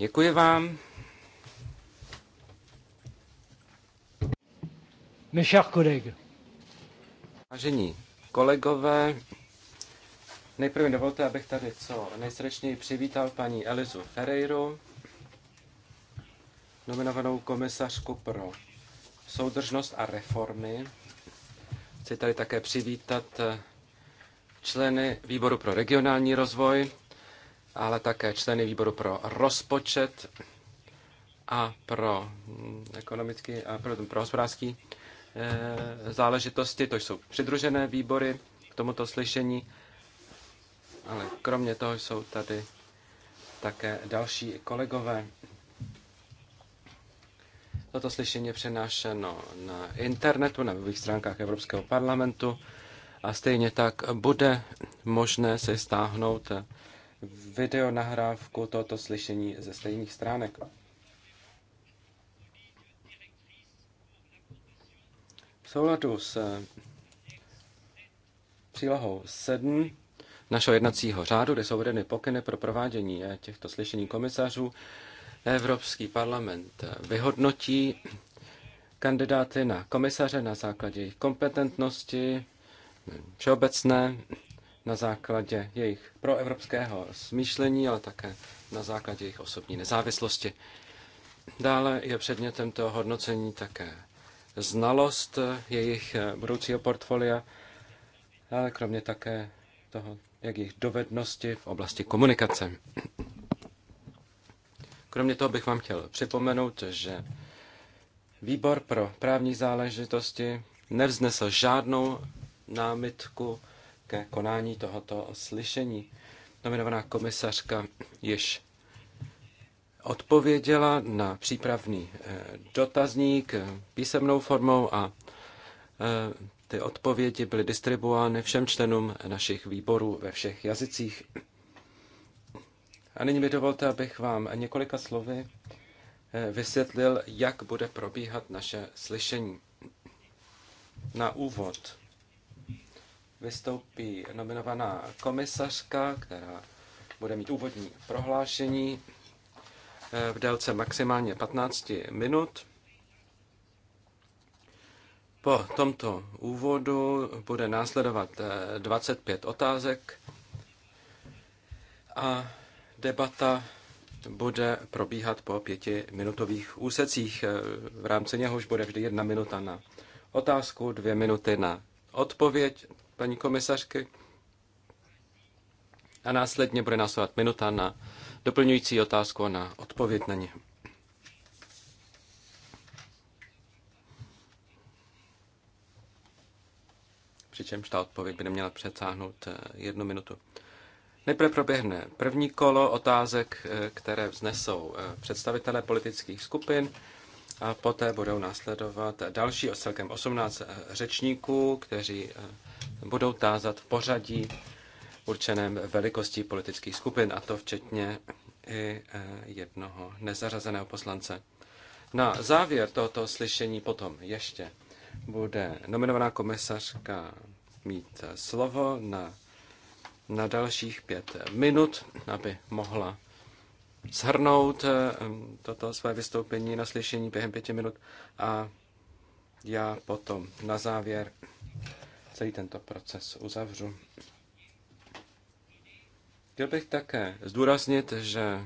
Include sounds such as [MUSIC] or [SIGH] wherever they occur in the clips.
Děkuji vám. Vážení kolegové, nejprve dovolte, abych tady co nejsrdečněji přivítal paní Elizu Ferreiru, nominovanou komisařku pro soudržnost a reformy. Chci tady také přivítat eh, členy výboru pro regionální rozvoj, ale také členy výboru pro rozpočet a pro ekonomický a pro, pro hospodářský e, záležitosti. To jsou přidružené výbory k tomuto slyšení, ale kromě toho jsou tady také další kolegové. Toto slyšení je přenášeno na internetu, na webových stránkách Evropského parlamentu a stejně tak bude možné se stáhnout videonahrávku tohoto slyšení ze stejných stránek. V souladu s eh, přílohou 7 našeho jednacího řádu, kde jsou vedeny pokyny pro provádění eh, těchto slyšení komisařů, Evropský parlament eh, vyhodnotí kandidáty na komisaře na základě jejich kompetentnosti, všeobecné na základě jejich proevropského smýšlení, ale také na základě jejich osobní nezávislosti. Dále je předmětem toho hodnocení také znalost jejich budoucího portfolia, ale kromě také toho, jak jejich dovednosti v oblasti komunikace. Kromě toho bych vám chtěl připomenout, že Výbor pro právní záležitosti nevznesl žádnou námitku ke konání tohoto slyšení. Nominovaná komisařka již odpověděla na přípravný eh, dotazník eh, písemnou formou a eh, ty odpovědi byly distribuovány všem členům našich výborů ve všech jazycích. A nyní mi dovolte, abych vám několika slovy vysvětlil, jak bude probíhat naše slyšení. Na úvod vystoupí nominovaná komisařka, která bude mít úvodní prohlášení eh, v délce maximálně 15 minut. Po tomto úvodu bude následovat 25 eh, otázek a debata bude probíhat po pětiminutových úsecích. Eh, v rámci něhož bude vždy jedna minuta na otázku, dvě minuty na odpověď, paní komisařky. A následně bude následovat minuta na doplňující otázku a na odpověď na ně. Přičemž ta odpověď by neměla přesáhnout eh, jednu minutu. Nejprve proběhne první kolo otázek, eh, které vznesou eh, představitelé politických skupin a poté budou následovat další celkem 18 řečníků, kteří budou tázat v pořadí určeném velikostí politických skupin, a to včetně i e, jednoho nezařazeného poslance. Na závěr tohoto slyšení potom ještě bude nominovaná komisařka mít slovo na, na dalších pět minut, aby mohla shrnout e, toto své vystoupení na slyšení během pěti minut a já potom na závěr celý tento proces uzavřu. Chtěl bych také zdůraznit, že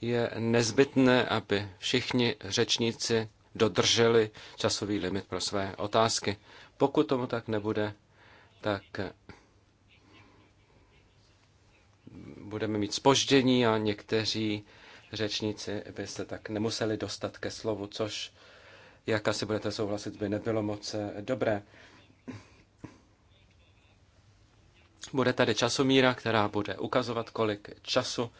je nezbytné, aby všichni řečníci dodrželi časový limit pro své otázky. Pokud tomu tak nebude, tak budeme mít spoždění a někteří řečníci by se tak nemuseli dostat ke slovu, což jak asi budete souhlasit, by nebylo moc dobré. Bude tady časomíra, která bude ukazovat, kolik času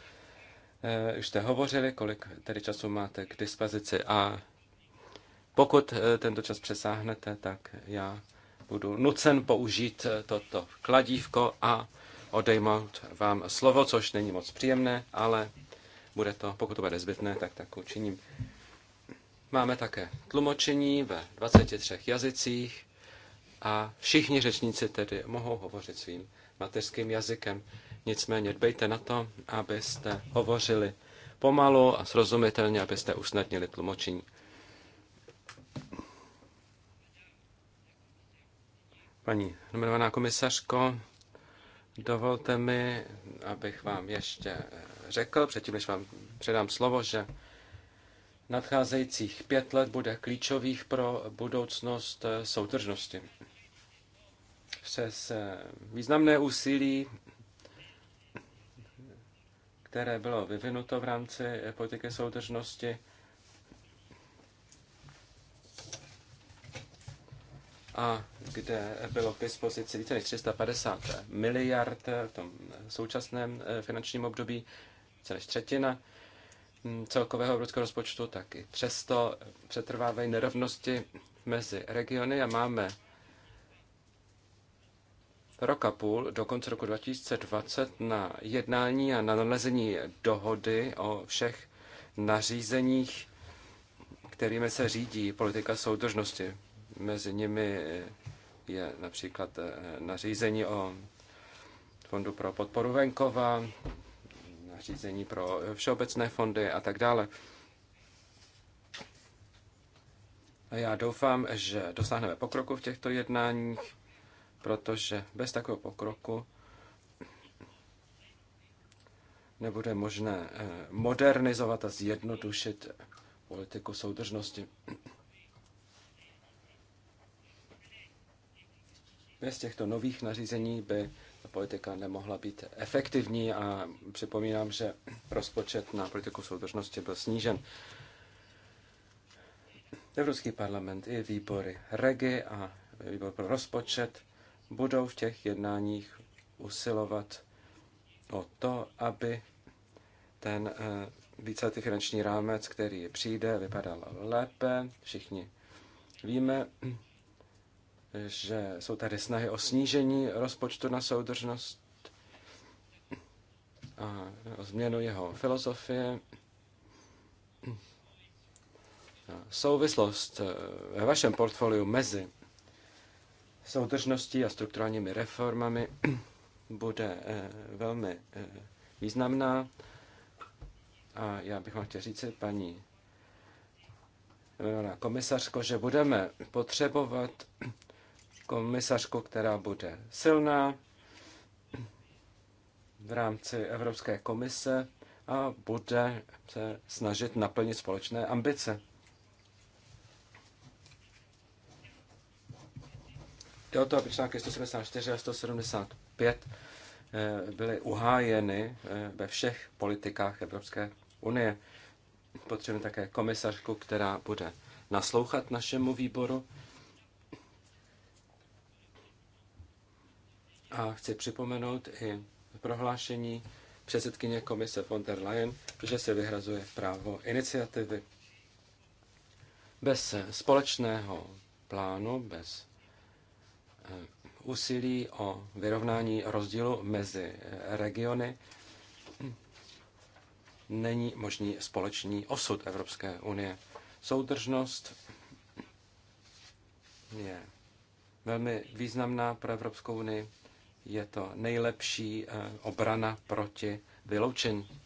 eh, už jste hovořili, kolik tedy času máte k dispozici a pokud eh, tento čas přesáhnete, tak já budu nucen použít eh, toto kladívko a odejmout vám slovo, což není moc příjemné, ale bude to, pokud to bude zbytné, tak tak učiním. Máme také tlumočení ve 23 jazycích a všichni řečníci tedy mohou hovořit svým mateřským jazykem. Nicméně dbejte na to, abyste hovořili pomalu a srozumitelně, abyste usnadnili tlumočení. Paní nominovaná komisařko, dovolte mi, abych vám ještě řekl, předtím, než vám předám slovo, že nadcházejících pět let bude klíčových pro budoucnost eh, soudržnosti. Přes eh, významné úsilí, které bylo vyvinuto v rámci eh, politiky soudržnosti, a kde bylo k dispozici více než 350 miliard v tom současném finančním období, celé třetina Mm, celkového evropského rozpočtu, tak i přesto přetrvávají nerovnosti mezi regiony a máme rok a půl do konce roku 2020 na jednání a na nalezení dohody o všech nařízeních, kterými se řídí politika soudržnosti. Mezi nimi je například eh, nařízení o Fondu pro podporu venkova, nařízení pro všeobecné fondy a tak dále. A já doufám, že dosáhneme pokroku v těchto jednáních, protože bez takového pokroku nebude možné eh, modernizovat a zjednodušit politiku soudržnosti. Bez těchto nových nařízení by politika nemohla být efektivní a připomínám, že rozpočet na politiku soudržnosti byl snížen. Evropský parlament i výbory REGI a výbor pro rozpočet budou v těch jednáních usilovat o to, aby ten eh, víceletý finanční rámec, který přijde, vypadal lépe. Všichni víme, že jsou tady snahy o snížení rozpočtu na soudržnost a o změnu jeho filozofie. Souvislost e, ve vašem portfoliu mezi soudržností a strukturálními reformami [CLEARS THROAT] bude e, velmi e, významná. A já bych vám chtěl říct, paní komisařko, že budeme potřebovat komisařku, která bude silná v rámci Evropské komise a bude se snažit naplnit společné ambice. Jde to, aby články 174 a 175 eh, byly uhájeny eh, ve všech politikách Evropské unie. Potřebujeme také komisařku, která bude naslouchat našemu výboru A chci připomenout i prohlášení předsedkyně komise von der Leyen, že se vyhrazuje právo iniciativy. Bez společného plánu, bez eh, úsilí o vyrovnání rozdílu mezi regiony není možný společný osud Evropské unie. Soudržnost je velmi významná pro Evropskou unii je to nejlepší eh, obrana proti vyloučení.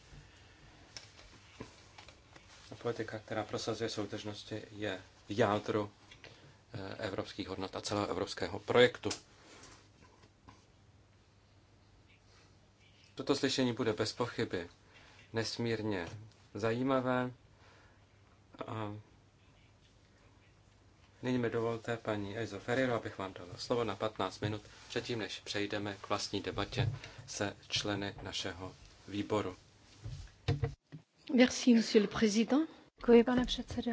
Politika, která prosazuje soudržnosti, je v jádru eh, evropských hodnot a celého evropského projektu. Toto slyšení bude bez pochyby nesmírně zajímavé a Nyní mi dovolte, paní Ezo Ferriero, abych vám dal slovo na 15 minut, předtím než přejdeme k vlastní debatě se členy našeho výboru. Merci, monsieur le président. Děkuji, pane předsedo.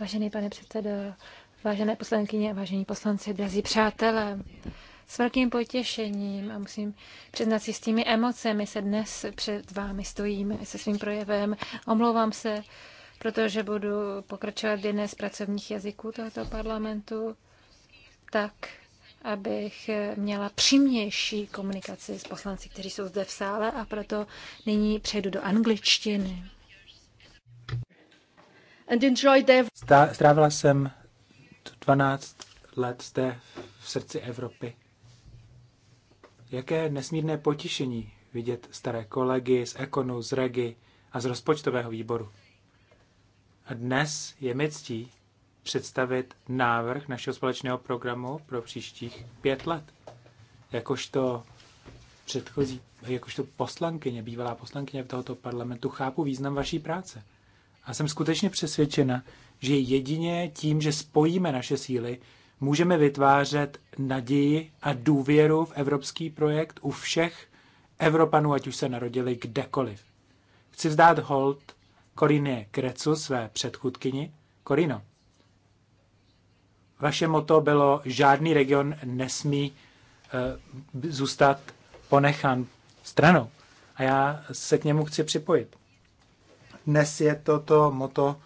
Vážený pane předsedo, vážené poslankyně a vážení poslanci, drazí přátelé, s velkým potěšením a musím přiznat si s těmi emocemi se dnes před vámi stojím se svým projevem. Omlouvám se, protože budu pokračovat v jedné z pracovních jazyků tohoto parlamentu, tak abych měla přímější komunikaci s poslanci, kteří jsou zde v sále a proto nyní přejdu do angličtiny. And enjoy Strávila jsem 12 let zde v srdci Evropy. Jaké nesmírné potěšení vidět staré kolegy z Ekonu, z Regi a z rozpočtového výboru. Dnes je mi ctí představit návrh našeho společného programu pro příštích pět let. Jakožto předchozí, jakožto poslankyně, bývalá poslankyně v tohoto parlamentu, chápu význam vaší práce. A jsem skutečně přesvědčena, že jedině tím, že spojíme naše síly, můžeme vytvářet naději a důvěru v evropský projekt u všech Evropanů, ať už se narodili kdekoliv. Chci vzdát hold Korině Krecu, své předchůdkyni. Korino, vaše moto bylo, žádný region nesmí uh, zůstat ponechan stranou. A já se k němu chci připojit. Dnes je toto moto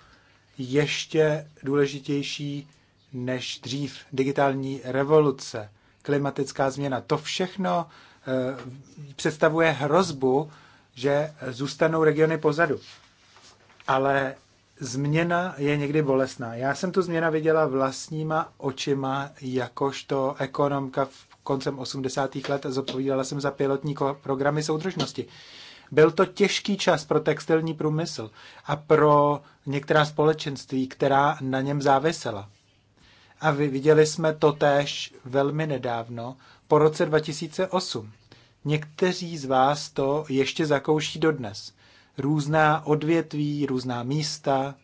ještě důležitější než dřív. Digitální revoluce, klimatická změna, to všechno eh, představuje hrozbu, že zůstanou regiony pozadu ale změna je někdy bolestná. Já jsem tu změna viděla vlastníma očima, jakožto ekonomka v koncem 80. let a zodpovídala jsem za pilotní programy soudržnosti. Byl to těžký čas pro textilní průmysl a pro některá společenství, která na něm závisela. A vy, viděli jsme to též velmi nedávno, po roce 2008. Někteří z vás to ještě zakouší dodnes různá odvětví, různá místa,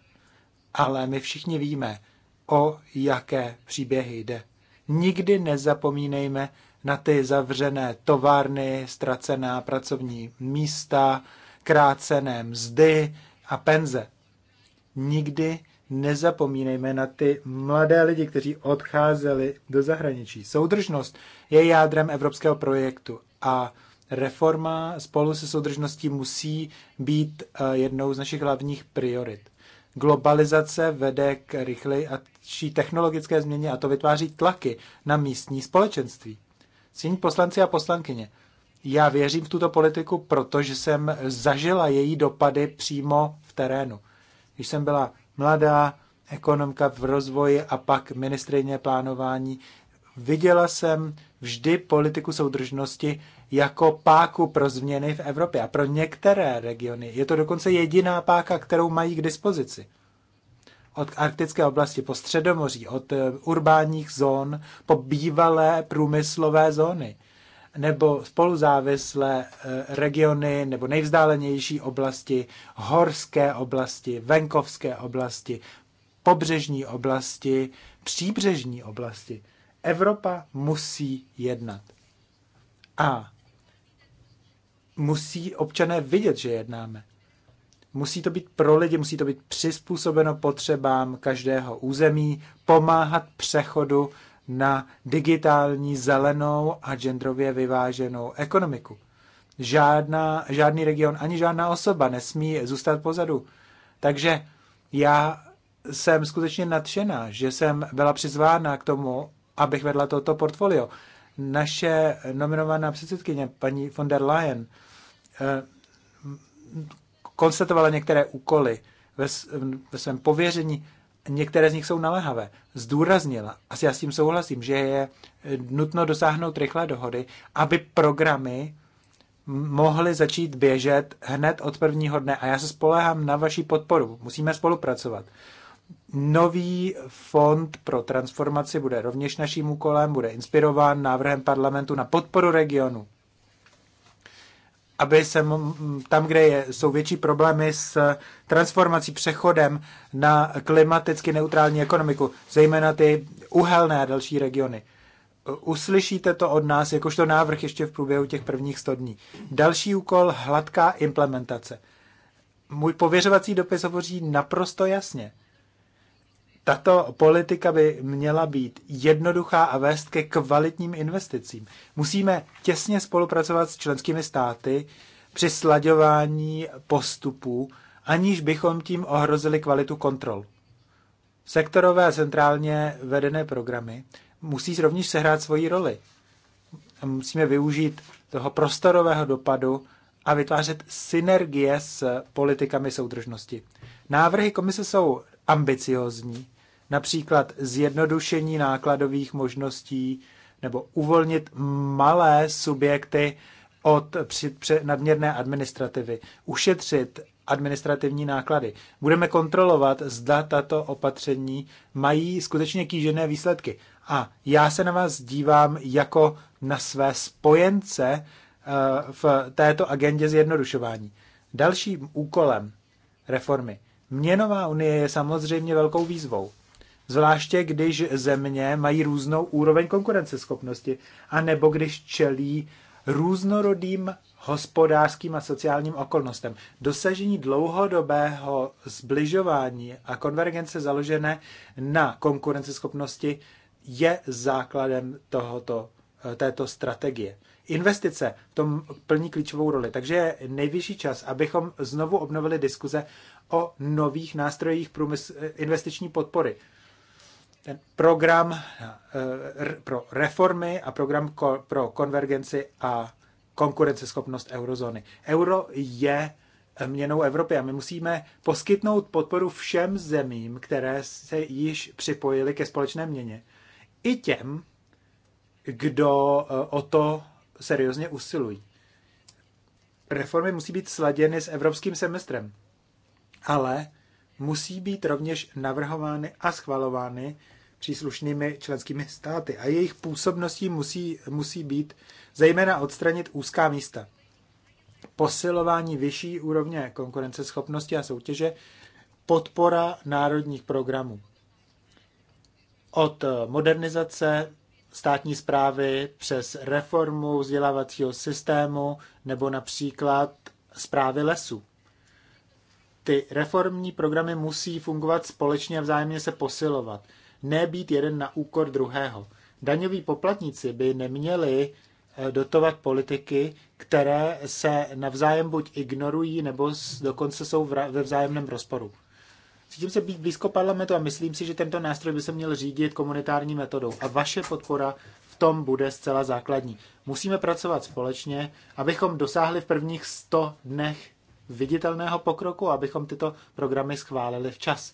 ale my všichni víme, o jaké příběhy jde. Nikdy nezapomínejme na ty zavřené továrny, ztracená pracovní místa, krácené mzdy a penze. Nikdy nezapomínejme na ty mladé lidi, kteří odcházeli do zahraničí. Soudržnost je jádrem evropského projektu a reforma spolu se soudržností musí být eh, jednou z našich hlavních priorit. Globalizace vede k rychlejší technologické změně a to vytváří tlaky na místní společenství. Cíň poslanci a poslankyně, já věřím v tuto politiku, protože jsem zažila její dopady přímo v terénu. Když jsem byla mladá ekonomka v rozvoji a pak ministrině plánování, viděla jsem vždy politiku soudržnosti jako páku pro změny v Evropě. A pro některé regiony je to dokonce jediná páka, kterou mají k dispozici. Od arktické oblasti po středomoří, od eh, urbánních zón po bývalé průmyslové zóny nebo spoluzávislé eh, regiony nebo nejvzdálenější oblasti, horské oblasti, venkovské oblasti, pobřežní oblasti, příbřežní oblasti. Evropa musí jednat. A musí občané vidět, že jednáme. Musí to být pro lidi, musí to být přizpůsobeno potřebám každého území, pomáhat přechodu na digitální, zelenou a genderově vyváženou ekonomiku. Žádná, žádný region ani žádná osoba nesmí zůstat pozadu. Takže já jsem skutečně nadšená, že jsem byla přizvána k tomu, abych vedla toto portfolio. Naše nominovaná předsedkyně, paní von der Leyen, Eh, konstatovala některé úkoly ve, ve svém pověření, některé z nich jsou naléhavé. Zdůraznila, a já s tím souhlasím, že je eh, nutno dosáhnout rychlé dohody, aby programy mohly začít běžet hned od prvního dne. A já se spolehám na vaši podporu. Musíme spolupracovat. Nový fond pro transformaci bude rovněž naším úkolem, bude inspirován návrhem parlamentu na podporu regionu aby se tam, kde je, jsou větší problémy s transformací, přechodem na klimaticky neutrální ekonomiku, zejména ty uhelné a další regiony. Uslyšíte to od nás jakožto návrh ještě v průběhu těch prvních 100 dní. Další úkol, hladká implementace. Můj pověřovací dopis hovoří naprosto jasně. Tato politika by měla být jednoduchá a vést ke kvalitním investicím. Musíme těsně spolupracovat s členskými státy při slaďování postupů, aniž bychom tím ohrozili kvalitu kontrol. Sektorové a centrálně vedené programy musí rovněž sehrát svoji roli. Musíme využít toho prostorového dopadu a vytvářet synergie s politikami soudržnosti. Návrhy komise jsou ambiciozní, například zjednodušení nákladových možností nebo uvolnit malé subjekty od nadměrné administrativy, ušetřit administrativní náklady. Budeme kontrolovat, zda tato opatření mají skutečně kýžené výsledky. A já se na vás dívám jako na své spojence eh, v této agendě zjednodušování. Dalším úkolem reformy. Měnová unie je samozřejmě velkou výzvou zvláště když země mají různou úroveň konkurenceschopnosti, anebo když čelí různorodým hospodářským a sociálním okolnostem. Dosažení dlouhodobého zbližování a konvergence založené na konkurenceschopnosti je základem tohoto, eh, této strategie. Investice v tom plní klíčovou roli, takže je nejvyšší čas, abychom znovu obnovili diskuze o nových nástrojích průmysl, eh, investiční podpory ten program eh, pro reformy a program pro konvergenci a konkurenceschopnost eurozóny. Euro je měnou Evropy a my musíme poskytnout podporu všem zemím, které se již připojily ke společné měně. I těm, kdo eh, o to seriózně usilují. Reformy musí být sladěny s evropským semestrem, ale musí být rovněž navrhovány a schvalovány příslušnými členskými státy. A jejich působností musí, musí být zejména odstranit úzká místa. Posilování vyšší úrovně konkurenceschopnosti a soutěže, podpora národních programů. Od modernizace státní zprávy přes reformu vzdělávacího systému nebo například zprávy lesů. Ty reformní programy musí fungovat společně a vzájemně se posilovat nebýt jeden na úkor druhého. Daňoví poplatníci by neměli eh, dotovat politiky, které se navzájem buď ignorují, nebo dokonce jsou ve vzájemném rozporu. Cítím se být blízko parlamentu a myslím si, že tento nástroj by se měl řídit komunitární metodou a vaše podpora v tom bude zcela základní. Musíme pracovat společně, abychom dosáhli v prvních 100 dnech viditelného pokroku, abychom tyto programy schválili včas.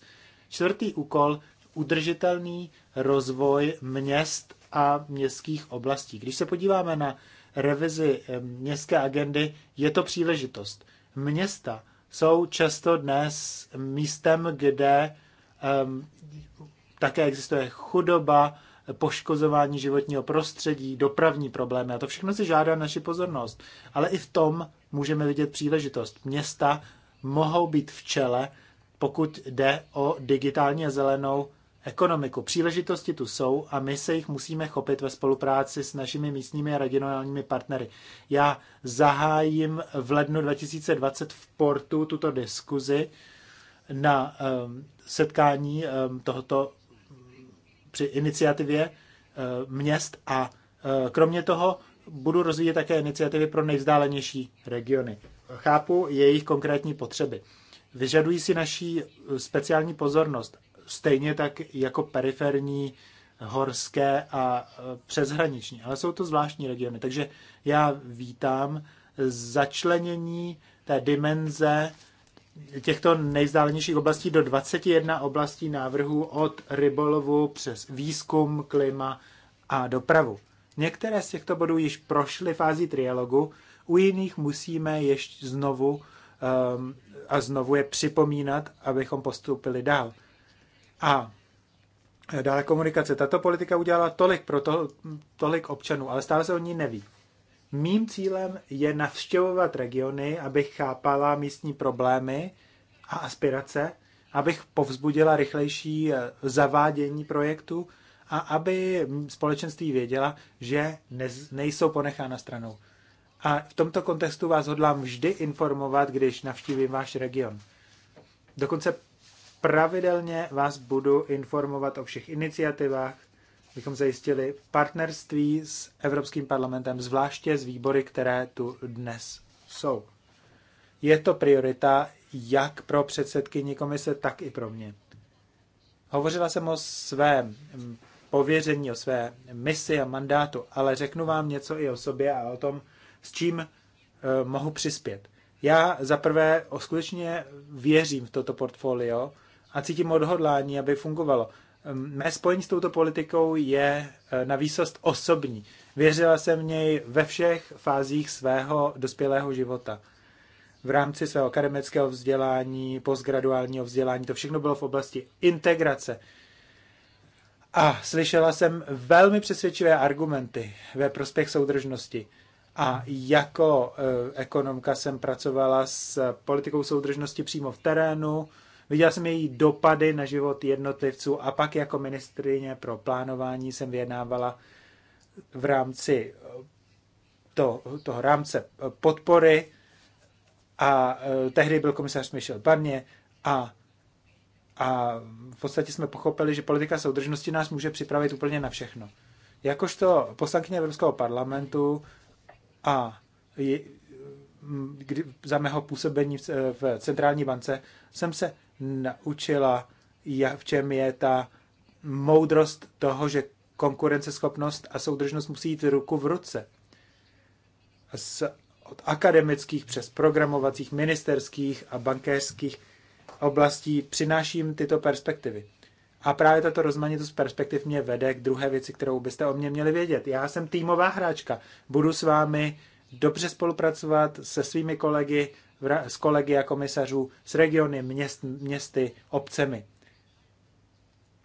Čtvrtý úkol udržitelný rozvoj měst a městských oblastí. Když se podíváme na revizi eh, městské agendy, je to příležitost. Města jsou často dnes místem, kde um, také existuje chudoba, poškozování životního prostředí, dopravní problémy a to všechno si žádá naši pozornost. Ale i v tom můžeme vidět příležitost. Města mohou být v čele, pokud jde o digitálně zelenou ekonomiku. Příležitosti tu jsou a my se jich musíme chopit ve spolupráci s našimi místními a regionálními partnery. Já zahájím v lednu 2020 v Portu tuto diskuzi na um, setkání um, tohoto při iniciativě ehm, měst a kromě toho budu rozvíjet také iniciativy pro nejvzdálenější regiony. Chápu jejich konkrétní potřeby. Vyžadují si naší eh, speciální pozornost stejně tak jako periferní, horské a e, přeshraniční. Ale jsou to zvláštní regiony. Takže já vítám začlenění té dimenze těchto nejzdálenějších oblastí do 21 oblastí návrhů od rybolovu přes výzkum, klima a dopravu. Některé z těchto bodů již prošly fázi trialogu, u jiných musíme ještě znovu um, a znovu je připomínat, abychom postupili dál. A e, dále komunikace. Tato politika udělala tolik pro to, tolik občanů, ale stále se o ní neví. Mým cílem je navštěvovat regiony, abych chápala místní problémy a aspirace, abych povzbudila rychlejší e, zavádění projektu a aby společenství věděla, že nejsou ponechána stranou. A v tomto kontextu vás hodlám vždy informovat, když navštívím váš region. Dokonce pravidelně vás budu informovat o všech iniciativách, abychom zajistili partnerství s Evropským parlamentem, zvláště s výbory, které tu dnes jsou. Je to priorita jak pro předsedkyni komise, tak i pro mě. Hovořila jsem o svém pověření, o své misi a mandátu, ale řeknu vám něco i o sobě a o tom, s čím eh, mohu přispět. Já zaprvé skutečně věřím v toto portfolio, a cítím odhodlání, aby fungovalo. Mé spojení s touto politikou je eh, na výsost osobní. Věřila jsem v něj ve všech fázích svého dospělého života. V rámci svého akademického vzdělání, postgraduálního vzdělání, to všechno bylo v oblasti integrace. A slyšela jsem velmi přesvědčivé argumenty ve prospěch soudržnosti. A jako eh, ekonomka jsem pracovala s politikou soudržnosti přímo v terénu, Viděl jsem její dopady na život jednotlivců a pak jako ministrině pro plánování jsem vyjednávala v rámci eh, to, toho rámce eh, podpory a eh, tehdy byl komisař Michel Barnier a, a v podstatě jsme pochopili, že politika soudržnosti nás může připravit úplně na všechno. Jakožto poslankyně Evropského parlamentu a je, mm, kdy, za mého působení v, v centrální bance jsem se naučila, v čem je ta moudrost toho, že konkurenceschopnost a soudržnost musí jít ruku v ruce. Z, od akademických přes programovacích, ministerských a bankéřských oblastí přináším tyto perspektivy. A právě tato rozmanitost perspektiv mě vede k druhé věci, kterou byste o mě měli vědět. Já jsem týmová hráčka. Budu s vámi dobře spolupracovat se svými kolegy s kolegy a komisařů, s regiony, měst, městy, obcemi.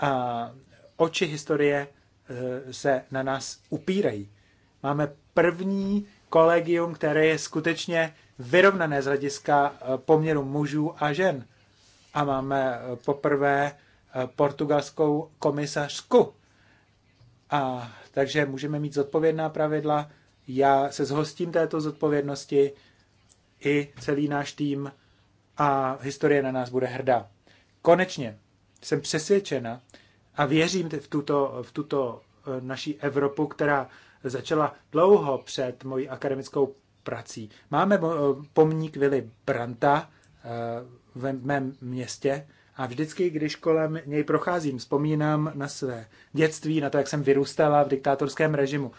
A oči historie eh, se na nás upírají. Máme první kolegium, které je skutečně vyrovnané z hlediska eh, poměru mužů a žen. A máme eh, poprvé portugalskou komisařku. A takže můžeme mít zodpovědná pravidla. Já se zhostím této zodpovědnosti i celý náš tým a historie na nás bude hrdá. Konečně jsem přesvědčena a věřím v tuto, v tuto eh, naší Evropu, která začala dlouho před mojí akademickou prací. Máme eh, pomník Vili Branta eh, v mém městě a vždycky, když kolem něj procházím, vzpomínám na své dětství, na to, jak jsem vyrůstala v diktátorském režimu.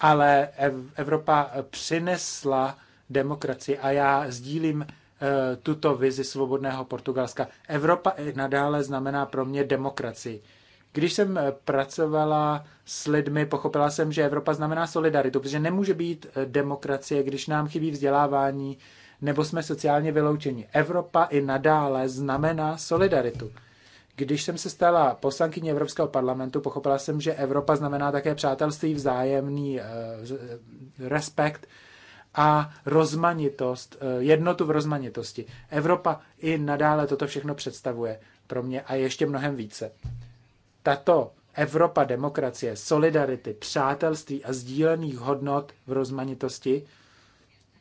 Ale Evropa přinesla demokracii. A já sdílím eh, tuto vizi svobodného Portugalska. Evropa nadále znamená pro mě demokracii. Když jsem eh, pracovala s lidmi, pochopila jsem, že Evropa znamená solidaritu, protože nemůže být eh, demokracie, když nám chybí vzdělávání nebo jsme sociálně vyloučeni. Evropa i nadále znamená solidaritu. Když jsem se stala poslankyní Evropského parlamentu, pochopila jsem, že Evropa znamená také přátelství, vzájemný respekt a rozmanitost, eh, jednotu v rozmanitosti. Evropa i nadále toto všechno představuje pro mě a ještě mnohem více. Tato Evropa demokracie, solidarity, přátelství a sdílených hodnot v rozmanitosti,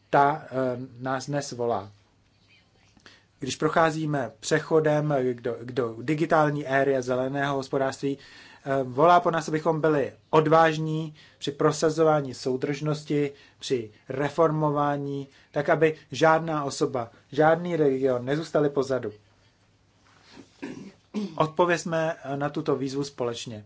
ta eh, nás dnes volá. Když procházíme přechodem do, do digitální éry a zeleného hospodářství, Eh, volá po nás, abychom byli odvážní při prosazování soudržnosti, při reformování, tak aby žádná osoba, žádný region nezůstali pozadu. Odpovězme eh, na tuto výzvu společně.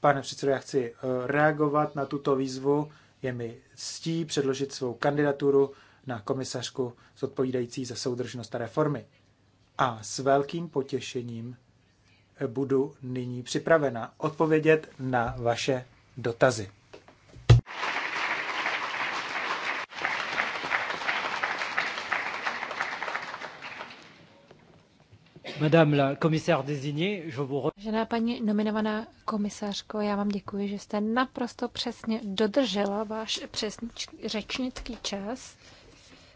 Pane předsedo, já chci eh, reagovat na tuto výzvu. Je mi ctí předložit svou kandidaturu na komisařku zodpovídající za soudržnost a reformy. A s velkým potěšením budu nyní připravena odpovědět na vaše dotazy. Madame la commissaire désignée, je vous Žená paní nominovaná komisařko, já vám děkuji, že jste naprosto přesně dodržela váš přesný řečnický čas.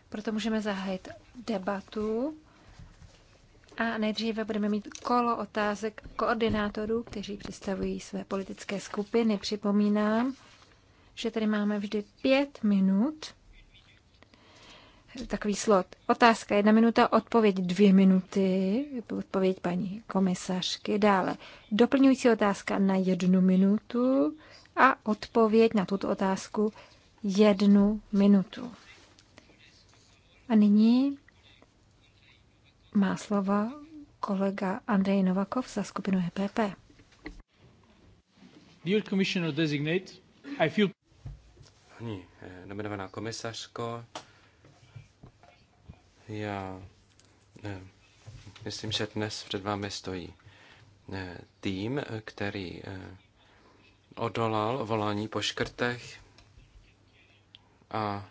Proto můžeme zahájit debatu. A nejdříve budeme mít kolo otázek koordinátorů, kteří představují své politické skupiny. Připomínám, že tady máme vždy pět minut. Takový slot. Otázka jedna minuta, odpověď dvě minuty, odpověď paní komisařky. Dále doplňující otázka na jednu minutu a odpověď na tuto otázku jednu minutu. A nyní má slovo kolega Andrej Novakov za skupinu EPP. Dear Commissioner Designate, I feel... Ani, eh, nominovaná komisařko, já ne, eh, myslím, že dnes před vámi stojí eh, tým, který odolal volání po škrtech a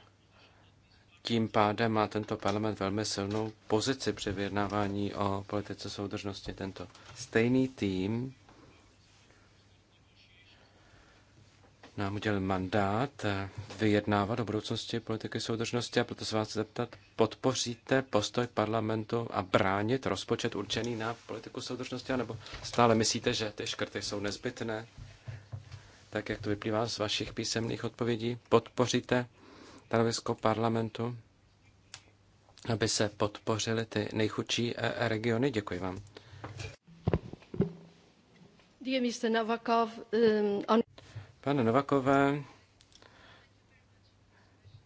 tím pádem má tento parlament velmi silnou pozici při vyjednávání o politice soudržnosti. Tento stejný tým nám udělal mandát eh, vyjednávat o budoucnosti politiky soudržnosti a proto se vás zeptat, podpoříte postoj parlamentu a bránit rozpočet určený na politiku soudržnosti, anebo stále myslíte, že ty škrty jsou nezbytné? Tak jak to vyplývá z vašich písemných odpovědí, podpoříte stanovisko parlamentu, aby se podpořily ty nejchudší eh, regiony. Děkuji vám. Um, Pane Novakové,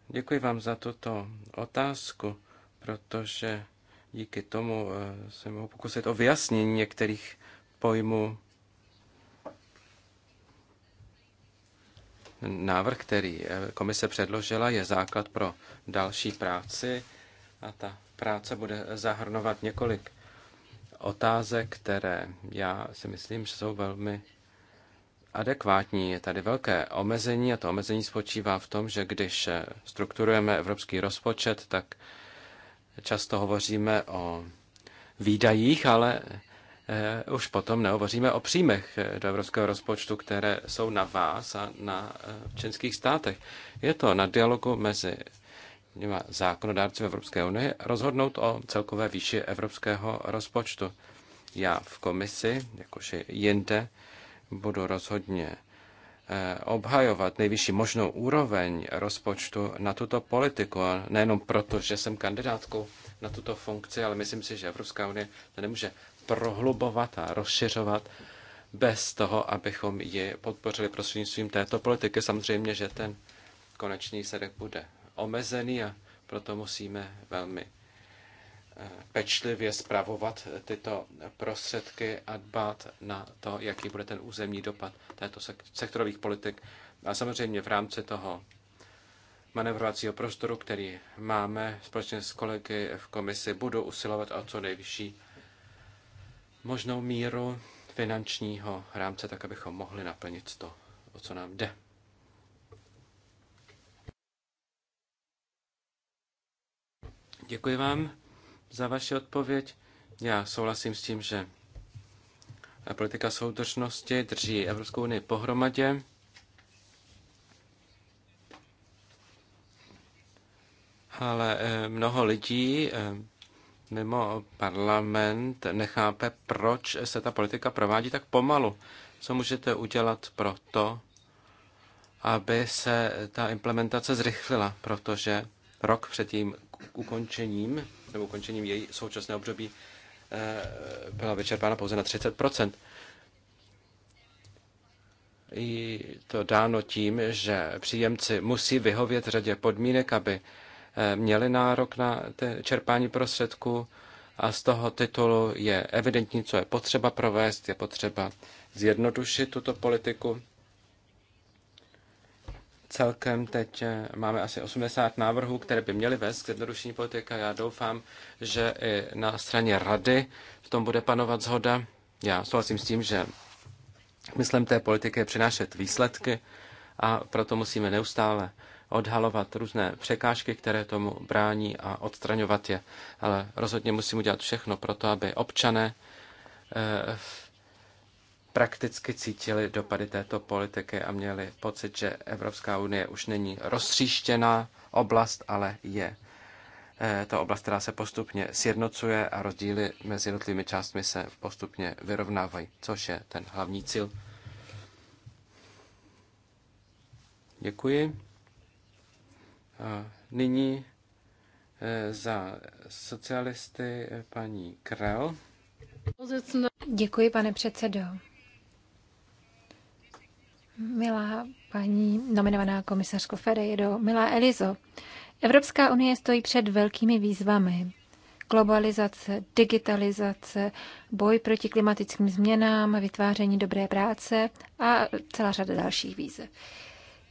děkuji vám za tuto otázku, protože díky tomu eh, se mohu pokusit o vyjasnění některých pojmů. návrh, který eh, komise předložila, je základ pro další práci a ta práce bude zahrnovat několik otázek, které já si myslím, že jsou velmi adekvátní. Je tady velké omezení a to omezení spočívá v tom, že když eh, strukturujeme evropský rozpočet, tak často hovoříme o výdajích, ale Eh, už potom nehovoříme o příjmech eh, do evropského rozpočtu, které jsou na vás a na eh, členských státech. Je to na dialogu mezi zákonodárci Evropské unie rozhodnout o celkové výši evropského rozpočtu. Já v komisi, jakož i jinde, budu rozhodně obhajovat nejvyšší možnou úroveň rozpočtu na tuto politiku. A nejenom proto, že jsem kandidátkou na tuto funkci, ale myslím si, že Evropská unie to nemůže prohlubovat a rozšiřovat bez toho, abychom ji podpořili prostřednictvím této politiky. Samozřejmě, že ten konečný sedek bude omezený a proto musíme velmi eh, pečlivě zpravovat tyto prostředky a dbát na to, jaký bude ten územní dopad této sektorových politik. A samozřejmě v rámci toho manevrovacího prostoru, který máme společně s kolegy v komisi, budu usilovat o co nejvyšší možnou míru finančního rámce, tak abychom mohli naplnit to, o co nám jde. Děkuji vám za vaši odpověď. Já souhlasím s tím, že politika soudržnosti drží Evropskou unii pohromadě. Ale eh, mnoho lidí eh, mimo parlament nechápe, proč se ta politika provádí tak pomalu. Co můžete udělat pro to, aby se ta implementace zrychlila, protože rok před tím ukončením, nebo ukončením její současné období, eh, byla vyčerpána pouze na 30 I to dáno tím, že příjemci musí vyhovět řadě podmínek, aby Eh, měli nárok na čerpání prostředků a z toho titulu je evidentní, co je potřeba provést, je potřeba zjednodušit tuto politiku. Celkem teď eh, máme asi 80 návrhů, které by měly vést k zjednodušení politika. Já doufám, že i na straně rady v tom bude panovat zhoda. Já souhlasím s tím, že myslím té politiky je přinášet výsledky a proto musíme neustále odhalovat různé překážky, které tomu brání a odstraňovat je. Ale rozhodně musím udělat všechno pro to, aby občané eh, prakticky cítili dopady této politiky a měli pocit, že Evropská unie už není rozstříštěná oblast, ale je eh, To oblast, která se postupně sjednocuje a rozdíly mezi jednotlivými částmi se postupně vyrovnávají, což je ten hlavní cíl. Děkuji. A nyní eh, za socialisty eh, paní Krell. Děkuji, pane předsedo. Milá paní nominovaná komisařko Ferreiro, milá Elizo, Evropská unie stojí před velkými výzvami. Globalizace, digitalizace, boj proti klimatickým změnám, vytváření dobré práce a celá řada dalších výzev.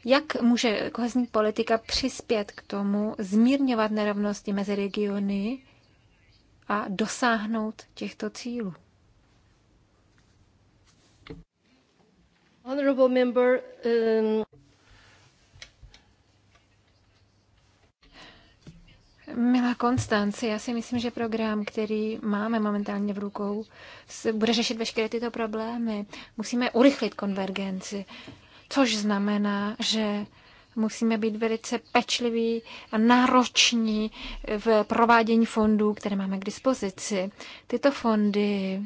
Jak může kohezní politika přispět k tomu zmírňovat nerovnosti mezi regiony a dosáhnout těchto cílů? Honorable member, um... Milá Konstanci, já si myslím, že program, který máme momentálně v rukou, bude řešit veškeré tyto problémy. Musíme urychlit konvergenci což znamená, že musíme být velice pečliví a nároční v provádění fondů, které máme k dispozici. Tyto fondy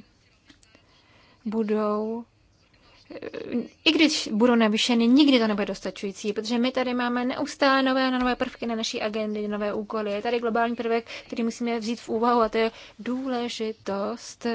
budou i když budou navýšeny, nikdy to nebude dostačující, protože my tady máme neustále nové na nové prvky na naší agendy, nové úkoly. Je tady globální prvek, který musíme vzít v úvahu a to je důležitost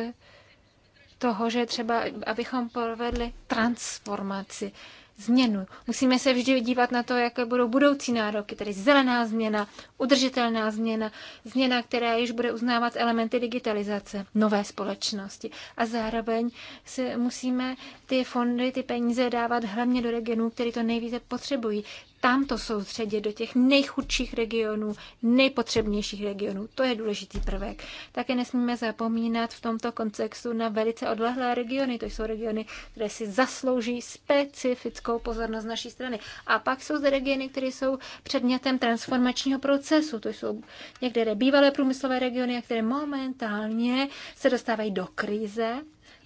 toho, že třeba, abychom provedli transformaci změnu. Musíme se vždy dívat na to, jaké budou budoucí nároky, tedy zelená změna, udržitelná změna, změna, která již bude uznávat elementy digitalizace nové společnosti. A zároveň si musíme ty fondy, ty peníze dávat hlavně do regionů, které to nejvíce potřebují tam to soustředit do těch nejchudších regionů, nejpotřebnějších regionů. To je důležitý prvek. Také nesmíme zapomínat v tomto kontextu na velice odlehlé regiony. To jsou regiony, které si zaslouží specifickou pozornost naší strany. A pak jsou zde regiony, které jsou předmětem transformačního procesu. To jsou některé bývalé průmyslové regiony, které momentálně se dostávají do krize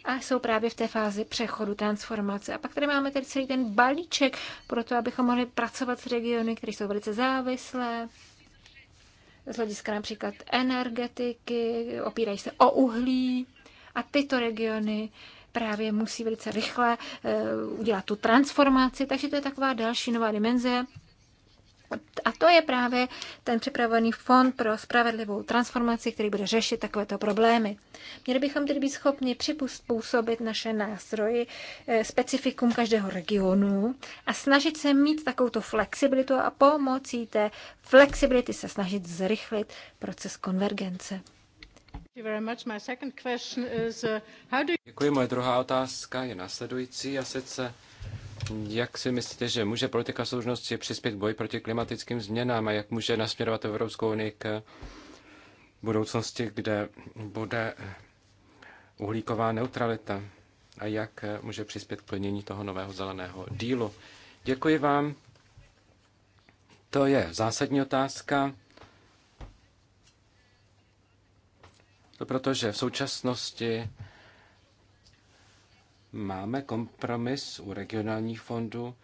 a jsou právě v té fázi přechodu, transformace. A pak tady máme tedy celý ten balíček pro to, abychom mohli pracovat s regiony, které jsou velice závislé, z hlediska například energetiky, opírají se o uhlí a tyto regiony právě musí velice rychle eh, udělat tu transformaci, takže to je taková další nová dimenze, a to je právě ten připravený fond pro spravedlivou transformaci, který bude řešit takovéto problémy. Měli bychom tedy být schopni připůsobit naše nástroje eh, specifikum každého regionu a snažit se mít takovouto flexibilitu a pomocí té flexibility se snažit zrychlit proces konvergence. Uh, Děkuji. Moje druhá otázka je následující a sice jak si myslíte, že může politika soudnosti přispět boji proti klimatickým změnám a jak může nasměrovat Evropskou unii k budoucnosti, kde bude uhlíková neutralita a jak může přispět k plnění toho nového zeleného dílu? Děkuji vám. To je zásadní otázka. To protože v současnosti máme kompromis u regionálních fondů,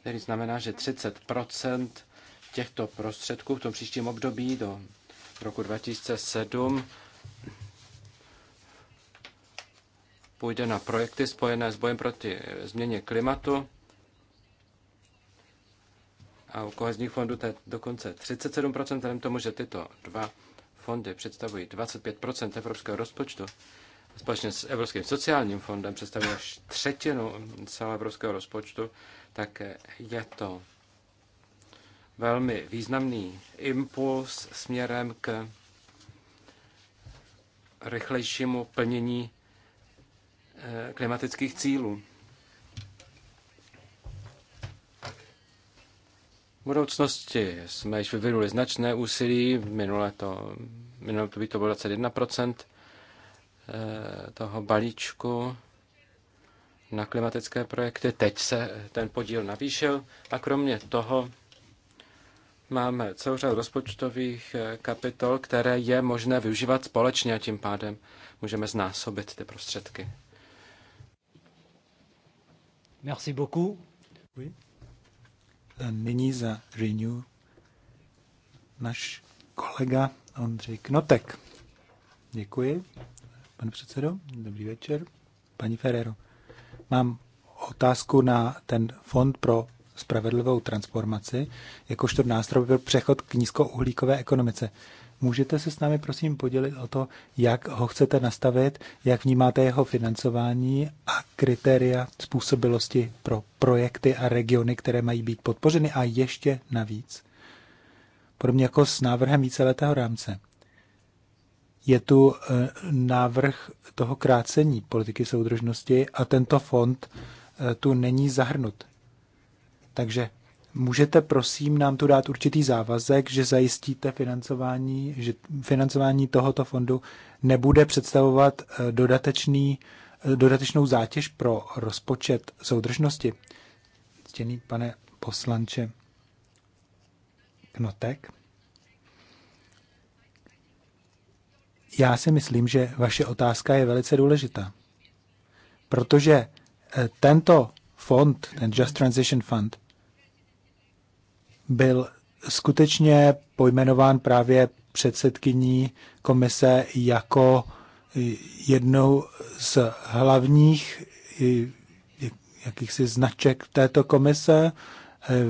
který znamená, že 30 těchto prostředků v tom příštím období do roku 2007 půjde na projekty spojené s bojem proti změně klimatu a u kohezních fondů to je dokonce 37%, vzhledem tomu, že tyto dva fondy představují 25% evropského rozpočtu, společně s Evropským sociálním fondem představuje až třetinu celého evropského rozpočtu, tak je to velmi významný impuls směrem k rychlejšímu plnění eh, klimatických cílů. V budoucnosti jsme již vyvinuli značné úsilí, Minulé to, minulé to to bylo 21 Eh, toho balíčku na klimatické projekty. Teď se ten podíl navýšil a kromě toho máme celou řadu rozpočtových eh, kapitol, které je možné využívat společně a tím pádem můžeme znásobit ty prostředky. Merci beaucoup. Oui. A nyní za Renew náš kolega Ondřej Knotek. Děkuji. Pane předsedo, dobrý večer. Paní Ferrero, mám otázku na ten fond pro spravedlivou transformaci, jakožto nástroj pro přechod k nízkouhlíkové ekonomice. Můžete se s námi prosím podělit o to, jak ho chcete nastavit, jak vnímáte jeho financování a kritéria způsobilosti pro projekty a regiony, které mají být podpořeny a ještě navíc. Podobně jako s návrhem víceletého rámce je tu e, návrh toho krácení politiky soudržnosti a tento fond e, tu není zahrnut. Takže můžete prosím nám tu dát určitý závazek, že zajistíte financování, že financování tohoto fondu nebude představovat e, dodatečný, dodatečnou zátěž pro rozpočet soudržnosti. Ctěný pane poslanče Knotek. já si myslím, že vaše otázka je velice důležitá, protože eh, tento fond, ten Just Transition Fund, byl skutečně pojmenován právě předsedkyní komise jako eh, jednou z hlavních eh, jakýchsi značek této komise.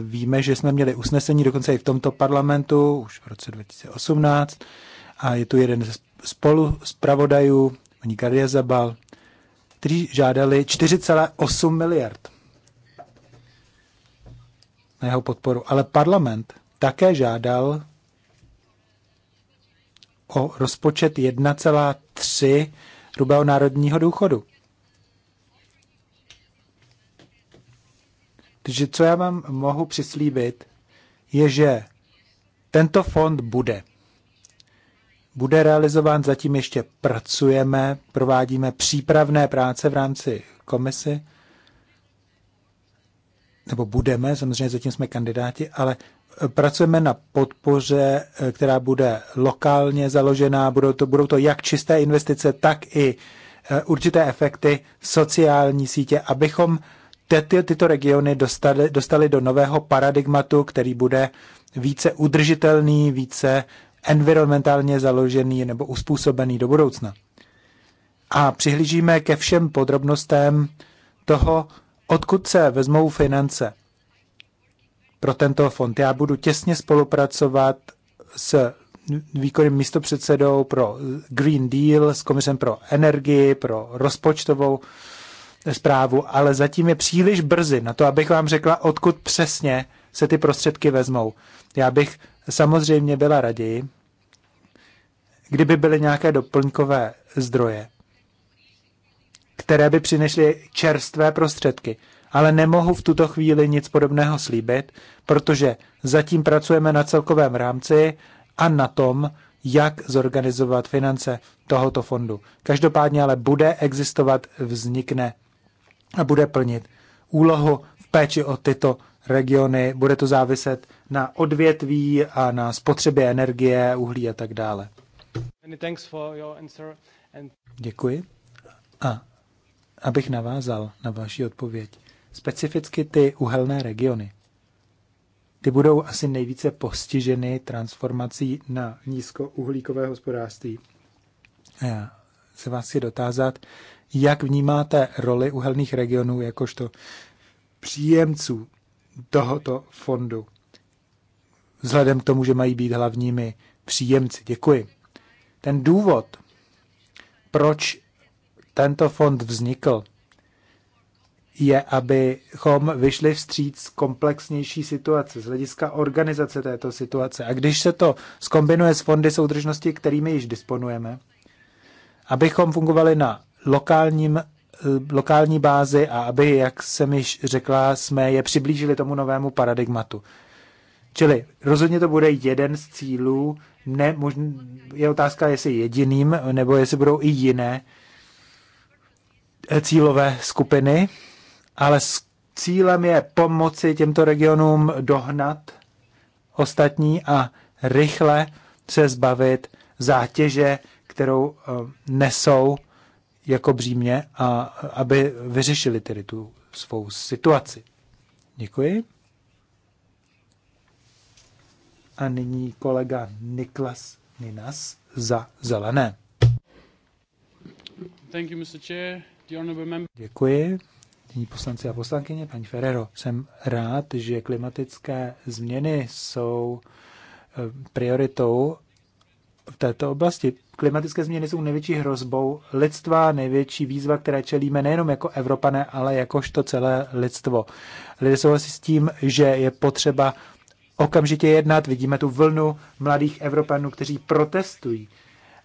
Víme, že jsme měli usnesení dokonce i v tomto parlamentu už v roce 2018 a je tu jeden z spolu zpravodajů, paní Karia kteří žádali 4,8 miliard na jeho podporu. Ale parlament také žádal o rozpočet 1,3 hrubého národního důchodu. Takže co já vám mohu přislíbit, je, že tento fond bude bude realizován, zatím ještě pracujeme, provádíme přípravné práce v rámci komisy, nebo budeme, samozřejmě zatím jsme kandidáti, ale e, pracujeme na podpoře, e, která bude lokálně založená, budou to, budou to jak čisté investice, tak i e, určité efekty sociální sítě, abychom ty, tyto regiony dostali, dostali do nového paradigmatu, který bude více udržitelný, více environmentálně založený nebo uspůsobený do budoucna. A přihlížíme ke všem podrobnostem toho, odkud se vezmou finance pro tento fond. Já budu těsně spolupracovat s výkonným místopředsedou pro Green Deal, s komisem pro energii, pro rozpočtovou zprávu, ale zatím je příliš brzy na to, abych vám řekla, odkud přesně se ty prostředky vezmou. Já bych samozřejmě byla raději, kdyby byly nějaké doplňkové zdroje, které by přinesly čerstvé prostředky. Ale nemohu v tuto chvíli nic podobného slíbit, protože zatím pracujeme na celkovém rámci a na tom, jak zorganizovat finance tohoto fondu. Každopádně ale bude existovat, vznikne a bude plnit úlohu v péči o tyto regiony. Bude to záviset na odvětví a na spotřebě energie, uhlí a tak dále. Děkuji. A abych navázal na vaši odpověď, specificky ty uhelné regiony. Ty budou asi nejvíce postiženy transformací na nízkouhlíkové hospodářství. A já se vás chci dotázat, jak vnímáte roli uhelných regionů jakožto příjemců tohoto fondu? vzhledem k tomu, že mají být hlavními příjemci. Děkuji. Ten důvod, proč tento fond vznikl, je, abychom vyšli vstříc komplexnější situace z hlediska organizace této situace. A když se to skombinuje s fondy soudržnosti, kterými již disponujeme, abychom fungovali na lokálním, eh, lokální bázi a aby, jak jsem již řekla, jsme je přiblížili tomu novému paradigmatu. Čili rozhodně to bude jeden z cílů, ne, možná, je otázka, jestli jediným, nebo jestli budou i jiné eh, cílové skupiny, ale cílem je pomoci těmto regionům dohnat ostatní a rychle se zbavit zátěže, kterou eh, nesou jako břímě, a aby vyřešili tedy tu svou situaci. Děkuji. A nyní kolega Niklas Ninas za zelené. Thank you, Mr. Chair. Děkuji. Nyní poslanci a poslankyně, paní Ferrero, jsem rád, že klimatické změny jsou eh, prioritou v této oblasti. Klimatické změny jsou největší hrozbou lidstva, největší výzva, které čelíme nejenom jako Evropané, ale jakožto celé lidstvo. Lidé souhlasí s tím, že je potřeba okamžitě jednat. Vidíme tu vlnu mladých Evropanů, kteří protestují.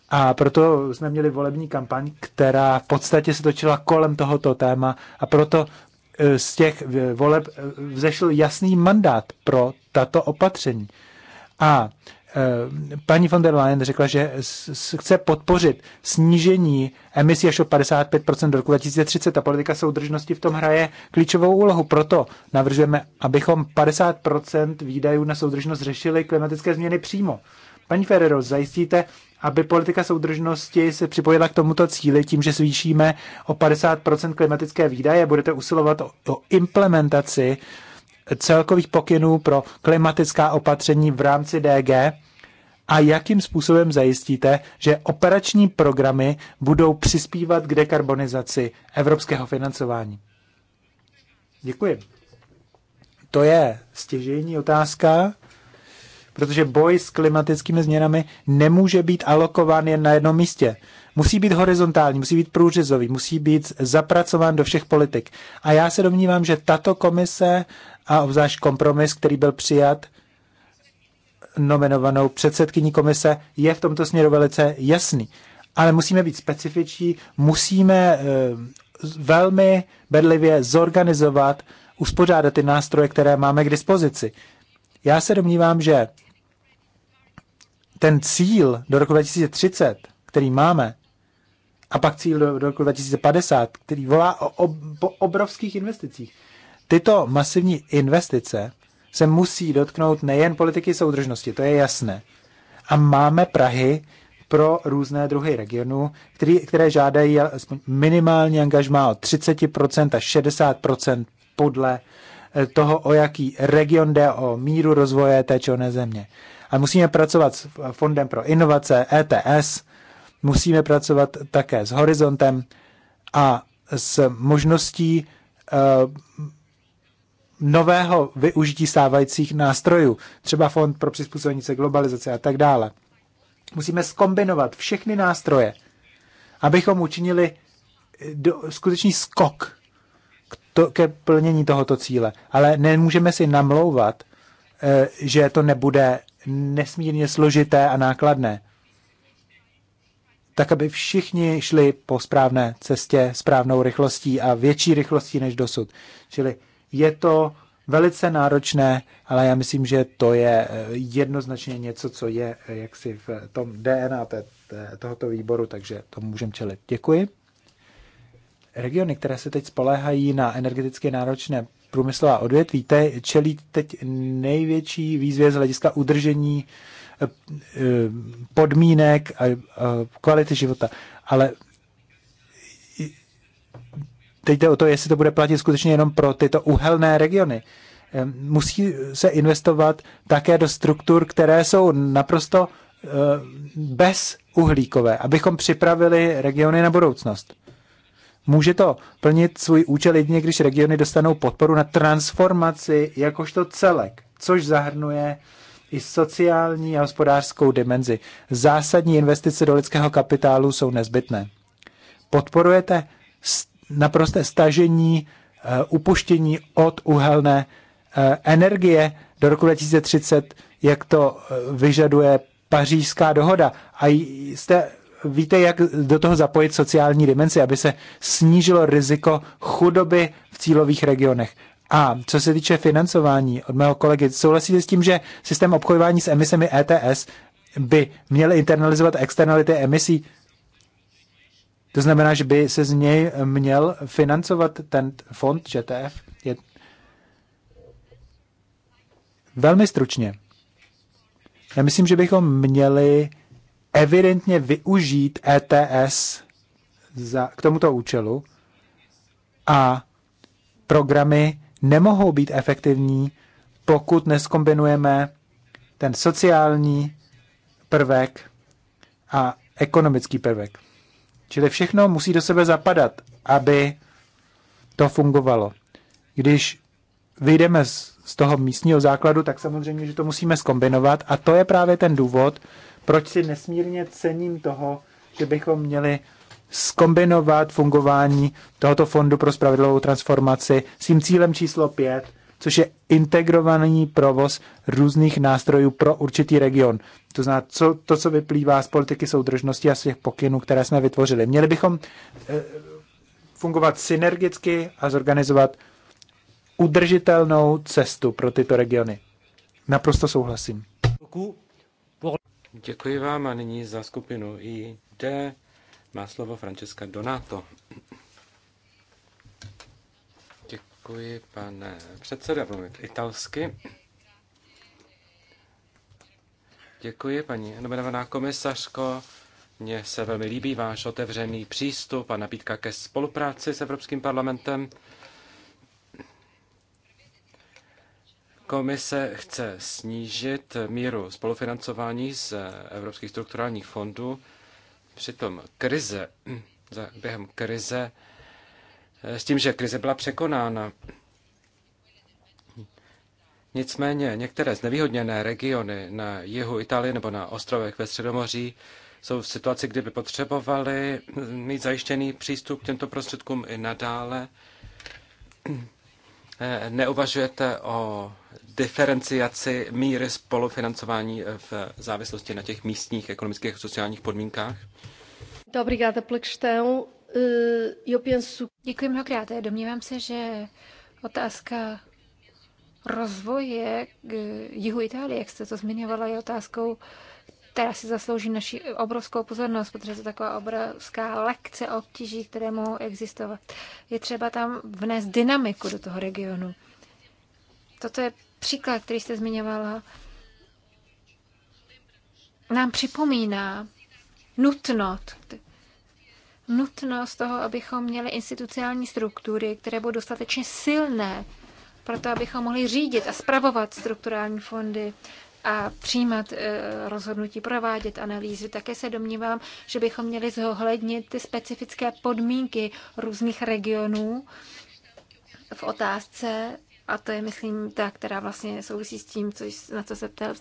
A proto jsme měli volební kampaň, která v podstatě se točila kolem tohoto téma a proto e, z těch e, voleb e, vzešel jasný mandát pro tato opatření. A Eh, paní von der Leyen řekla, že chce podpořit snížení emisí až o 55% do roku 2030 a politika soudržnosti v tom hraje klíčovou úlohu. Proto navržujeme, abychom 50% výdajů na soudržnost řešili klimatické změny přímo. Paní Ferrero, zajistíte, aby politika soudržnosti se připojila k tomuto cíli tím, že zvýšíme o 50% klimatické výdaje budete usilovat o, o implementaci uh, celkových pokynů pro klimatická opatření v rámci DG a jakým způsobem zajistíte, že operační programy budou přispívat k dekarbonizaci evropského financování? Děkuji. To je stěžejní otázka, protože boj s klimatickými změnami nemůže být alokován jen na jednom místě. Musí být horizontální, musí být průřezový, musí být zapracován do všech politik. A já se domnívám, že tato komise a obzvlášť kompromis, který byl přijat nominovanou předsedkyní komise, je v tomto směru velice jasný. Ale musíme být specifičtí, musíme eh, velmi bedlivě zorganizovat, uspořádat ty nástroje, které máme k dispozici. Já se domnívám, že ten cíl do roku 2030, který máme, a pak cíl do, do roku 2050, který volá o, o, o obrovských investicích. Tyto masivní investice se musí dotknout nejen politiky soudržnosti, to je jasné. A máme Prahy pro různé druhy regionů, který, které žádají minimální angažmá o 30% a 60% podle eh, toho, o jaký region jde, o míru rozvoje té či oné země. A musíme pracovat s Fondem pro inovace, ETS, musíme pracovat také s horizontem a s možností uh, nového využití stávajících nástrojů, třeba Fond pro přizpůsobení se globalizace a tak dále. Musíme skombinovat všechny nástroje, abychom učinili eh, do, skutečný skok k to, ke plnění tohoto cíle. Ale nemůžeme si namlouvat, eh, že to nebude nesmírně složité a nákladné. Tak, aby všichni šli po správné cestě, správnou rychlostí a větší rychlostí než dosud. Čili je to velice náročné, ale já myslím, že to je eh, jednoznačně něco, co je eh, jaksi v tom DNA té, tohoto výboru, takže tomu můžeme čelit. Děkuji. Regiony, které se teď spoléhají na energeticky náročné průmyslová odvětví, te, čelí teď největší výzvě z hlediska udržení eh, podmínek a kvality života. Ale teď jde o to, jestli to bude platit skutečně jenom pro tyto uhelné regiony. Musí se investovat také do struktur, které jsou naprosto eh, bez uhlíkové, abychom připravili regiony na budoucnost. Může to plnit svůj účel jedině, když regiony dostanou podporu na transformaci jakožto celek, což zahrnuje i sociální a hospodářskou dimenzi. Zásadní investice do lidského kapitálu jsou nezbytné. Podporujete naprosté stažení, eh, upuštění od uhelné eh, energie do roku 2030, jak to eh, vyžaduje pařížská dohoda. A jste, víte, jak do toho zapojit sociální dimenzi, aby se snížilo riziko chudoby v cílových regionech. A co se týče financování od mého kolegy, souhlasíte s tím, že systém obchodování s emisemi ETS by měl internalizovat externality emisí? To znamená, že by se z něj měl financovat ten fond ŽTF? Je... Velmi stručně. Já myslím, že bychom měli evidentně využít ETS za, k tomuto účelu a programy nemohou být efektivní, pokud neskombinujeme ten sociální prvek a ekonomický prvek. Čili všechno musí do sebe zapadat, aby to fungovalo. Když vyjdeme z, z toho místního základu, tak samozřejmě, že to musíme skombinovat a to je právě ten důvod, proč si nesmírně cením toho, že bychom měli skombinovat fungování tohoto fondu pro spravedlivou transformaci s tím cílem číslo 5, což je integrovaný provoz různých nástrojů pro určitý region. To znamená, co, to, co vyplývá z politiky soudržnosti a z těch pokynů, které jsme vytvořili. Měli bychom eh, fungovat synergicky a zorganizovat udržitelnou cestu pro tyto regiony. Naprosto souhlasím. Děkuji vám a nyní za skupinu ID má slovo Francesca Donato. Děkuji, pane předsedo, já budu mluvit italsky. Děkuji, paní nominovaná komisařko. Mně se velmi líbí váš otevřený přístup a nabídka ke spolupráci s Evropským parlamentem. Komise chce snížit míru spolufinancování z evropských strukturálních fondů. Přitom krize, během krize Eh, s tím, že krize byla překonána. Nicméně některé znevýhodněné regiony na jihu Itálie nebo na ostrovech ve Středomoří jsou v situaci, kdyby potřebovali mít zajištěný přístup k těmto prostředkům i nadále. Eh, neuvažujete o diferenciaci míry spolufinancování v závislosti na těch místních ekonomických a sociálních podmínkách? Obrigada pela questão eu eh, penso... Děkuji mnohokrát. Já eh, domnívám se, že otázka rozvoje eh, jihu Itálie, jak jste to zmiňovala, je otázkou, která si zaslouží naši obrovskou pozornost, protože to je taková obrovská lekce o obtíží, které mohou existovat. Je třeba tam vnést dynamiku do toho regionu. Toto je příklad, který jste zmiňovala. Nám připomíná nutnost nutnost toho, abychom měli instituciální struktury, které budou dostatečně silné, proto abychom mohli řídit a spravovat strukturální fondy a přijímat eh, rozhodnutí, provádět analýzy. Také se domnívám, že bychom měli zohlednit ty specifické podmínky různých regionů v otázce a to je, myslím, ta, která vlastně souvisí s tím, co, na co se ptal,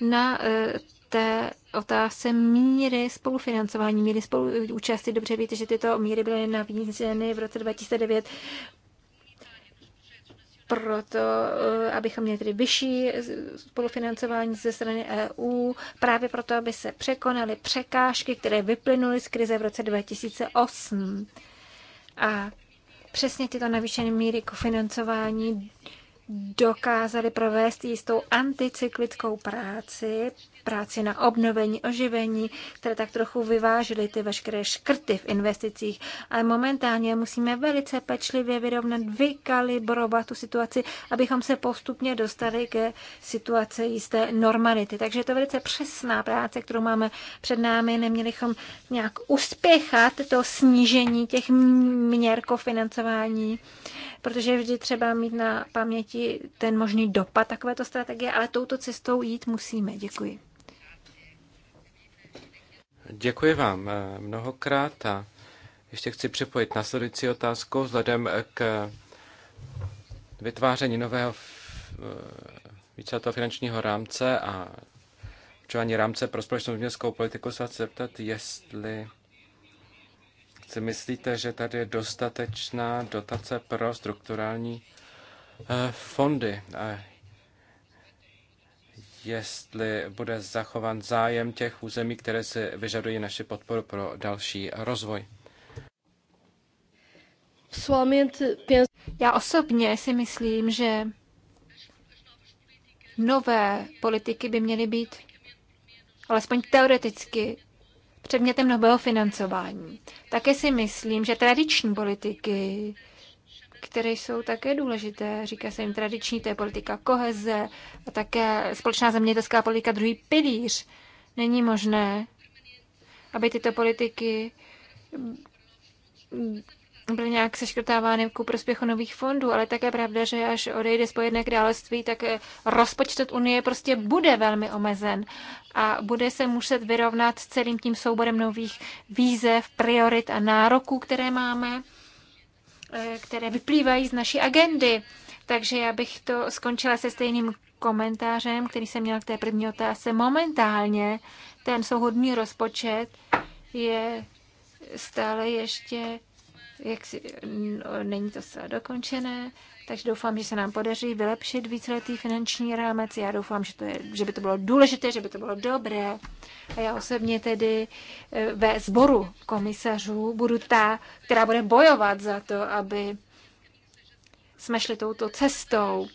na eh, té otázce míry spolufinancování, míry spoluúčasti. Dobře víte, že tyto míry byly navízeny v roce 2009 proto, eh, abychom měli tedy vyšší spolufinancování ze strany EU, právě proto, aby se překonaly překážky, které vyplynuly z krize v roce 2008. A přesně tyto navýšené míry kofinancování dokázaly provést jistou anticyklickou práci práci na obnovení, oživení, které tak trochu vyvážily ty veškeré škrty v investicích. Ale momentálně musíme velice pečlivě vyrovnat, vykalibrovat tu situaci, abychom se postupně dostali ke situaci jisté normality. Takže je to velice přesná práce, kterou máme před námi. Neměli bychom nějak uspěchat to snížení těch měr kofinancování, protože vždy třeba mít na paměti ten možný dopad takovéto strategie, ale touto cestou jít musíme. Děkuji. Děkuji vám eh, mnohokrát a ještě chci připojit následující otázku vzhledem k vytváření nového eh, víceletého finančního rámce a určování rámce pro společnou městskou politiku se chci zeptat, jestli si myslíte, že tady je dostatečná dotace pro strukturální eh, fondy. A jestli bude zachovan zájem těch území, které si vyžadují naši podporu pro další rozvoj. Já osobně si myslím, že nové politiky by měly být alespoň teoreticky předmětem nového financování. Také si myslím, že tradiční politiky které jsou také důležité. Říká se jim tradiční, to je politika koheze a také společná zemědělská politika druhý pilíř. Není možné, aby tyto politiky byly nějak seškrtávány ku prospěchu nových fondů, ale také pravda, že až odejde Spojené království, tak eh, rozpočet Unie prostě bude velmi omezen a bude se muset vyrovnat s celým tím souborem nových výzev, priorit a nároků, které máme. Eh, které vyplývají z naší agendy. Takže já bych to skončila se stejným komentářem, který jsem měla k té první otázce. Momentálně ten souhodný rozpočet je stále ještě jak si, no, není to zcela dokončené, takže doufám, že se nám podaří vylepšit víceletý finanční rámec. Já doufám, že, to je, že by to bylo důležité, že by to bylo dobré. A já osobně tedy e, ve sboru komisařů budu ta, která bude bojovat za to, aby jsme šli touto cestou.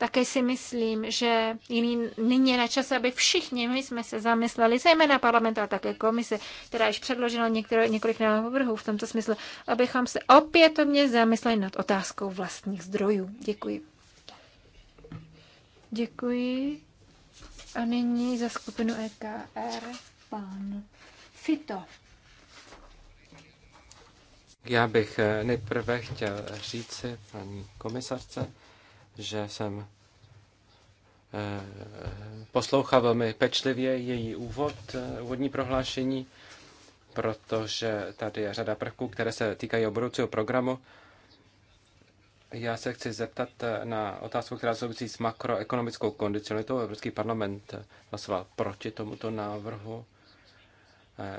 Také si myslím, že jiný, nyní je na čase, aby všichni my jsme se zamysleli, zejména parlament a také komise, která již předložila některé, několik návrhů v tomto smyslu, abychom se opětovně zamysleli nad otázkou vlastních zdrojů. Děkuji. Děkuji. A nyní za skupinu EKR pan Fito. Já bych eh, nejprve chtěl říci paní komisarce, že jsem eh, poslouchal velmi pečlivě její úvod, eh, úvodní prohlášení, protože tady je řada prvků, které se týkají budoucího programu. Já se chci zeptat eh, na otázku, která souvisí s makroekonomickou kondicionalitou. Evropský parlament hlasoval proti tomuto návrhu,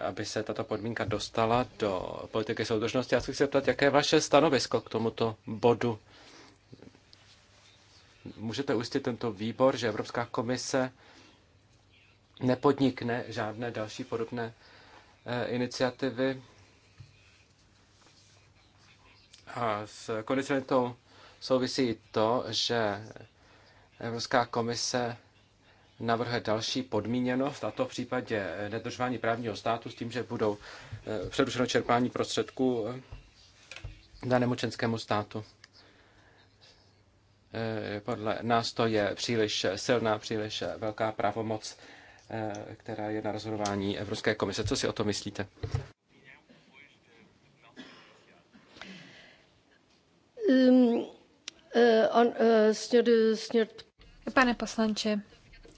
aby se tato podmínka dostala do politiky soudržnosti. Já se chci zeptat, jaké je vaše stanovisko k tomuto bodu můžete ujistit tento výbor, že Evropská komise nepodnikne žádné další podobné eh, iniciativy. A s kondicionitou souvisí to, že Evropská komise navrhuje další podmíněnost, a to v případě eh, nedržování právního státu s tím, že budou eh, předušeno čerpání prostředků danému členskému státu. Eh, podle nás to je příliš silná, příliš velká pravomoc, eh, která je na rozhodování Evropské komise. Co si o to myslíte? Um, eh, Pane poslanče,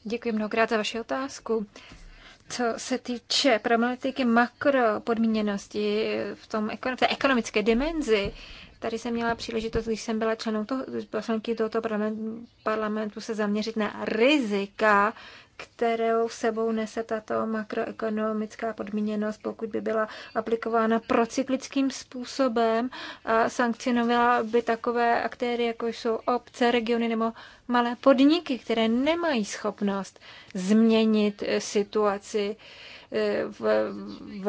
děkuji mnohokrát za vaši otázku. Co se týče problematiky makropodmíněnosti v, tom, v té ekonomické dimenzi, Tady jsem měla příležitost, když jsem byla členou toho, tohoto parlamentu, parlamentu, se zaměřit na rizika, kterou sebou nese tato makroekonomická podmíněnost, pokud by byla aplikována procyklickým způsobem a sankcionovala by takové aktéry, jako jsou obce, regiony nebo malé podniky, které nemají schopnost změnit eh, situaci eh, v, v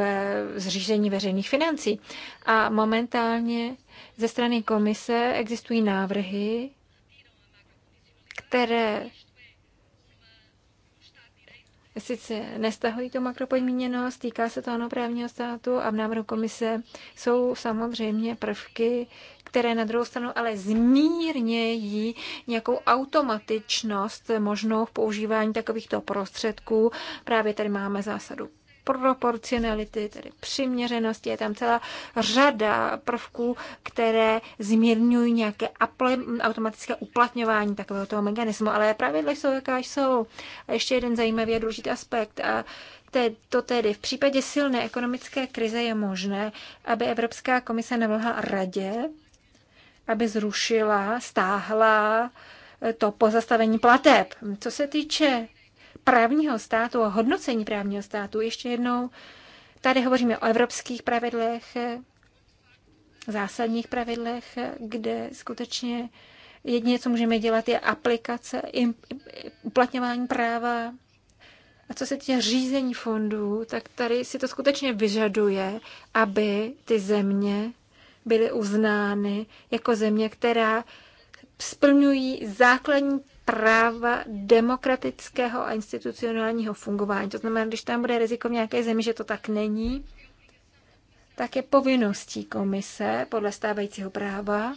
zřízení veřejných financí. A momentálně ze strany komise existují návrhy, které sice nestahují tu makropodmíněnost, týká se to ano právního státu a v návrhu komise jsou samozřejmě prvky, které na druhou stranu ale zmírnějí nějakou automatičnost možnou v používání takovýchto prostředků. Právě tady máme zásadu proporcionality, tedy přiměřenosti. Je tam celá řada prvků, které zmírňují nějaké automatické uplatňování takového toho mechanismu. Ale pravidla jsou, jaká jsou. A ještě jeden zajímavý a důležitý aspekt. A to tedy v případě silné ekonomické krize je možné, aby Evropská komise navrhla radě, aby zrušila, stáhla eh, to pozastavení plateb. Co se týče právního státu, o hodnocení právního státu. Ještě jednou, tady hovoříme o evropských pravidlech, zásadních pravidlech, kde skutečně jedině, co můžeme dělat, je aplikace, uplatňování práva. A co se týče řízení fondů, tak tady si to skutečně vyžaduje, aby ty země byly uznány jako země, která splňují základní práva demokratického a institucionálního fungování. To znamená, když tam bude riziko v nějaké zemi, že to tak není, tak je povinností komise podle stávajícího práva,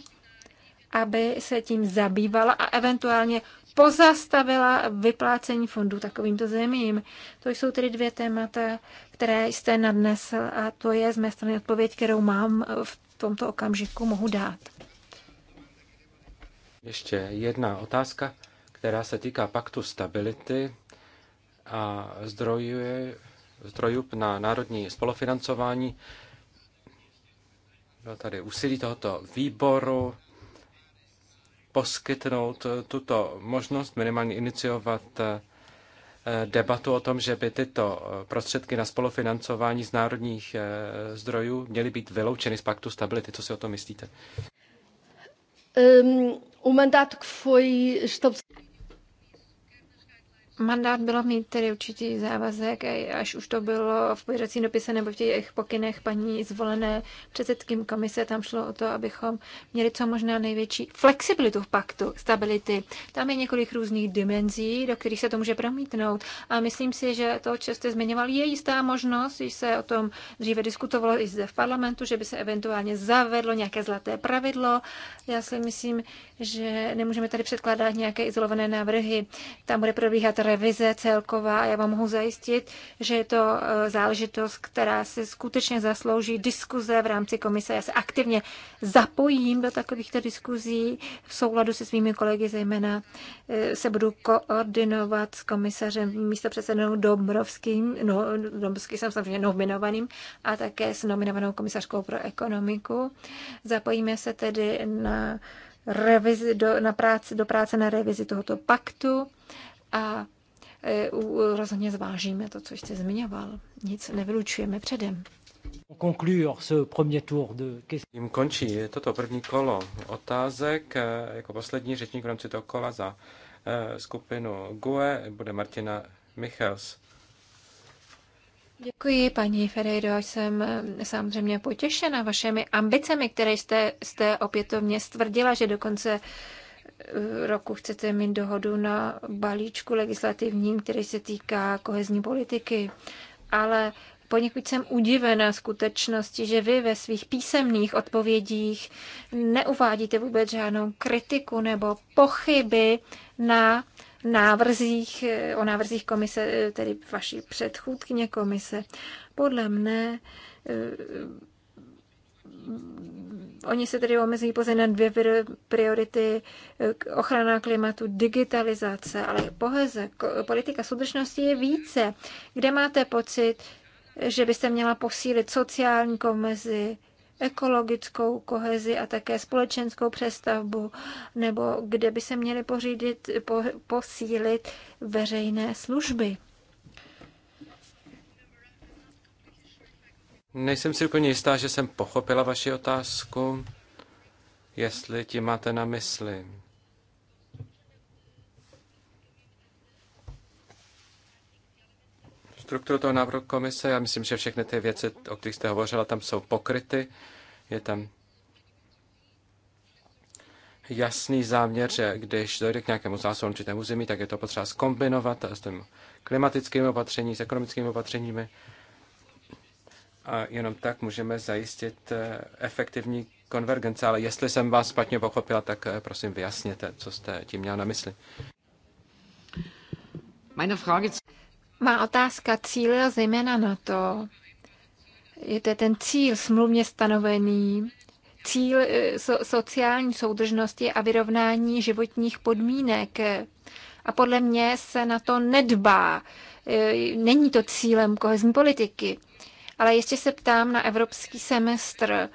aby se tím zabývala a eventuálně pozastavila vyplácení fondů takovýmto zemím. To jsou tedy dvě témata, které jste nadnesl a to je z mé strany odpověď, kterou mám v tomto okamžiku mohu dát. Ještě jedna otázka která se týká paktu stability a zdrojuje, zdrojů na národní spolufinancování. Bylo tady úsilí tohoto výboru poskytnout tuto možnost, minimálně iniciovat eh, debatu o tom, že by tyto prostředky na spolufinancování z národních eh, zdrojů měly být vyloučeny z paktu stability. Co si o tom myslíte? Um, ehm, o mandátu, který byl mandát bylo mít tedy určitý závazek, až už to bylo v pověřacím dopise nebo v těch pokynech paní zvolené předsedkým komise, tam šlo o to, abychom měli co možná největší flexibilitu v paktu stability. Tam je několik různých dimenzí, do kterých se to může promítnout a myslím si, že to, co jste zmiňoval, je jistá možnost, když se o tom dříve diskutovalo i zde v parlamentu, že by se eventuálně zavedlo nějaké zlaté pravidlo. Já si myslím, že nemůžeme tady předkládat nějaké izolované návrhy. Tam bude probíhat revize celková a já vám mohu zajistit, že je to eh, záležitost, která si skutečně zaslouží diskuze v rámci komise. Já se aktivně zapojím do takovýchto diskuzí v souladu se svými kolegy, zejména eh, se budu koordinovat s komisařem místo předsedou Dombrovským, no, Dombrovský jsem samozřejmě nominovaným, a také s nominovanou komisařkou pro ekonomiku. Zapojíme se tedy na revizi, do, na práci, do práce na revizi tohoto paktu a E, rozhodně zvážíme to, co jste zmiňoval. Nic nevylučujeme předem. Tím končí toto první kolo otázek. E, jako poslední řečník v rámci toho kola za e, skupinu GUE bude Martina Michals. Děkuji, paní Ferreiro. Jsem samozřejmě potěšena vašemi ambicemi, které jste, jste opětovně stvrdila, že do konce roku chcete mít dohodu na balíčku legislativním, který se týká kohezní politiky, ale poněkud jsem udivena skutečnosti, že vy ve svých písemných odpovědích neuvádíte vůbec žádnou kritiku nebo pochyby na návrzích, o návrzích komise, tedy vaší předchůdkyně komise. Podle mne Oni se tedy omezují pouze na dvě priority eh, ochrana klimatu, digitalizace, ale poheze, politika soudržnosti je více. Kde máte pocit, že byste měla posílit sociální komezi, ekologickou kohezi a také společenskou přestavbu, nebo kde by se měly pořídit, po, posílit veřejné služby. Nejsem si úplně jistá, že jsem pochopila vaši otázku, jestli ti máte na mysli. Strukturu toho návrhu komise, já myslím, že všechny ty věci, o kterých jste hovořila, tam jsou pokryty. Je tam jasný záměr, že když dojde k nějakému zásunu určitému území, tak je to potřeba zkombinovat s tím klimatickými opatřeními, s ekonomickými opatřeními a jenom tak můžeme zajistit eh, efektivní konvergence. Ale jestli jsem vás špatně pochopila, tak eh, prosím vyjasněte, co jste tím měla na mysli. Meine Frage... Má otázka cílila zejména na to, je to ten cíl smluvně stanovený, cíl eh, so, sociální soudržnosti a vyrovnání životních podmínek. A podle mě se na to nedbá. Není to cílem kohezní politiky. Ale ještě se ptám na evropský semestr.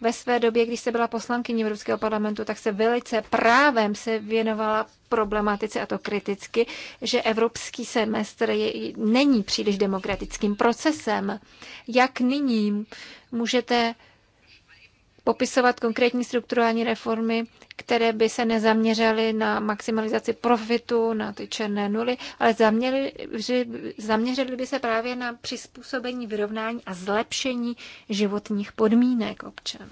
Ve své době, když se byla poslankyní Evropského parlamentu, tak se velice právem se věnovala problematice, a to kriticky, že evropský semestr je, není příliš demokratickým procesem. Jak nyní můžete popisovat konkrétní strukturální reformy, které by se nezaměřily na maximalizaci profitu, na ty černé nuly, ale zaměřily, by se právě na přizpůsobení, vyrovnání a zlepšení životních podmínek občanů.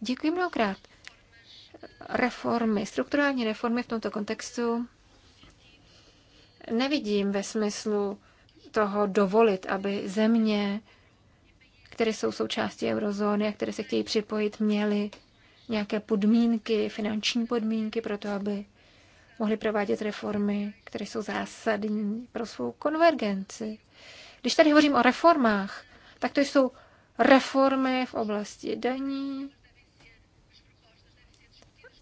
Děkuji mnohokrát. Reformy, strukturální reformy v tomto kontextu nevidím ve smyslu toho dovolit, aby země které jsou součástí eurozóny a které se chtějí připojit, měly nějaké podmínky, finanční podmínky pro to, aby mohli provádět reformy, které jsou zásadní pro svou konvergenci. Když tady hovořím o reformách, tak to jsou reformy v oblasti daní.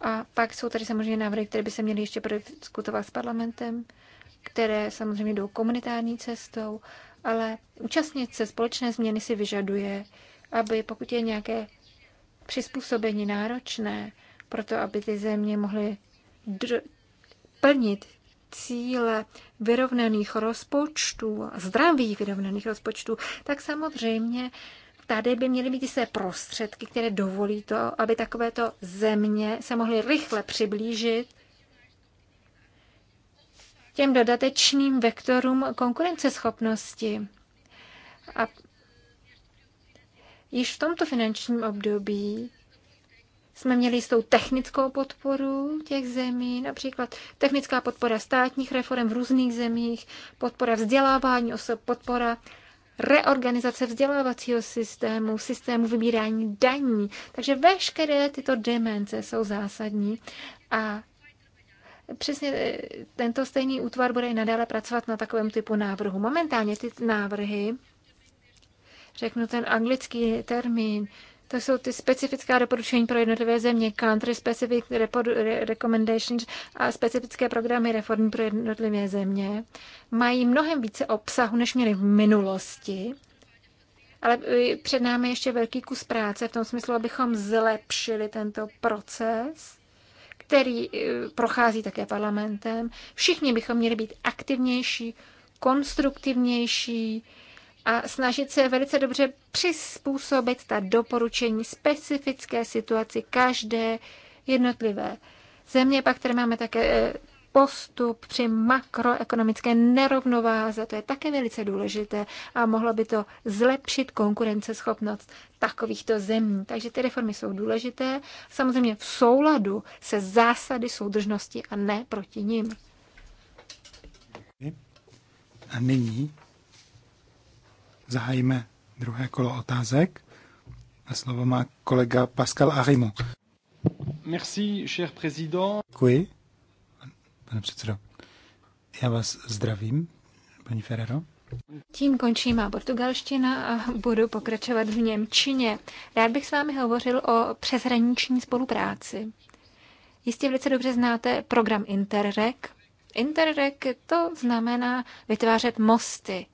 A pak jsou tady samozřejmě návrhy, které by se měly ještě prodiskutovat s parlamentem, které samozřejmě jdou komunitární cestou ale účastnit se společné změny si vyžaduje, aby pokud je nějaké přizpůsobení náročné, proto aby ty země mohly plnit cíle vyrovnaných rozpočtů, zdravých vyrovnaných rozpočtů, tak samozřejmě tady by měly být jisté prostředky, které dovolí to, aby takovéto země se mohly rychle přiblížit těm dodatečným vektorům konkurenceschopnosti. A již v tomto finančním období jsme měli jistou technickou podporu těch zemí, například technická podpora státních reform v různých zemích, podpora vzdělávání osob, podpora reorganizace vzdělávacího systému, systému vybírání daní. Takže veškeré tyto dimenze jsou zásadní a přesně e, tento stejný útvar bude i nadále pracovat na takovém typu návrhu. Momentálně ty návrhy, řeknu ten anglický termín, to jsou ty specifická doporučení pro jednotlivé země, country specific recommendations a specifické programy reform pro jednotlivé země. Mají mnohem více obsahu, než měly v minulosti, ale e, před námi ještě velký kus práce v tom smyslu, abychom zlepšili tento proces který eh, prochází také parlamentem. Všichni bychom měli být aktivnější, konstruktivnější a snažit se velice dobře přizpůsobit ta doporučení specifické situaci každé jednotlivé země. Pak které máme také eh, postup při makroekonomické nerovnováze. To je také velice důležité a mohlo by to zlepšit konkurenceschopnost takovýchto zemí. Takže ty reformy jsou důležité, samozřejmě v souladu se zásady soudržnosti a ne proti nim. A nyní zahájíme druhé kolo otázek. A slovo má kolega Pascal Arimo. Merci, cher président. Děkuji, pane předsedo. Já vás zdravím, paní Ferrero. Tím končí má portugalština a budu pokračovat v Němčině. Rád bych s vámi hovořil o přeshraniční spolupráci. Jistě velice dobře znáte program Interreg. Interreg to znamená vytvářet mosty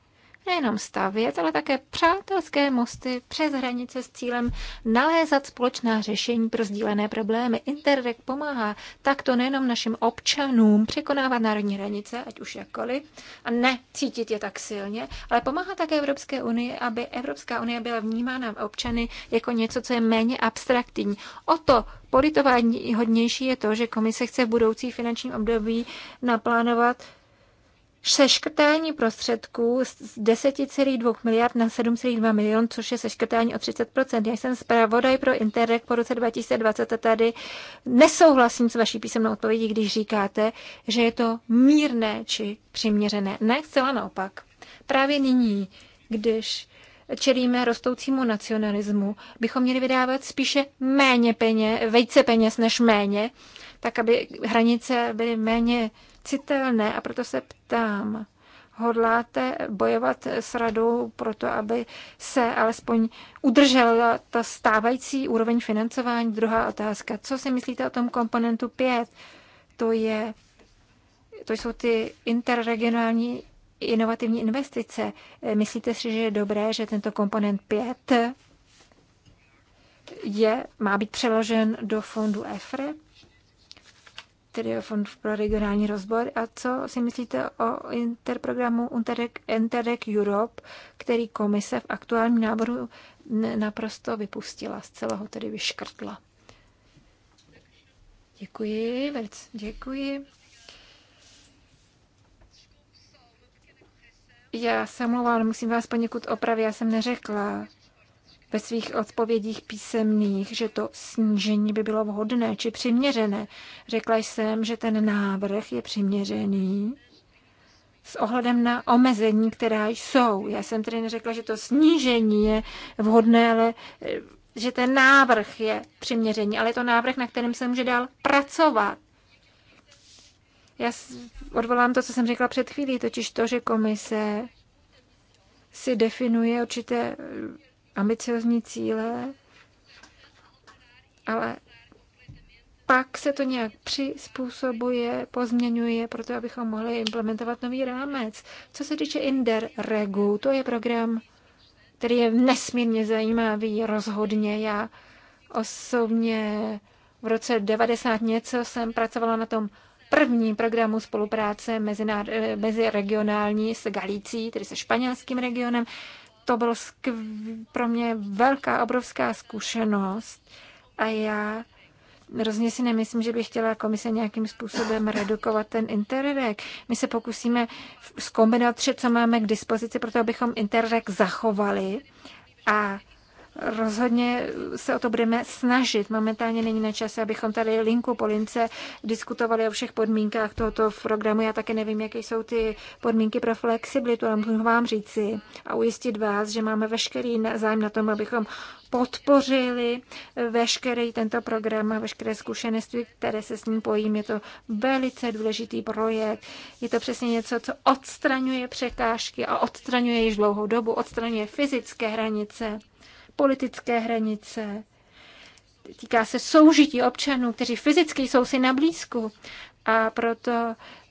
nejenom stavět, ale také přátelské mosty přes hranice s cílem nalézat společná řešení pro sdílené problémy. Interreg pomáhá takto nejenom našim občanům překonávat národní hranice, ať už jakkoliv, a ne cítit je tak silně, ale pomáhá také Evropské unii, aby Evropská unie byla vnímána občany jako něco, co je méně abstraktní. O to politování hodnější je to, že komise chce v budoucí finančním období naplánovat seškrtání prostředků z 10,2 miliard na 7,2 milion, což je seškrtání o 30%. Já jsem zpravodaj pro Interreg po roce 2020 a tady nesouhlasím s vaší písemnou odpovědí, když říkáte, že je to mírné či přiměřené. Ne, zcela naopak. Právě nyní, když čelíme rostoucímu nacionalismu, bychom měli vydávat spíše méně peněz, více peněz než méně, tak aby hranice byly méně citelné. A proto se ptám, hodláte bojovat s radou proto, aby se alespoň udržela ta stávající úroveň financování? Druhá otázka. Co si myslíte o tom komponentu 5? To, je, to jsou ty interregionální inovativní investice. Myslíte si, že je dobré, že tento komponent 5 je, má být přeložen do fondu EFRE? tedy Fond pro regionální rozbor. A co si myslíte o interprogramu Interreg, Interreg Europe, který komise v aktuálním návrhu naprosto vypustila, z celého tedy vyškrtla? Děkuji, velice děkuji. Já se omlouvám, musím vás poněkud opravit, já jsem neřekla, ve svých odpovědích písemných, že to snížení by bylo vhodné či přiměřené. Řekla jsem, že ten návrh je přiměřený s ohledem na omezení, která jsou. Já jsem tedy neřekla, že to snížení je vhodné, ale eh, že ten návrh je přiměřený, ale je to návrh, na kterém se může dál pracovat. Já odvolám to, co jsem řekla před chvílí, totiž to, že komise si definuje určité eh, ambiciozní cíle, ale pak se to nějak přizpůsobuje, pozměňuje, proto abychom mohli implementovat nový rámec. Co se týče Interregu, to je program, který je nesmírně zajímavý, rozhodně. Já osobně v roce 90 něco jsem pracovala na tom prvním programu spolupráce mezi, eh, mezi regionální s Galicí, tedy se španělským regionem to bylo pro mě velká, obrovská zkušenost a já Rozhodně si nemyslím, že bych chtěla komise nějakým způsobem redukovat ten interreg. My se pokusíme zkombinovat vše, co máme k dispozici, proto abychom interreg zachovali a rozhodně se o to budeme snažit. Momentálně není na čase, abychom tady linku po lince diskutovali o všech podmínkách tohoto programu. Já také nevím, jaké jsou ty podmínky pro flexibilitu, ale můžu vám říci a ujistit vás, že máme veškerý zájem na tom, abychom podpořili veškerý tento program a veškeré zkušenosti, které se s ním pojím. Je to velice důležitý projekt. Je to přesně něco, co odstraňuje překážky a odstraňuje již dlouhou dobu, odstraňuje fyzické hranice politické hranice, týká se soužití občanů, kteří fyzicky jsou si na blízku. A proto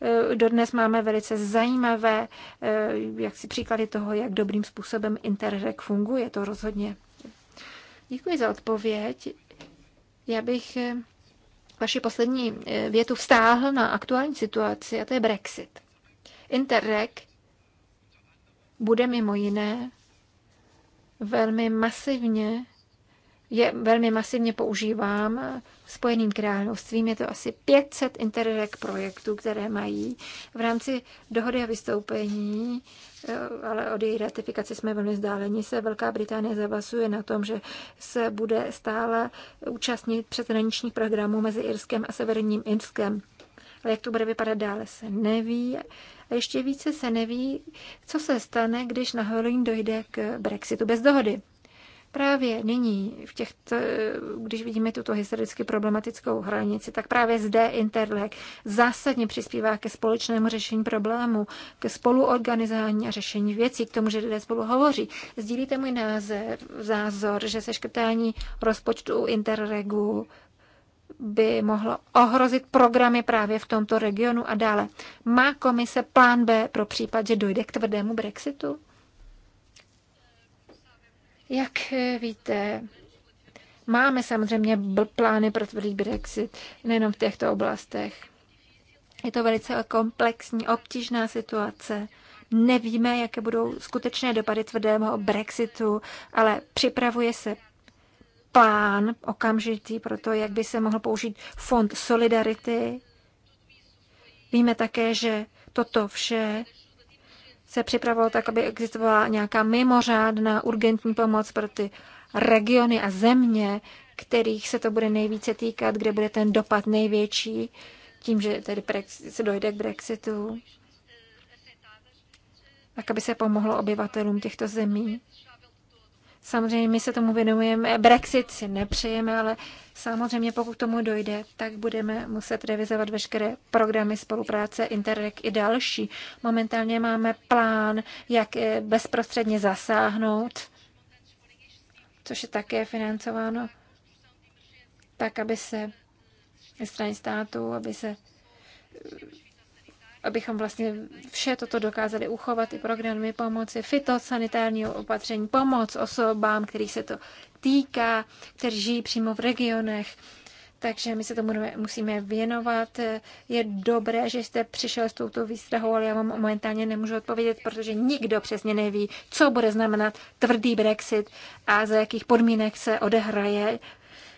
eh, dodnes máme velice zajímavé eh, jak si příklady toho, jak dobrým způsobem Interreg funguje. To rozhodně. Děkuji za odpověď. Já bych eh, vaši poslední větu vstáhl na aktuální situaci, a to je Brexit. Interreg bude mimo jiné velmi masivně je velmi masivně používám Spojeným královstvím. Je to asi 500 Interreg projektů, které mají v rámci dohody a vystoupení, eh, ale od její ratifikace jsme velmi vzdáleni, se Velká Británie zavazuje na tom, že se bude stále účastnit přeshraničních programů mezi Irskem a Severním Irskem. Ale jak to bude vypadat dále, se neví. A ještě více se neví, co se stane, když na Halloween dojde k Brexitu bez dohody. Právě nyní, v těchto, když vidíme tuto historicky problematickou hranici, tak právě zde Interleg zásadně přispívá ke společnému řešení problému, ke spoluorganizování a řešení věcí, k tomu, že lidé spolu hovoří. Sdílíte můj názor, zázor, že se škrtání rozpočtu interlegu. Interregu by mohlo ohrozit programy právě v tomto regionu a dále. Má komise plán B pro případ, že dojde k tvrdému Brexitu? Jak víte, máme samozřejmě plány pro tvrdý Brexit, nejenom v těchto oblastech. Je to velice komplexní, obtížná situace. Nevíme, jaké budou skutečné dopady tvrdého Brexitu, ale připravuje se plán okamžitý pro to, jak by se mohl použít fond Solidarity. Víme také, že toto vše se připravovalo tak, aby existovala nějaká mimořádná urgentní pomoc pro ty regiony a země, kterých se to bude nejvíce týkat, kde bude ten dopad největší, tím, že tedy se dojde k Brexitu, tak aby se pomohlo obyvatelům těchto zemí. Samozřejmě my se tomu věnujeme, Brexit si nepřejeme, ale samozřejmě pokud tomu dojde, tak budeme muset revizovat veškeré programy spolupráce Interreg i další. Momentálně máme plán, jak eh, bezprostředně zasáhnout, což je také financováno tak, aby se ze strany státu, aby se abychom vlastně vše toto dokázali uchovat i programy pomoci, fitosanitárního opatření, pomoc osobám, kterých se to týká, kteří žijí přímo v regionech. Takže my se tomu musíme věnovat. Je dobré, že jste přišel s touto výstrahou, ale já vám momentálně nemůžu odpovědět, protože nikdo přesně neví, co bude znamenat tvrdý Brexit a za jakých podmínek se odehraje.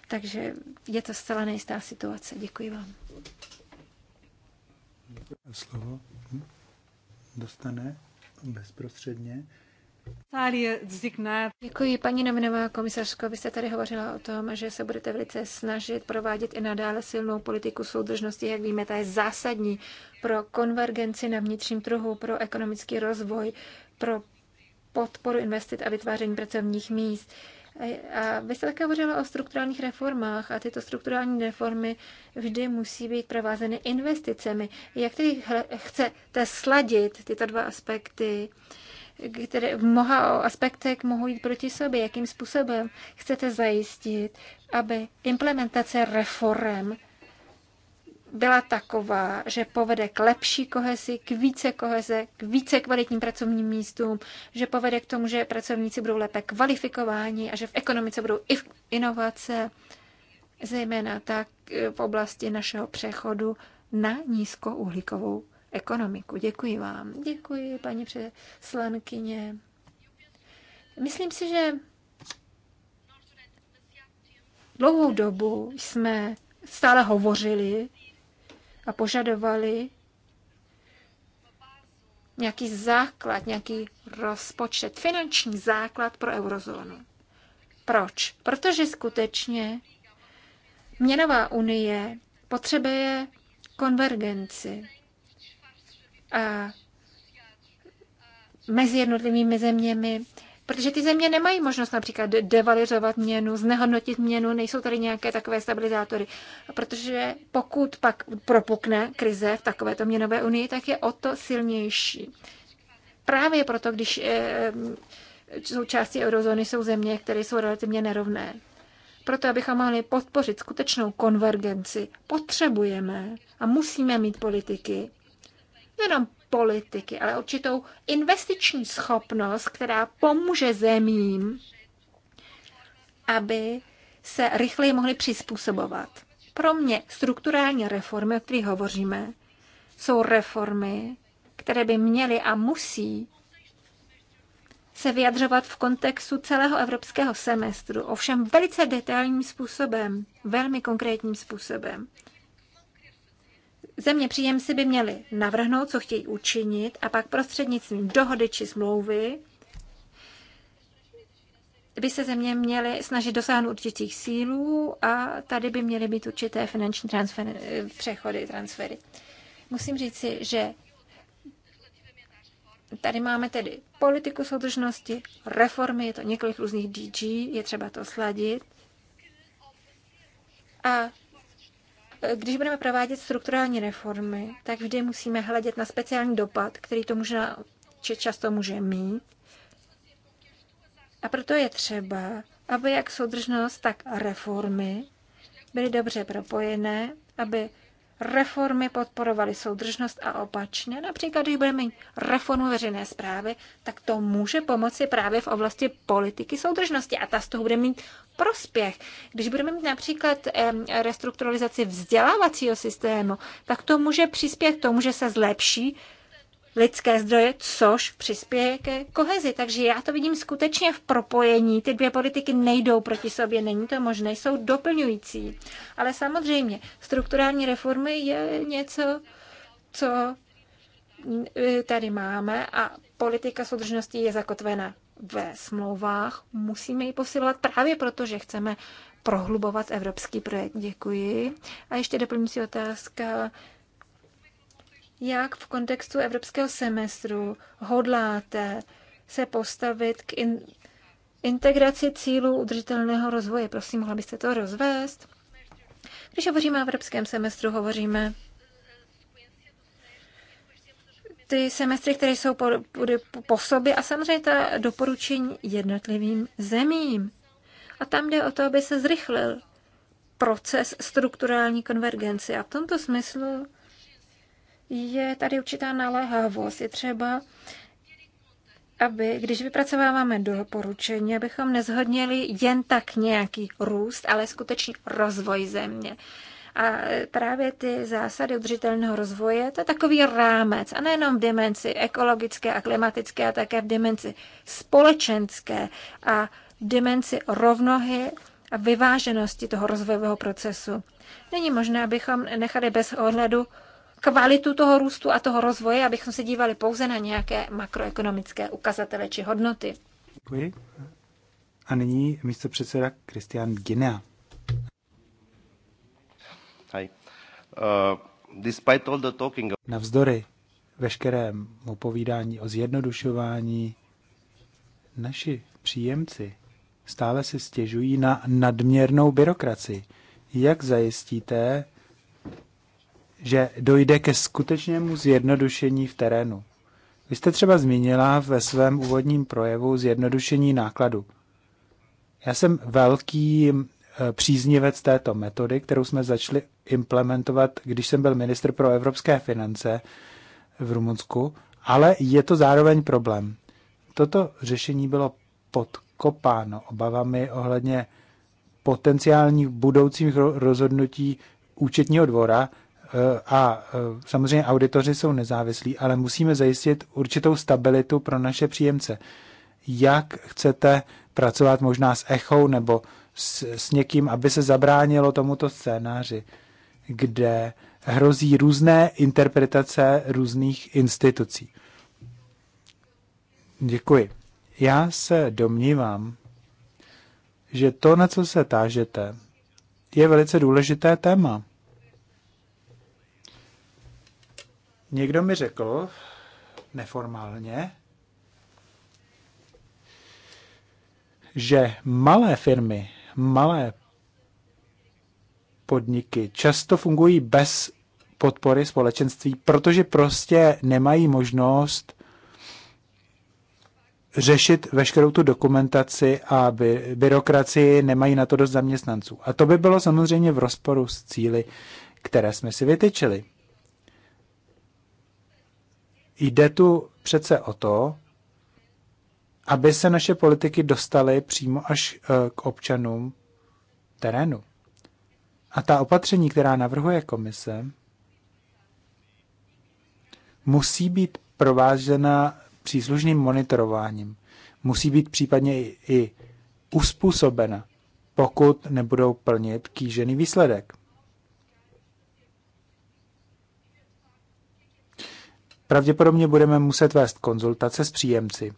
Takže je to zcela nejistá situace. Děkuji vám. Slovo mhm. dostane bezprostředně. Děkuji, paní nominová komisařko. Vy jste tady hovořila o tom, že se budete velice snažit provádět i nadále silnou politiku soudržnosti. Jak víme, ta je zásadní pro konvergenci na vnitřním trhu, pro ekonomický rozvoj, pro podporu investit a vytváření pracovních míst. A vy jste také hovořila o strukturálních reformách a tyto strukturální reformy vždy musí být provázeny investicemi. Jak tedy chcete sladit tyto dva aspekty? které v mnoha aspektech mohou jít proti sobě. Jakým způsobem chcete zajistit, aby implementace reform byla taková, že povede k lepší kohezi, k více koheze, k více kvalitním pracovním místům, že povede k tomu, že pracovníci budou lépe kvalifikováni a že v ekonomice budou i inovace, zejména tak e, v oblasti našeho přechodu na nízkouhlíkovou ekonomiku. Děkuji vám. Děkuji, paní přeslankyně. Myslím si, že dlouhou dobu jsme stále hovořili a požadovali nějaký základ, nějaký rozpočet, finanční základ pro eurozónu. Proč? Protože skutečně měnová unie potřebuje konvergenci a mezi jednotlivými zeměmi Protože ty země nemají možnost například devalizovat měnu, znehodnotit měnu, nejsou tady nějaké takové stabilizátory. Protože pokud pak propukne krize v takovéto měnové unii, tak je o to silnější. Právě proto, když eh, eh, součástí eurozóny jsou země, které jsou relativně nerovné. Proto, abychom mohli podpořit skutečnou konvergenci, potřebujeme a musíme mít politiky, jenom politiky, ale určitou investiční schopnost, která pomůže zemím, aby se rychleji mohly přizpůsobovat. Pro mě strukturální reformy, o kterých hovoříme, jsou reformy, které by měly a musí se vyjadřovat v kontextu celého evropského semestru, ovšem velice detailním způsobem, velmi konkrétním způsobem. Země příjemci by měli navrhnout, co chtějí učinit a pak prostřednictvím dohody či smlouvy by se země měly snažit dosáhnout určitých sílů a tady by měly být určité finanční transfer, přechody, transfery. Musím říci, že tady máme tedy politiku soudržnosti, reformy, je to několik různých DG, je třeba to sladit. A když budeme provádět strukturální reformy, tak vždy musíme hledět na speciální dopad, který to možná často může mít. A proto je třeba, aby jak soudržnost, tak reformy byly dobře propojené, aby reformy podporovaly soudržnost a opačně. Například, když budeme mít reformu veřejné zprávy, tak to může pomoci právě v oblasti politiky soudržnosti a ta z toho bude mít prospěch. Když budeme mít například restrukturalizaci vzdělávacího systému, tak to může přispět k tomu, že se zlepší lidské zdroje, což přispěje ke kohezi. Takže já to vidím skutečně v propojení. Ty dvě politiky nejdou proti sobě, není to možné, jsou doplňující. Ale samozřejmě, strukturální reformy je něco, co e, tady máme a politika soudržnosti je zakotvena ve smlouvách. Musíme ji posilovat právě proto, že chceme prohlubovat evropský projekt. Děkuji. A ještě doplňující otázka jak v kontextu evropského semestru hodláte se postavit k in- integraci cílů udržitelného rozvoje. Prosím, mohla byste to rozvést? Když hovoříme o evropském semestru, hovoříme ty semestry, které jsou po, po, po sobě a samozřejmě ta doporučení jednotlivým zemím. A tam jde o to, aby se zrychlil proces strukturální konvergence. A v tomto smyslu je tady určitá naléhavost. Je třeba, aby, když vypracováváme doporučení, abychom nezhodnili jen tak nějaký růst, ale skutečný rozvoj země. A právě ty zásady udržitelného rozvoje, to je takový rámec, a nejenom v dimenzi ekologické a klimatické, a také v dimenzi společenské a v dimenzi rovnohy a vyváženosti toho rozvojového procesu. Není možné, abychom nechali bez ohledu kvalitu toho růstu a toho rozvoje, abychom se dívali pouze na nějaké makroekonomické ukazatele či hodnoty. Děkuji. A nyní místo předseda Kristian Ginea. Hi. Uh, despite all the talking... Navzdory veškerému povídání o zjednodušování, naši příjemci stále se stěžují na nadměrnou byrokracii. Jak zajistíte, že dojde ke skutečnému zjednodušení v terénu. Vy jste třeba zmínila ve svém úvodním projevu zjednodušení nákladu. Já jsem velký eh, příznivec této metody, kterou jsme začali implementovat, když jsem byl ministr pro evropské finance v Rumunsku, ale je to zároveň problém. Toto řešení bylo podkopáno obavami ohledně potenciálních budoucích rozhodnutí účetního dvora, Eh, a eh, samozřejmě auditoři jsou nezávislí, ale musíme zajistit určitou stabilitu pro naše příjemce. Jak chcete pracovat možná s echou nebo s, s někým, aby se zabránilo tomuto scénáři, kde hrozí různé interpretace různých institucí. Děkuji. Já se domnívám, že to, na co se tážete, je velice důležité téma. Někdo mi řekl, neformálně, že malé firmy, malé podniky často fungují bez podpory společenství, protože prostě nemají možnost řešit veškerou tu dokumentaci a by, byrokracii, nemají na to dost zaměstnanců. A to by bylo samozřejmě v rozporu s cíly, které jsme si vytyčili. Jde tu přece o to, aby se naše politiky dostaly přímo až eh, k občanům terénu. A ta opatření, která navrhuje komise, musí být provázena příslušným monitorováním. Musí být případně i, i uspůsobena, pokud nebudou plnit kýžený výsledek. Pravděpodobně budeme muset vést konzultace s příjemci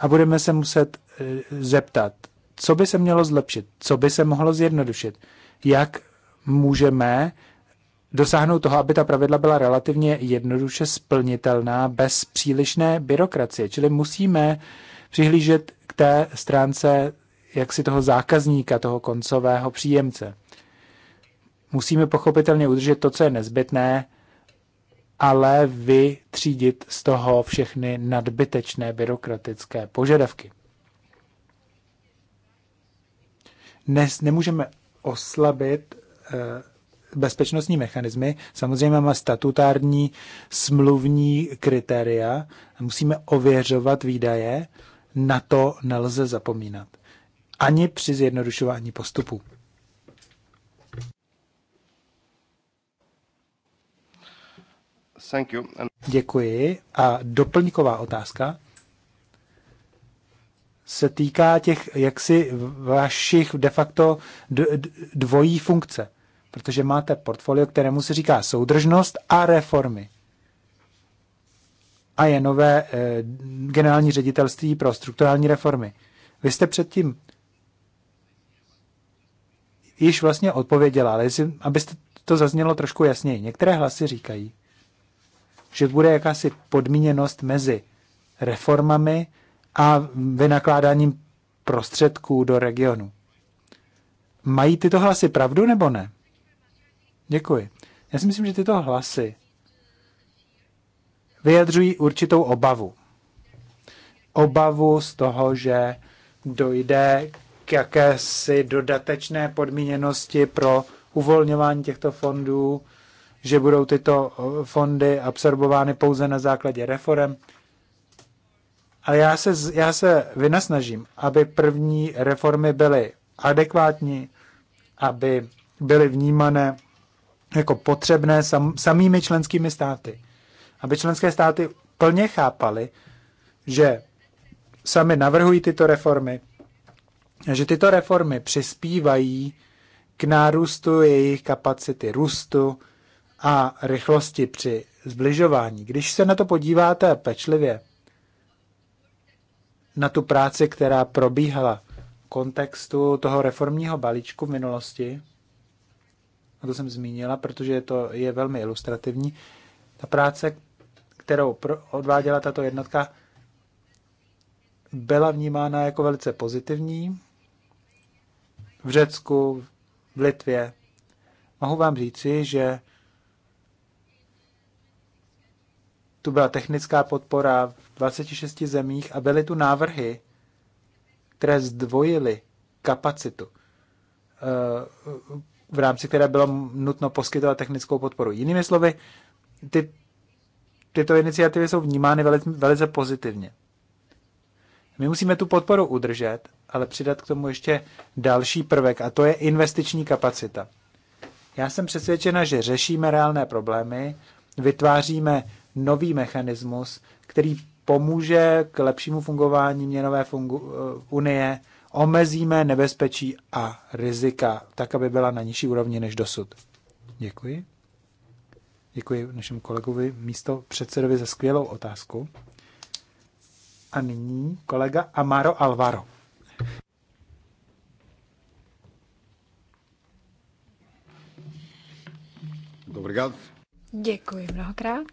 a budeme se muset eh, zeptat, co by se mělo zlepšit, co by se mohlo zjednodušit, jak můžeme dosáhnout toho, aby ta pravidla byla relativně jednoduše splnitelná bez přílišné byrokracie. Čili musíme přihlížet k té stránce jaksi toho zákazníka, toho koncového příjemce. Musíme pochopitelně udržet to, co je nezbytné ale vytřídit z toho všechny nadbytečné byrokratické požadavky. Dnes nemůžeme oslabit eh, bezpečnostní mechanismy. Samozřejmě máme statutární smluvní kritéria. Musíme ověřovat výdaje. Na to nelze zapomínat. Ani při zjednodušování postupů. Thank you. And... Děkuji. A doplňková otázka se týká těch jaksi vašich de facto dvojí funkce, protože máte portfolio, kterému se říká soudržnost a reformy. A je nové eh, generální ředitelství pro strukturální reformy. Vy jste předtím již vlastně odpověděla, ale jestli, abyste to zaznělo trošku jasněji. Některé hlasy říkají, že bude jakási podmíněnost mezi reformami a vynakládáním prostředků do regionu. Mají tyto hlasy pravdu nebo ne? Děkuji. Já si myslím, že tyto hlasy vyjadřují určitou obavu. Obavu z toho, že dojde k jakési dodatečné podmíněnosti pro uvolňování těchto fondů že budou tyto eh, fondy absorbovány pouze na základě reform. ale já se, já se vynasnažím, aby první reformy byly adekvátní, aby byly vnímané jako potřebné sam, samými členskými státy. Aby členské státy plně chápaly, že sami navrhují tyto reformy, že tyto reformy přispívají k nárůstu jejich kapacity růstu, a rychlosti při zbližování. Když se na to podíváte pečlivě, na tu práci, která probíhala v kontextu toho reformního balíčku v minulosti, a to jsem zmínila, protože to je velmi ilustrativní, ta práce, kterou odváděla tato jednotka, byla vnímána jako velice pozitivní v Řecku, v Litvě. Mohu vám říci, že tu byla technická podpora v 26 zemích a byly tu návrhy, které zdvojily kapacitu, eh, v rámci které bylo nutno poskytovat technickou podporu. Jinými slovy, ty, tyto iniciativy jsou vnímány velice, velice pozitivně. My musíme tu podporu udržet, ale přidat k tomu ještě další prvek, a to je investiční kapacita. Já jsem přesvědčena, že řešíme reálné problémy, vytváříme nový mechanismus, který pomůže k lepšímu fungování měnové fungu- eh, unie, omezíme nebezpečí a rizika, tak, aby byla na nižší úrovni než dosud. Děkuji. Děkuji našemu kolegovi místo předsedovi za skvělou otázku. A nyní kolega Amaro Alvaro. Děkuji mnohokrát.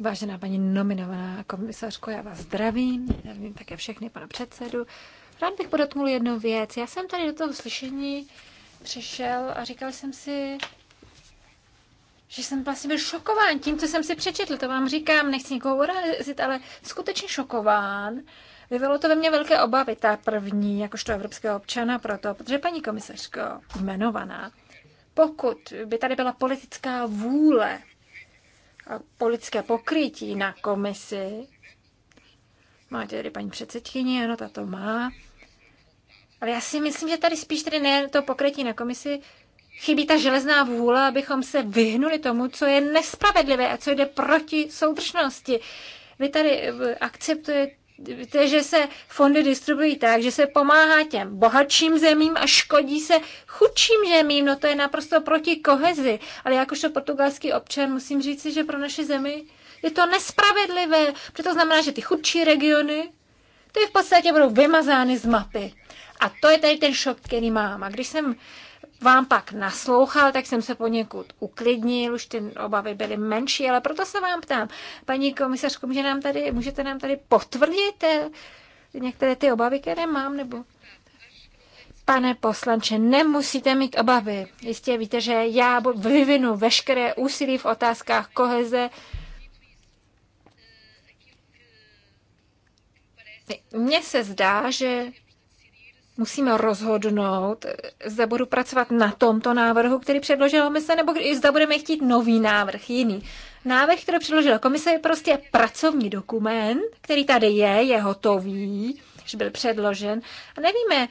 Vážená paní nominovaná komisařko, já vás zdravím, zdravím také všechny pana předsedu. Rád bych podotknul jednu věc. Já jsem tady do toho slyšení přišel a říkal jsem si, že jsem vlastně byl šokován tím, co jsem si přečetl. To vám říkám, nechci nikoho urazit, ale skutečně šokován. Vyvolalo to ve mně velké obavy, ta první, jakožto evropského občana, proto, protože paní komisařko jmenovaná, pokud by tady byla politická vůle politické pokrytí na komisi. Máte tady paní předsedkyni, ano, ta to má. Ale já si myslím, že tady spíš tedy ne to pokrytí na komisi, chybí ta železná vůle, abychom se vyhnuli tomu, co je nespravedlivé a co jde proti soudržnosti. Vy tady eh, akceptujete že se fondy distribuují tak, že se pomáhá těm bohatším zemím a škodí se chudším zemím. No to je naprosto proti kohezi. Ale jakožto portugalský občan musím říct, že pro naše zemi je to nespravedlivé. Protože to znamená, že ty chudší regiony ty v podstatě budou vymazány z mapy. A to je tady ten šok, který mám. A když jsem vám pak naslouchal, tak jsem se poněkud uklidnil, už ty obavy byly menší, ale proto se vám ptám, paní komisařko, může nám tady, můžete nám tady potvrdit eh, některé ty obavy, které mám, nebo... Pane poslanče, nemusíte mít obavy. Jistě víte, že já vyvinu veškeré úsilí v otázkách koheze. Mně se zdá, že musíme rozhodnout, zda budu pracovat na tomto návrhu, který předložila komise, nebo zda budeme chtít nový návrh, jiný. Návrh, který předložila komise, je prostě pracovní dokument, který tady je, je hotový, že byl předložen. A nevíme,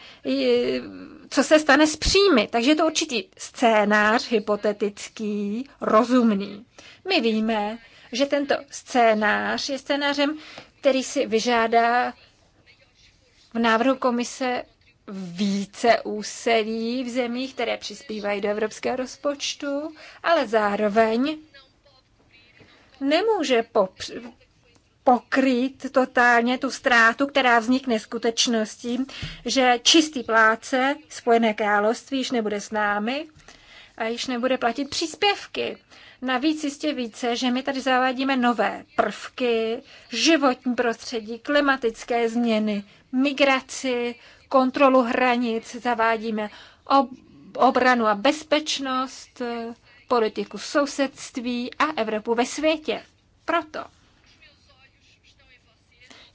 co se stane s příjmy. Takže je to určitý scénář, hypotetický, rozumný. My víme, že tento scénář je scénářem, který si vyžádá v návrhu komise více úsilí v zemích, které přispívají do evropského rozpočtu, ale zároveň nemůže pokrýt totálně tu ztrátu, která vznikne skutečností, že čistý pláce Spojené království již nebude s námi a již nebude platit příspěvky. Navíc jistě více, že my tady zavádíme nové prvky, životní prostředí, klimatické změny, migraci, kontrolu hranic, zavádíme ob- obranu a bezpečnost, eh, politiku sousedství a Evropu ve světě. Proto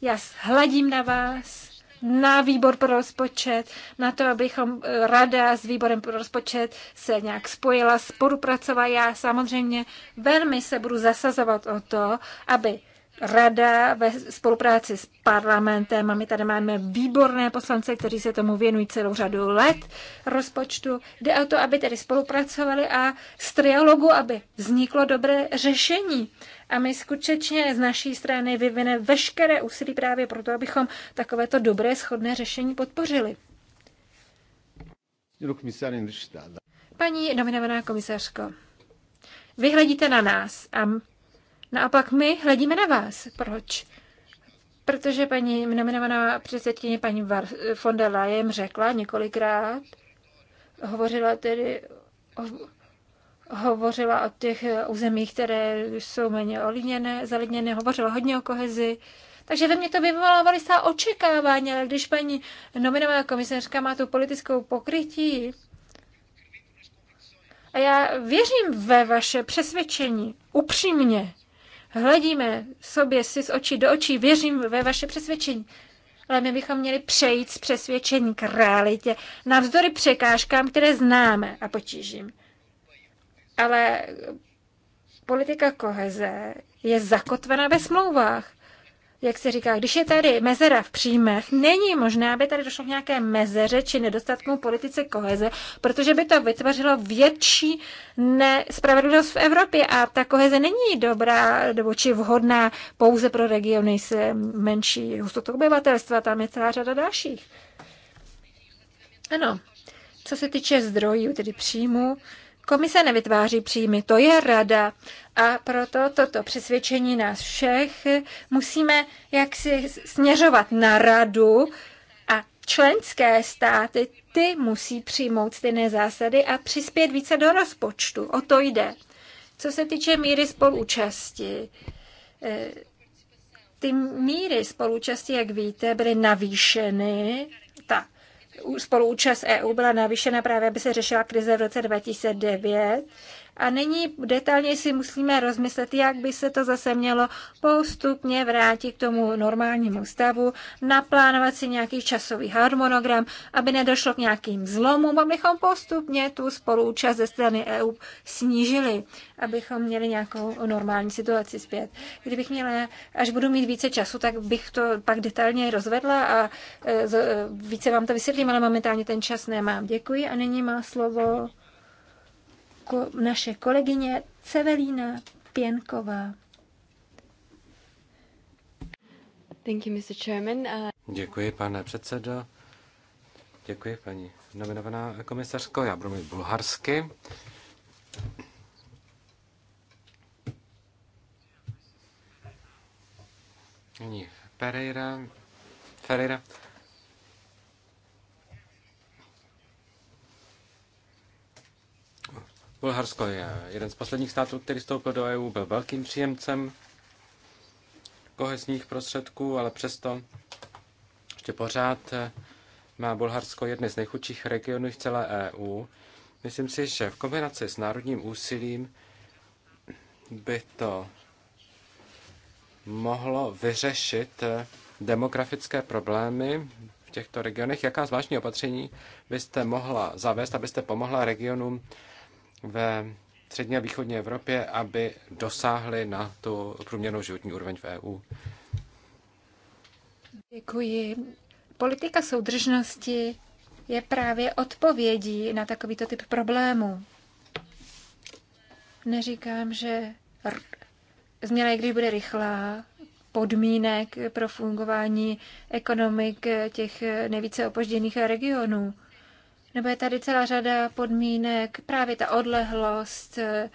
já hledím na vás, na výbor pro rozpočet, na to, abychom eh, rada s výborem pro rozpočet se nějak spojila, spolupracovala. Já samozřejmě velmi se budu zasazovat o to, aby rada ve spolupráci s parlamentem, a my tady máme výborné poslance, kteří se tomu věnují celou řadu let rozpočtu, jde o to, aby tedy spolupracovali a z trialogu, aby vzniklo dobré řešení. A my skutečně z naší strany vyvine veškeré úsilí právě proto, abychom takovéto dobré schodné řešení podpořili. Paní nominovaná komisařko, vyhledíte na nás a No a pak my hledíme na vás. Proč? Protože paní nominovaná předsedkyně paní von der Leyen řekla několikrát, hovořila tedy o, hovořila o těch územích, které jsou méně olidněné, zalidněné, hovořila hodně o kohezi. Takže ve mně to vyvolávalo jistá očekávání, ale když paní nominovaná komisařka má tu politickou pokrytí, a já věřím ve vaše přesvědčení, upřímně, hledíme sobě si z očí do očí, věřím ve vaše přesvědčení. Ale my bychom měli přejít z přesvědčení k realitě, navzdory překážkám, které známe a potížím. Ale politika koheze je zakotvená ve smlouvách jak se říká, když je tady mezera v příjmech, není možné, aby tady došlo k nějaké mezeře či nedostatku politice koheze, protože by to vytvořilo větší nespravedlnost v Evropě a ta koheze není dobrá nebo či vhodná pouze pro regiony s menší hustotou obyvatelstva, tam je celá řada dalších. Ano, co se týče zdrojů, tedy příjmů, Komise nevytváří příjmy, to je rada. A proto toto přesvědčení nás všech musíme jaksi směřovat na radu a členské státy, ty musí přijmout stejné zásady a přispět více do rozpočtu. O to jde. Co se týče míry spolúčasti, eh, ty míry spolúčasti, jak víte, byly navýšeny spoluúčast EU byla navýšena právě, aby se řešila krize v roce 2009 a nyní detailně si musíme rozmyslet, jak by se to zase mělo postupně vrátit k tomu normálnímu stavu, naplánovat si nějaký časový harmonogram, aby nedošlo k nějakým zlomům, abychom postupně tu spoluúčast ze strany EU snížili, abychom měli nějakou normální situaci zpět. Kdybych měla, až budu mít více času, tak bych to pak detailně rozvedla a e, e, více vám to vysvětlím, ale momentálně ten čas nemám. Děkuji a nyní má slovo ko, naše kolegyně Cevelína Pěnková. Thank you, Mr. Chairman. Uh... Děkuji, pane předsedo. Děkuji, paní nominovaná komisařko. Já budu mít bulharsky. Nyní Pereira. Pereira. Bulharsko je jeden z posledních států, který vstoupil do EU, byl velkým příjemcem kohesních prostředků, ale přesto ještě pořád eh, má Bulharsko jedny z nejchudších regionů v celé EU. Myslím si, že v kombinaci s národním úsilím by to mohlo vyřešit eh, demografické problémy v těchto regionech. Jaká zvláštní opatření byste mohla zavést, abyste pomohla regionům ve střední a východní Evropě, aby dosáhly na tu průměrnou životní úroveň v EU. Děkuji. Politika soudržnosti je právě odpovědí na takovýto typ problémů. Neříkám, že změna, i když bude rychlá, podmínek pro fungování ekonomik těch nejvíce opožděných regionů. Nebo je tady celá řada podmínek, právě ta odlehlost, eh,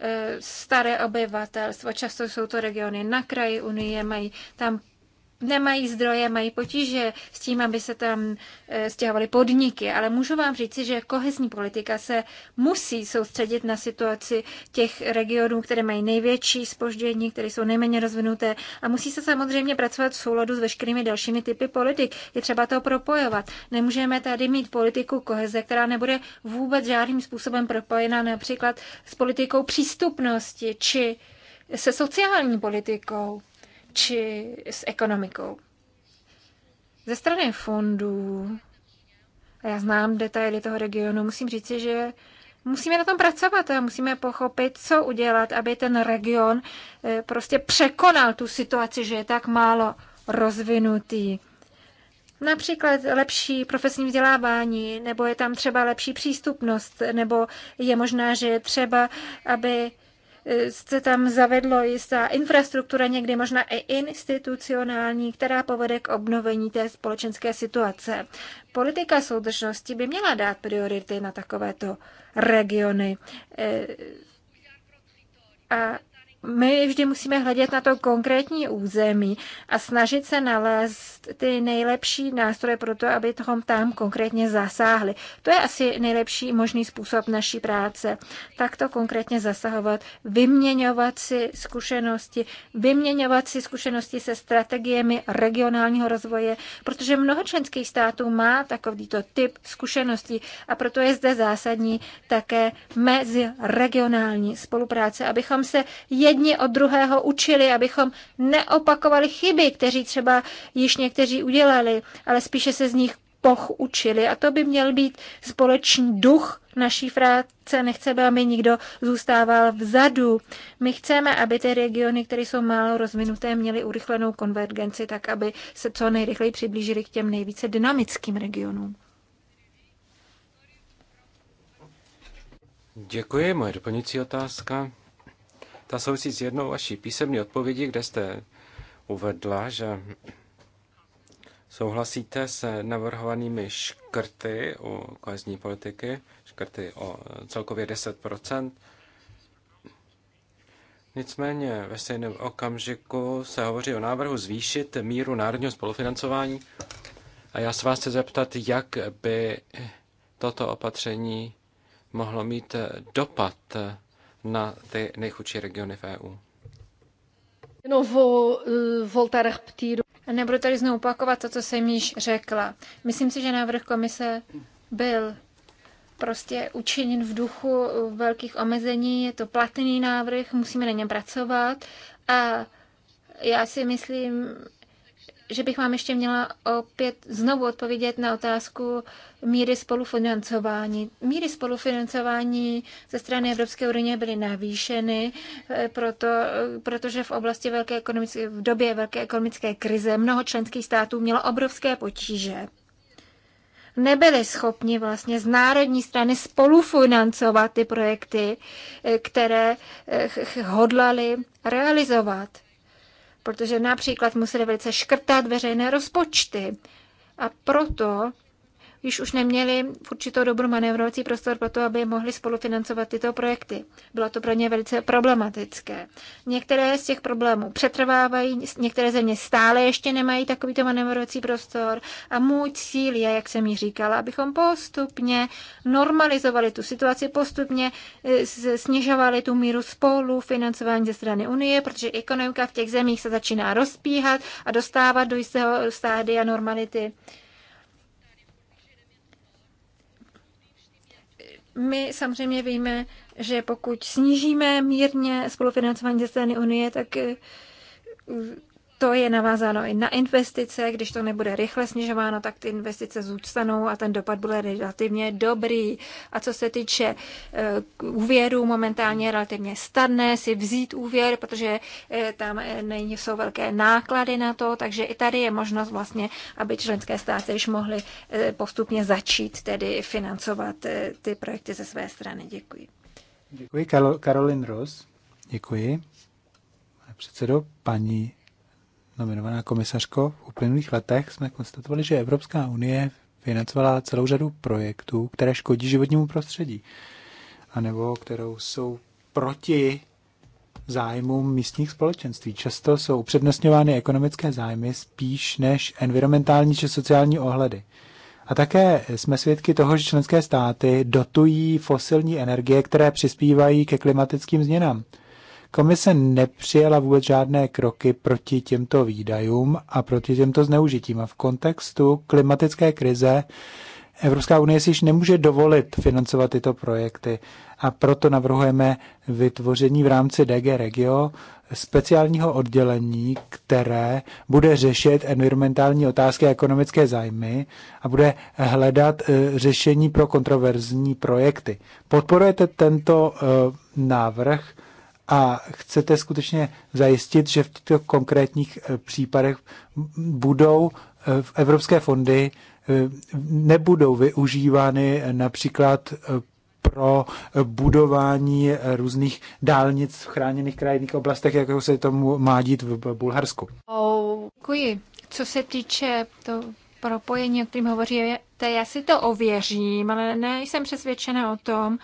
eh, staré obyvatelstvo. Často jsou to regiony na kraji Unie, mají tam nemají zdroje, mají potíže s tím, aby se tam eh, stěhovaly podniky, ale můžu vám říci, že kohezní politika se musí soustředit na situaci těch regionů, které mají největší spoždění, které jsou nejméně rozvinuté a musí se samozřejmě pracovat v souladu s veškerými dalšími typy politik. Je třeba to propojovat. Nemůžeme tady mít politiku koheze, která nebude vůbec žádným způsobem propojena například s politikou přístupnosti či se sociální politikou či s ekonomikou. Ze strany fondů, a já znám detaily toho regionu, musím říci, že musíme na tom pracovat a musíme pochopit, co udělat, aby ten region eh, prostě překonal tu situaci, že je tak málo rozvinutý. Například lepší profesní vzdělávání, nebo je tam třeba lepší přístupnost, nebo je možná, že je třeba, aby Eh, se tam zavedlo jistá infrastruktura, někdy možná i institucionální, která povede k obnovení té společenské situace. Politika soudržnosti by měla dát priority na takovéto regiony. Eh, a my vždy musíme hledět na to konkrétní území a snažit se nalézt ty nejlepší nástroje pro to, aby tohom tam konkrétně zasáhli. To je asi nejlepší možný způsob naší práce. tak to konkrétně zasahovat, vyměňovat si zkušenosti, vyměňovat si zkušenosti se strategiemi regionálního rozvoje, protože mnoho členských států má takovýto typ zkušeností a proto je zde zásadní také mezi regionální spolupráce, abychom se je jedni od druhého učili, abychom neopakovali chyby, kteří třeba již někteří udělali, ale spíše se z nich poch učili. A to by měl být společný duch naší Nechce Nechceme, aby nikdo zůstával vzadu. My chceme, aby ty regiony, které jsou málo rozvinuté, měly urychlenou konvergenci, tak aby se co nejrychleji přiblížili k těm nejvíce dynamickým regionům. Děkuji. Moje doplňující otázka ta souvisí s jednou vaší písemní odpovědi, kde jste uvedla, že souhlasíte se navrhovanými škrty u kohezní politiky, škrty o celkově 10%. Nicméně ve stejném okamžiku se hovoří o návrhu zvýšit míru národního spolufinancování a já se vás chci zeptat, jak by toto opatření mohlo mít dopad na ty nejchudší regiony v EU. Não eh, voltar repetir. Nebudu tady znovu opakovat to, co jsem již řekla. Myslím si, že návrh komise byl prostě učiněn v duchu eh, velkých omezení. Je to platný návrh, musíme na něm pracovat. A já si myslím, že bych vám ještě měla opět znovu odpovědět na otázku míry spolufinancování. Míry spolufinancování ze strany Evropské unie byly navýšeny, eh, proto, eh, protože v oblasti velké ekonomické, v době velké ekonomické krize mnoho členských států mělo obrovské potíže nebyli schopni vlastně z národní strany spolufinancovat ty projekty, eh, které hodlali realizovat protože například museli velice škrtat veřejné rozpočty. A proto již už neměli v určitou dobu manévrovací prostor pro to, aby mohli spolufinancovat tyto projekty. Bylo to pro ně velice problematické. Některé z těch problémů přetrvávají, některé země stále ještě nemají takovýto manévrovací prostor a můj cíl je, jak jsem ji říkala, abychom postupně normalizovali tu situaci, postupně eh, snižovali tu míru spolufinancování ze strany Unie, protože ekonomika v těch zemích se začíná rozpíhat a dostávat do jistého stádia normality. My samozřejmě víme, že pokud snížíme mírně spolufinancování ze strany Unie, tak eh, to je navázáno i na investice. Když to nebude rychle snižováno, tak ty investice zůstanou a ten dopad bude relativně dobrý. A co se týče eh, úvěru, momentálně relativně stadné si vzít úvěr, protože eh, tam eh, nejsou velké náklady na to, takže i tady je možnost vlastně, aby členské státy již mohly postupně začít tedy financovat ty projekty ze své strany. Děkuji. Děkuji, Karolin Ros. Děkuji. předsedo, paní nominovaná komisařko, v uplynulých letech jsme konstatovali, že Evropská unie financovala celou řadu projektů, které škodí životnímu prostředí, anebo kterou jsou proti zájmům místních společenství. Často jsou upřednostňovány ekonomické zájmy spíš než environmentální či sociální ohledy. A také jsme svědky toho, že členské státy dotují fosilní energie, které přispívají ke klimatickým změnám. Komise nepřijala vůbec žádné kroky proti těmto výdajům a proti těmto zneužitím. A v kontextu klimatické krize Evropská unie si již nemůže dovolit financovat tyto projekty a proto navrhujeme vytvoření v rámci DG Regio speciálního oddělení, které bude řešit environmentální otázky a ekonomické zájmy a bude hledat eh, řešení pro kontroverzní projekty. Podporujete tento eh, návrh? a chcete skutečně zajistit, že v těchto konkrétních eh, případech budou eh, v evropské fondy eh, nebudou využívány například pro budování různých dálnic v chráněných krajinných oblastech, jako se tomu má dít v Bulharsku. Děkuji. Co se týče to propojení, o kterém hovoříte, já si to ověřím, ale nejsem přesvědčena o tom,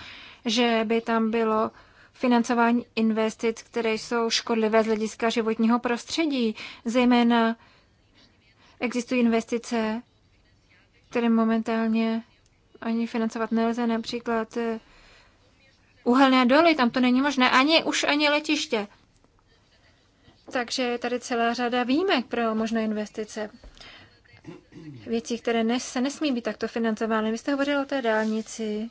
že by tam bylo financování investic, které jsou škodlivé z hlediska životního prostředí. Zejména existují investice, které momentálně ani financovat nelze, například eh, uhelné doly, tam to není možné, ani už ani letiště. Takže je tady celá řada výjimek pro možné investice. Věcí, které ne, se nesmí být takto financovány. Vy jste hovořil o té dálnici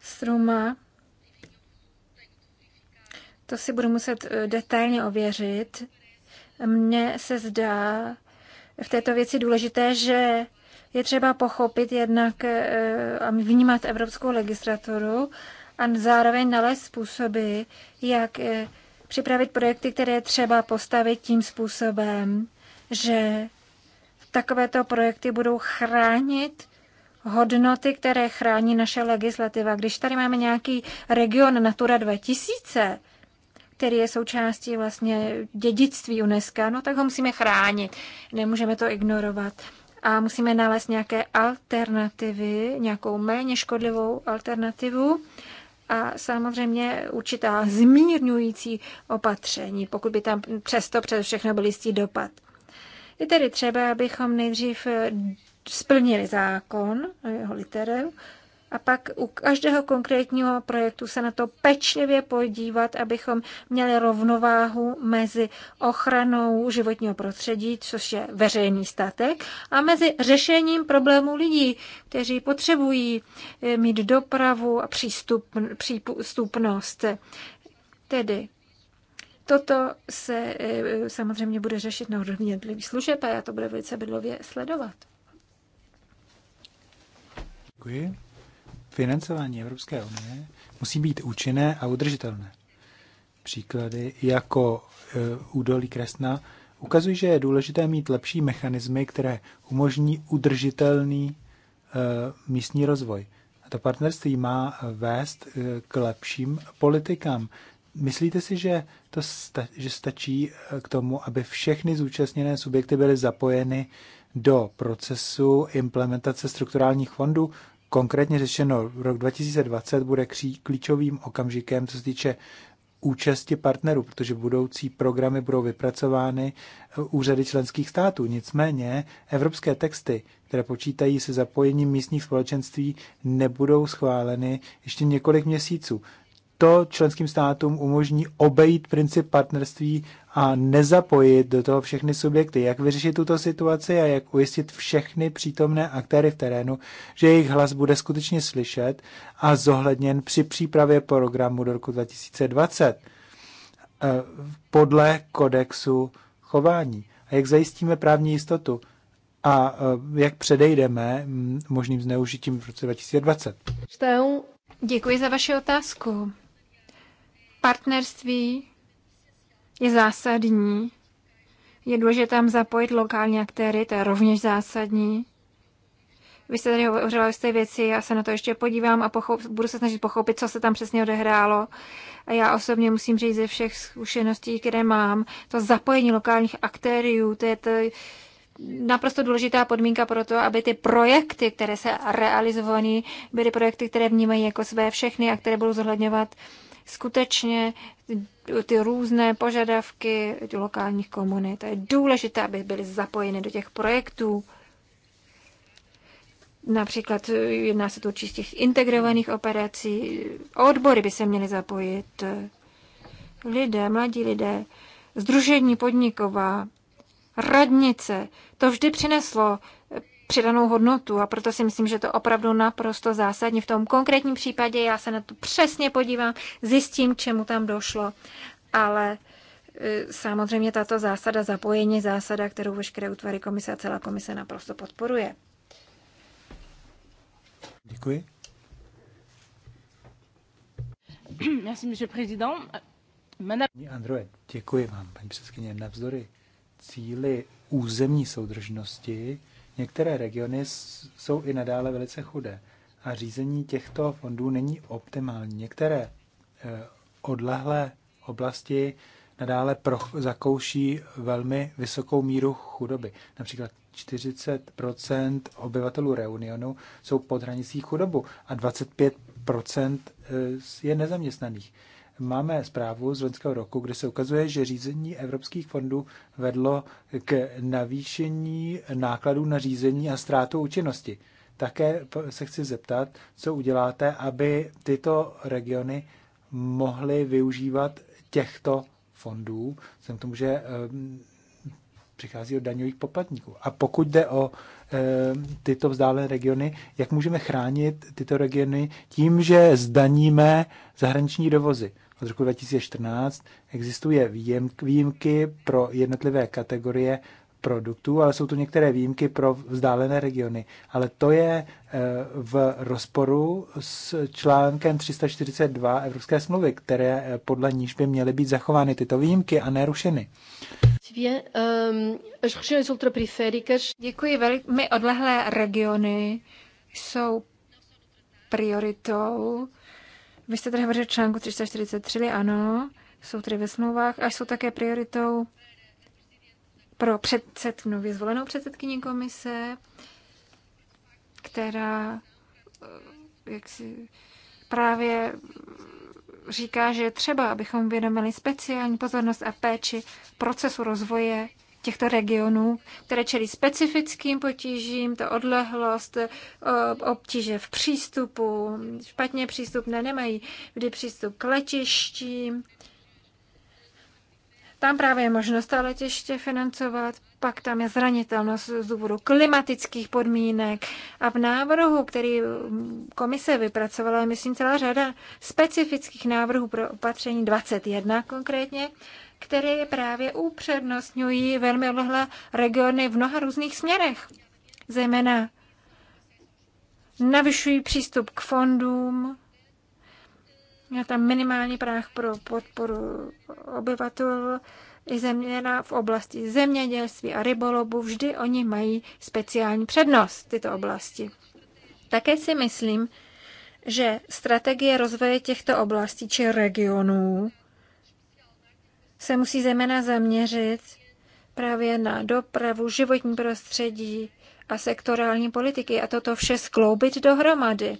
Struma. To si budu muset eh, detailně ověřit. Mně se zdá v této věci důležité, že je třeba pochopit jednak eh, a vnímat evropskou legislaturu a zároveň nalézt způsoby, jak eh, připravit projekty, které třeba postavit tím způsobem, že takovéto projekty budou chránit hodnoty, které chrání naše legislativa. Když tady máme nějaký region Natura 2000, který je součástí vlastně dědictví UNESCO, no tak ho musíme chránit. Nemůžeme to ignorovat. A musíme nalézt nějaké alternativy, nějakou méně škodlivou alternativu a samozřejmě určitá zmírňující opatření, pokud by tam přesto před všechno byl jistý dopad. Je tedy třeba, abychom nejdřív splnili zákon, jeho literu, a pak u každého konkrétního projektu se na to pečlivě podívat, abychom měli rovnováhu mezi ochranou životního prostředí, což je veřejný statek, a mezi řešením problémů lidí, kteří potřebují eh, mít dopravu a přístup, přístupnost. Tedy Toto se eh, samozřejmě bude řešit na úrovni jednotlivých služeb a já to bude velice bydlově sledovat. Děkuji. Financování Evropské unie musí být účinné a udržitelné. Příklady jako e, údolí Kresna ukazují, že je důležité mít lepší mechanismy, které umožní udržitelný e, místní rozvoj. A to partnerství má vést e, k lepším politikám. Myslíte si, že to sta- že stačí e, k tomu, aby všechny zúčastněné subjekty byly zapojeny do procesu implementace strukturálních fondů? Konkrétně řešeno, rok 2020 bude kří, klíčovým okamžikem, co se týče účasti partnerů, protože budoucí programy budou vypracovány uh, úřady členských států. Nicméně evropské texty, které počítají se zapojením místních společenství, nebudou schváleny ještě několik měsíců to členským státům umožní obejít princip partnerství a nezapojit do toho všechny subjekty. Jak vyřešit tuto situaci a jak ujistit všechny přítomné aktéry v terénu, že jejich hlas bude skutečně slyšet a zohledněn při přípravě programu do roku 2020 eh, podle kodexu chování. A jak zajistíme právní jistotu a eh, jak předejdeme mm, možným zneužitím v roce 2020. Děkuji za vaši otázku. Partnerství je zásadní. Je důležité tam zapojit lokální aktéry, to je rovněž zásadní. Vy jste tady hovořila o té věci, já se na to ještě podívám a pochop, budu se snažit pochopit, co se tam přesně odehrálo. A já osobně musím říct ze všech zkušeností, které mám, to zapojení lokálních aktérů, to je to naprosto důležitá podmínka pro to, aby ty projekty, které se realizované, byly projekty, které vnímají jako své všechny a které budou zohledňovat uh, skutečně ty různé požadavky lokálních komunit. Je důležité, aby byly zapojeny do těch projektů. Například jedná se tu určitě těch integrovaných operací. Odbory by se měly zapojit. Lidé, mladí lidé, združení podniková, radnice. To vždy přineslo přidanou hodnotu a proto si myslím, že to opravdu naprosto zásadní. V tom konkrétním případě já se na to přesně podívám, zjistím, čemu tam došlo, ale e, samozřejmě tato zásada zapojení, zásada, kterou veškeré útvary komise a celá komise naprosto podporuje. Děkuji. Merci, monsieur le président. Madame... Android, děkuji vám, paní předsedkyně. Navzdory cíly územní soudržnosti, Některé regiony jsou i nadále velice chudé a řízení těchto fondů není optimální. Některé eh, odlehlé oblasti nadále zakouší velmi vysokou míru chudoby. Například 40 obyvatelů Reunionu jsou pod hranicí chudobu a 25 eh, je nezaměstnaných máme zprávu z loňského roku, kde se ukazuje, že řízení evropských fondů vedlo k navýšení nákladů na řízení a ztrátu účinnosti. Také se chci zeptat, co uděláte, aby tyto regiony mohly využívat těchto fondů, vzhledem k tomu, že eh, přichází od daňových poplatníků. A pokud jde o Eh, tyto vzdálené regiony, jak můžeme chránit tyto regiony tím, že zdaníme zahraniční dovozy. Od roku 2014 existuje výjimky pro jednotlivé kategorie produktů, ale jsou tu některé výjimky pro vzdálené regiony. Ale to je eh, v rozporu s článkem 342 Evropské smlouvy, které eh, podle níž by měly být zachovány tyto výjimky a nerušeny. Děkuji. Velmi odlehlé regiony jsou prioritou. Vy jste tady hovořil článku 343, ano, jsou tady ve smlouvách a jsou také prioritou pro předsed, nově zvolenou předsedkyní komise, která eh, jak si, právě říká, že je třeba, abychom vědomili speciální pozornost a péči procesu rozvoje těchto regionů, které čelí specifickým potížím, to odlehlost, eh, obtíže v přístupu, špatně přístupné nemají, kdy přístup k letištím. Tam právě je možnost ta letiště financovat, pak tam je zranitelnost z důvodu klimatických podmínek. A v návrhu, který komise vypracovala, je myslím celá řada specifických návrhů pro opatření 21 konkrétně, které právě upřednostňují velmi odlehlé regiony v mnoha různých směrech. Zejména navyšují přístup k fondům, je tam minimální práh pro podporu obyvatel, zeměna v oblasti zemědělství a rybolobu, vždy oni mají speciální přednost, tyto oblasti. Také si myslím, že strategie rozvoje těchto oblastí či regionů se musí zejména zaměřit právě na dopravu, životní prostředí a sektorální politiky a toto vše skloubit dohromady.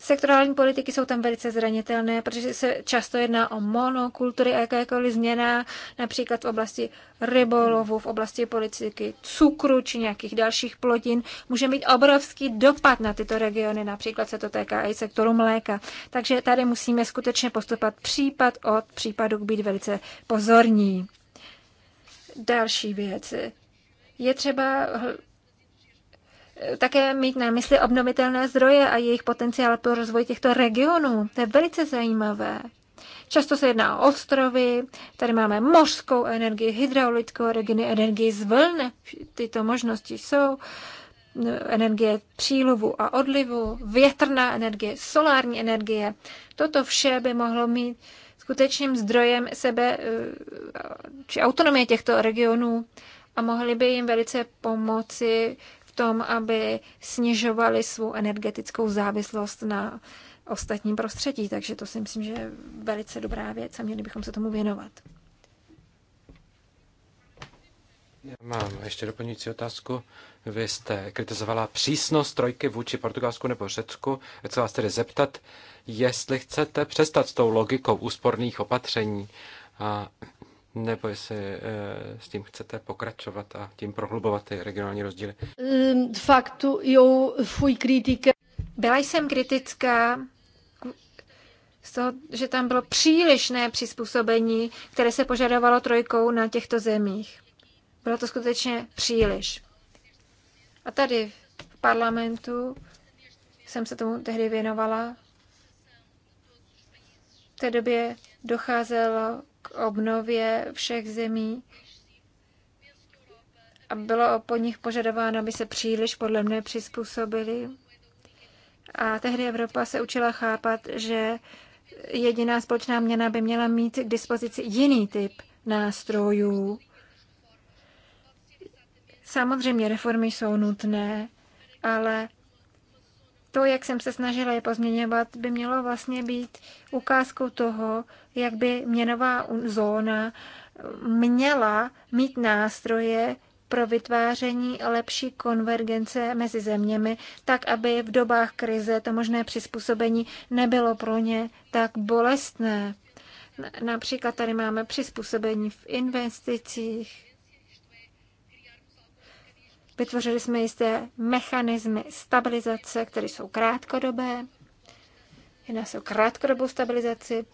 Sektorální politiky jsou tam velice zranitelné, protože se často jedná o monokultury a jakékoliv změna, například v oblasti rybolovu, v oblasti politiky cukru či nějakých dalších plodin, může mít obrovský dopad na tyto regiony, například se to týká i sektoru mléka. Takže tady musíme skutečně postupovat případ od případu, být velice pozorní. Další věc je třeba také mít na mysli obnovitelné zdroje a jejich potenciál pro rozvoj těchto regionů. To je velice zajímavé. Často se jedná o ostrovy, tady máme mořskou energii, hydraulickou energii, energii z vln, tyto možnosti jsou, energie přílivu a odlivu, větrná energie, solární energie. Toto vše by mohlo mít skutečným zdrojem sebe eh, či autonomie těchto regionů a mohly by jim velice pomoci tom, aby snižovali svou energetickou závislost na ostatním prostředí. Takže to si myslím, že je velice dobrá věc a měli bychom se tomu věnovat. Já mám ještě doplňující otázku. Vy jste kritizovala přísnost trojky vůči Portugalsku nebo Řecku. Chci vás tedy zeptat, jestli chcete přestat s tou logikou úsporných opatření a nebo jestli eh, s tím chcete pokračovat a tím prohlubovat ty regionální rozdíly. Ehm, de facto, eu fui Byla jsem kritická z toho, že tam bylo přílišné přizpůsobení, které se požadovalo trojkou na těchto zemích. Bylo to skutečně příliš. A tady v parlamentu jsem se tomu tehdy věnovala. V té době docházelo obnově všech zemí a bylo po nich požadováno, aby se příliš podle mne přizpůsobili. A tehdy Evropa se učila chápat, že jediná společná měna by měla mít k dispozici jiný typ nástrojů. Samozřejmě reformy jsou nutné, ale to, jak jsem se snažila je pozměňovat, by mělo vlastně být ukázkou toho, jak by měnová zóna měla mít nástroje pro vytváření lepší konvergence mezi zeměmi, tak aby v dobách krize to možné přizpůsobení nebylo pro ně tak bolestné. Například tady máme přizpůsobení v investicích, Vytvořili jsme jisté mechanismy stabilizace, které jsou krátkodobé. Jedná se o krátkodobou stabilizaci.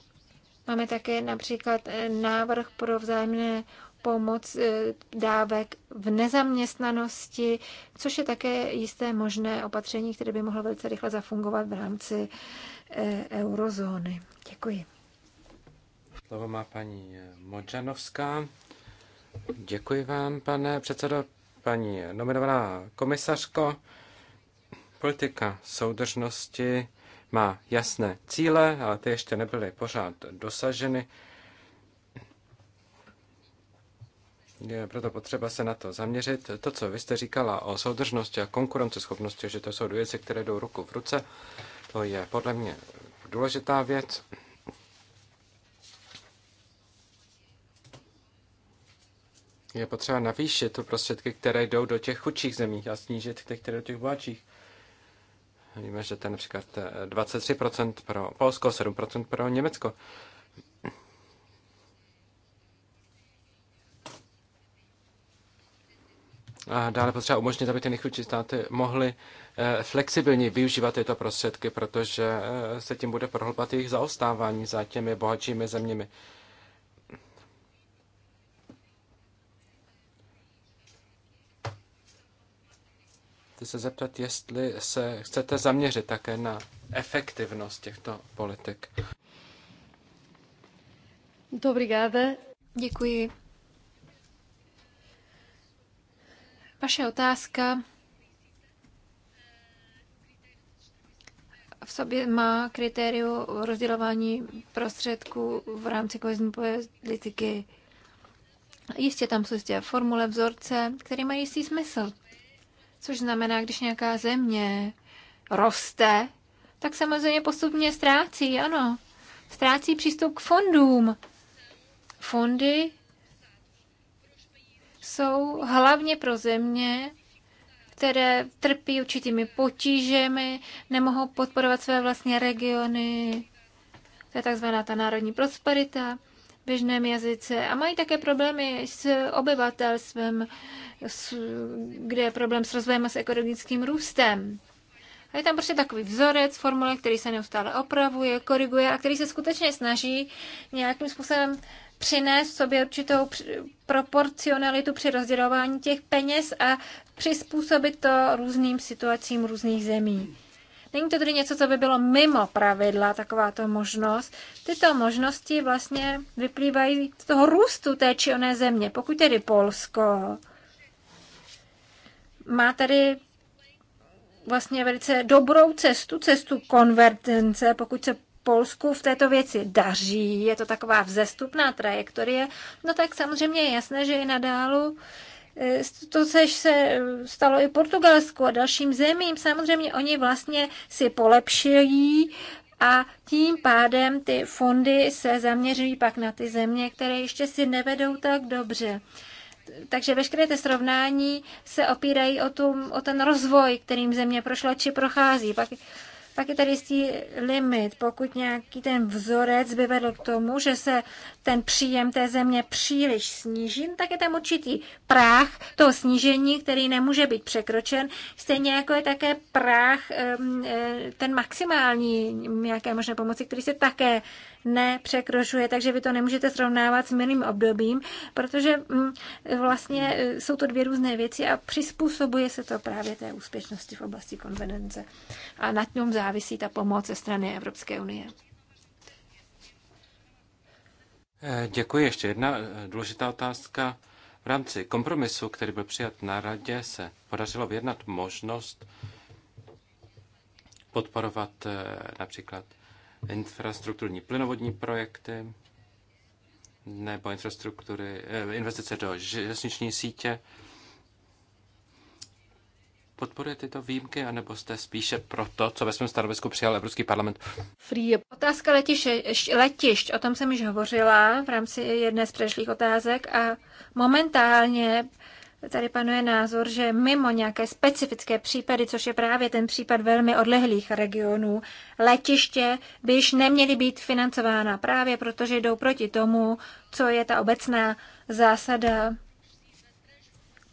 Máme také například eh, návrh pro vzájemné pomoc eh, dávek v nezaměstnanosti, což je také jisté možné opatření, které by mohlo velice rychle zafungovat v rámci eh, eurozóny. Děkuji. Slovo má paní Modžanovská. Děkuji vám, pane předsedo. Paní nominovaná komisařko, politika soudržnosti má jasné cíle, ale ty ještě nebyly pořád dosaženy. Je proto potřeba se na to zaměřit. To, co vy jste říkala o soudržnosti a konkurenceschopnosti, že to jsou věci, které jdou ruku v ruce, to je podle mě důležitá věc. je potřeba navýšit tu prostředky, které jdou do těch chudších zemí a snížit ty, které do těch bohatších. Víme, že to je například 23% eh, pro Polsko, 7% pro Německo. A dále potřeba umožnit, aby ty nejchudší státy mohly eh, flexibilně využívat tyto prostředky, protože eh, se tím bude prohlubat jejich zaostávání za těmi bohatšími zeměmi. chci se zeptat, jestli se chcete zaměřit také na efektivnost těchto politik. Obrigada. Děkuji. Vaše otázka v sobě má kritériu rozdělování prostředků v rámci kohezní politiky. Jistě tam jsou jistě formule, vzorce, které mají jistý smysl což znamená, když nějaká země roste, tak samozřejmě postupně ztrácí, ano. Ztrácí přístup k fondům. Fondy jsou hlavně pro země, které trpí určitými potížemi, nemohou podporovat své vlastní regiony. To je takzvaná ta národní prosperita běžném jazyce a mají také problémy s obyvatelstvem, kde je problém s rozvojem a s ekologickým růstem. A je tam prostě takový vzorec, formule, který se neustále opravuje, koriguje a který se skutečně snaží nějakým způsobem přinést v sobě určitou proporcionalitu při rozdělování těch peněz a přizpůsobit to různým situacím různých zemí. Není to tedy něco, co by bylo mimo pravidla, takováto možnost. Tyto možnosti vlastně vyplývají z toho růstu té či oné země. Pokud tedy Polsko má tady vlastně velice dobrou cestu, cestu konvertence, pokud se Polsku v této věci daří, je to taková vzestupná trajektorie, no tak samozřejmě je jasné, že i nadálu Eh, to sež se eh, stalo i Portugalsku a dalším zemím. Samozřejmě oni vlastně si polepšili a tím pádem ty fondy se zaměřují pak na ty země, které ještě si nevedou tak dobře. Takže veškeré ty srovnání se opírají o, tu, o ten rozvoj, kterým země prošla či prochází. Pak, pak je tady jistý limit, pokud nějaký ten vzorec by vedl k tomu, že se ten příjem té země příliš snížím, tak je tam určitý práh toho snížení, který nemůže být překročen, stejně jako je také práh eh, ten maximální nějaké možné pomoci, který se také nepřekročuje, takže vy to nemůžete srovnávat s minulým obdobím, protože mm, vlastně eh, jsou to dvě různé věci a přizpůsobuje se to právě té úspěšnosti v oblasti konvenence. A na tom závisí ta pomoc ze strany Evropské unie. Eh, děkuji. Ještě jedna eh, důležitá otázka. V rámci kompromisu, který byl přijat na radě, se podařilo vyjednat možnost podporovat eh, například infrastrukturní plynovodní projekty nebo infrastruktury, investice do železniční sítě podporuje tyto výjimky, anebo jste spíše pro to, co ve svém stanovisku přijal Evropský parlament? Free. Otázka letišť, letišť, o tom jsem již hovořila v rámci jedné z předešlých otázek a momentálně tady panuje názor, že mimo nějaké specifické případy, což je právě ten případ velmi odlehlých regionů, letiště by již neměly být financována právě protože jdou proti tomu, co je ta obecná zásada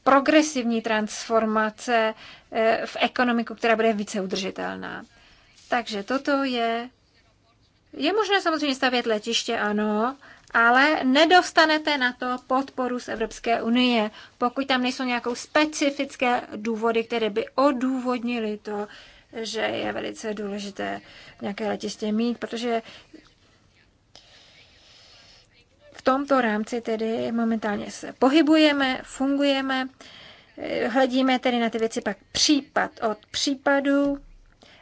progresivní transformace eh, v ekonomiku, která bude více udržitelná. Takže toto je. Je možné samozřejmě stavět letiště, ano, ale nedostanete na to podporu z Evropské unie, pokud tam nejsou nějakou specifické důvody, které by odůvodnily to, že je velice důležité nějaké letiště mít, protože v tomto rámci tedy momentálně se pohybujeme, fungujeme, eh, hledíme tedy na ty věci pak případ od případu,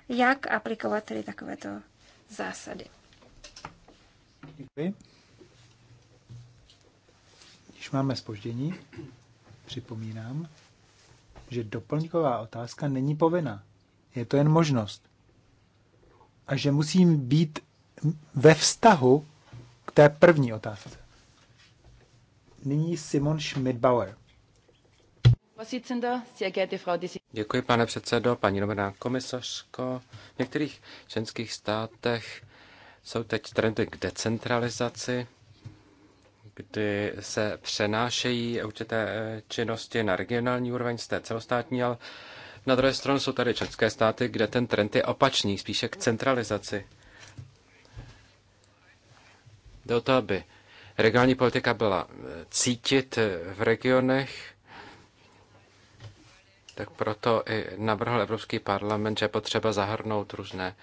jak aplikovat tedy takovéto zásady. Děkuji. Když máme spoždění, připomínám, že doplňková otázka není povinná. Je to jen možnost. A že musím být ve vztahu k té první otázce. Nyní Simon Schmidbauer. Děkuji, pane předsedo, paní nominální komisařko. V některých členských státech jsou teď trendy k decentralizaci, kdy se přenášejí určité eh, činnosti na regionální úroveň z té celostátní, ale na druhé stranu jsou tady české státy, kde ten trend je opačný, spíše k centralizaci. Jde o to, aby Regionální politika byla eh, cítit eh, v regionech, tak proto i navrhl Evropský parlament, že je potřeba zahrnout různé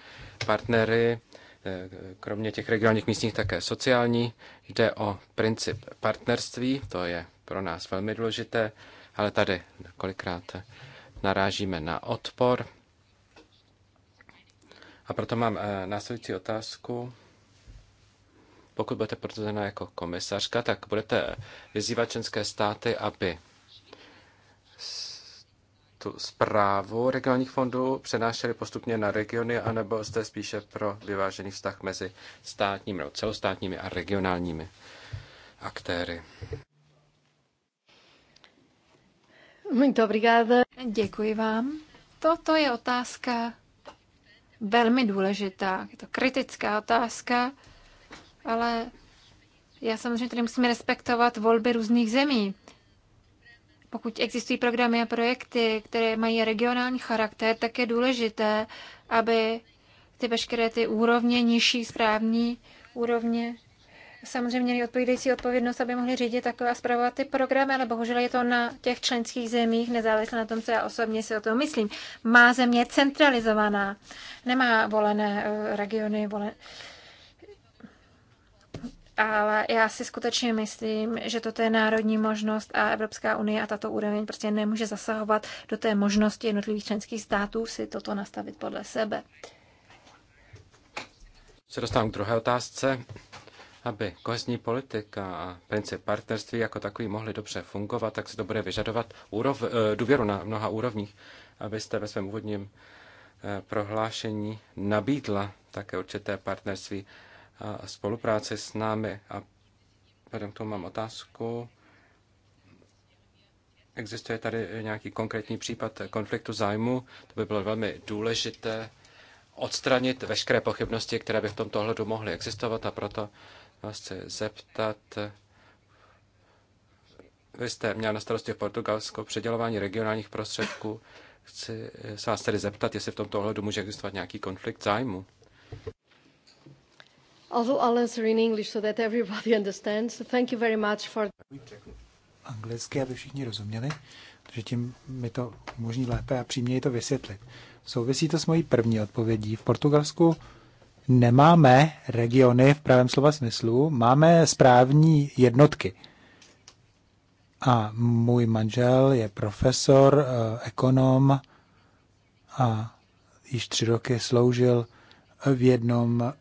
partnery, eh, kromě těch regionálních místních také sociální. Jde o princip partnerství, to je pro nás velmi důležité, ale tady kolikrát narážíme na odpor. A proto mám následující otázku pokud budete potvrzena jako komisařka, tak budete vyzývat členské státy, aby tu zprávu regionálních fondů přenášeli postupně na regiony, anebo jste spíše pro vyvážený vztah mezi státními, no, celostátními a regionálními aktéry. Muito obrigada. Děkuji vám. Toto je otázka velmi důležitá. Je to kritická otázka ale já samozřejmě tady musíme respektovat volby různých zemí. Pokud existují programy a projekty, které mají regionální charakter, tak je důležité, aby ty veškeré ty úrovně, nižší správní úrovně, samozřejmě měly odpovídající odpovědnost, aby mohli řídit takové a zpravovat ty programy, ale bohužel je to na těch členských zemích, nezávisle na tom, co já osobně si o tom myslím. Má země centralizovaná, nemá volené eh, regiony, volené ale já si skutečně myslím, že toto je národní možnost a Evropská unie a tato úroveň prostě nemůže zasahovat do té možnosti jednotlivých členských států si toto nastavit podle sebe. Se dostávám k druhé otázce. Aby kohezní politika a princip partnerství jako takový mohly dobře fungovat, tak se to bude vyžadovat úrov, eh, důvěru na mnoha úrovních, abyste ve svém úvodním eh, prohlášení nabídla také určité partnerství a s námi. A vedem k tomu mám otázku. Existuje tady nějaký konkrétní případ konfliktu zájmu? To by bylo velmi důležité odstranit veškeré pochybnosti, které by v tomto hledu mohly existovat a proto vás chci zeptat, vy jste měl na starosti v Portugalsku předělování regionálních prostředků. Chci se vás tedy zeptat, jestli v tomto ohledu může existovat nějaký konflikt zájmu. Although I'll answer in English so that everybody [LAUGHS] understands. Thank you very much for... Anglicky, aby všichni rozuměli, protože tím mi to možní lépe a příměji to vysvětlit. Souvisí to s mojí první odpovědí. V Portugalsku nemáme regiony v pravém slova smyslu, máme správní jednotky. A můj manžel je profesor, eh, ekonom a již tři roky sloužil v jednom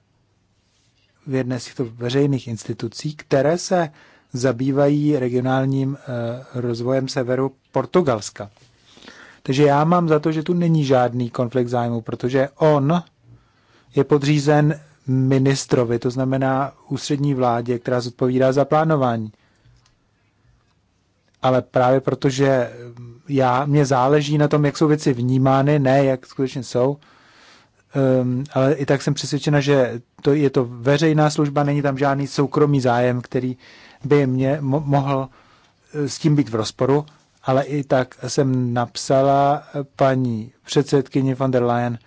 v jedné z těchto veřejných institucí, které se zabývají regionálním eh, rozvojem severu Portugalska. Takže já mám za to, že tu není žádný konflikt zájmu, protože on je podřízen ministrovi, to znamená ústřední vládě, která zodpovídá za plánování. Ale právě protože já, mě záleží na tom, jak jsou věci vnímány, ne jak skutečně jsou, Um, ale i tak jsem přesvědčena, že to je to veřejná služba, není tam žádný soukromý zájem, který by mě mo- mohl eh, s tím být v rozporu, ale i tak jsem napsala eh, paní předsedkyni van der Leyen,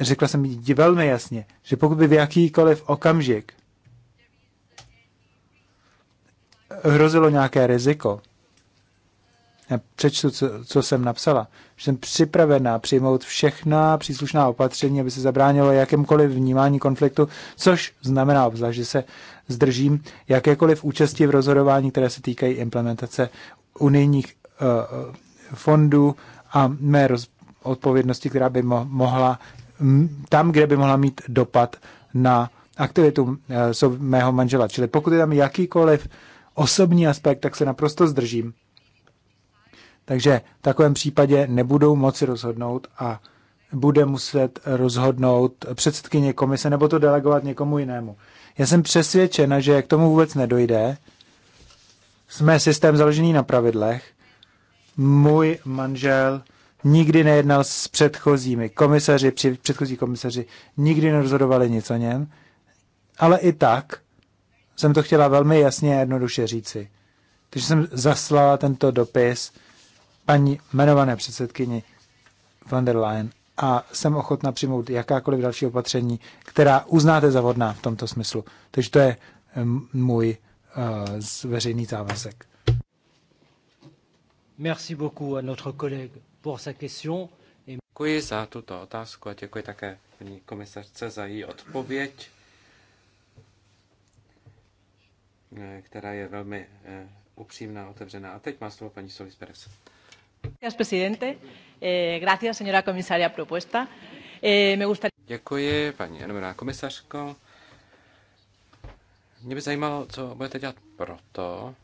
řekla jsem jí velmi jasně, že pokud by v jakýkoliv okamžik hrozilo nějaké riziko, přečtu, co, co jsem napsala. Že jsem připravená přijmout všechna příslušná opatření, aby se zabránilo jakémkoliv vnímání konfliktu, což znamená obzvlášť, že se zdržím jakékoliv účasti v rozhodování, které se týkají implementace unijních uh, fondů a mé roz, odpovědnosti, která by mo, mohla tam, kde by mohla mít dopad na aktivitu uh, mého manžela. Čili pokud je tam jakýkoliv osobní aspekt, tak se naprosto zdržím takže v takovém případě nebudou moci rozhodnout a bude muset rozhodnout předsedkyně komise nebo to delegovat někomu jinému. Já jsem přesvědčena, že k tomu vůbec nedojde. Jsme systém založený na pravidlech. Můj manžel nikdy nejednal s předchozími komisaři, předchozí komisaři nikdy nerozhodovali nic o něm, ale i tak jsem to chtěla velmi jasně a jednoduše říci. Takže jsem zaslala tento dopis paní jmenované předsedkyni von der Leyen a jsem ochotna přijmout jakákoliv další opatření, která uznáte za vhodná v tomto smyslu. Takže to je můj uh, veřejný závazek. Merci beaucoup à notre collègue pour sa question. Děkuji za tuto otázku a děkuji také paní komisařce za její odpověď, eh, která je velmi eh, upřímná, otevřená. A teď má slovo paní Solis Perez. Děkuji, paní Enomina komisařko. Mě by zajímalo, co budete dělat proto,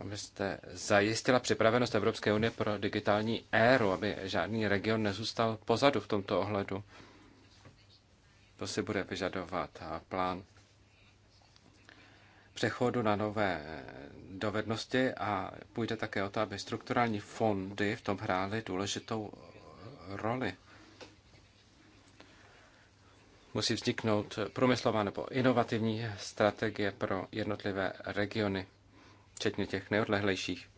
abyste zajistila připravenost Evropské unie pro digitální éru, aby žádný region nezůstal pozadu v tomto ohledu. To si bude vyžadovat plán přechodu na nové dovednosti a půjde také o to, aby strukturální fondy v tom hrály důležitou roli. Musí vzniknout průmyslová nebo inovativní strategie pro jednotlivé regiony, včetně těch nejodlehlejších.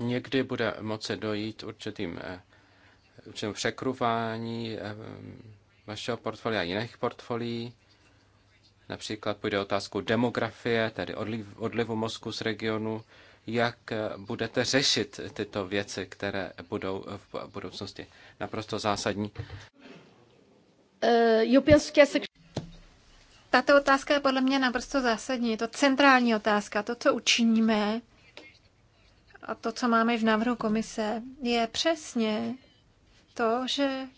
Někdy bude moci dojít určitým eh, učím překruvání eh, vašeho portfolia a jiných portfolií. Například půjde otázku demografie, tedy odliv, odlivu mozku z regionu. Jak eh, budete řešit tyto věci, které budou v budoucnosti naprosto zásadní? Eh, Tato otázka je podle mě naprosto zásadní. Je to centrální otázka. To, co učiníme a to, co máme v návrhu komise, je přesně to, že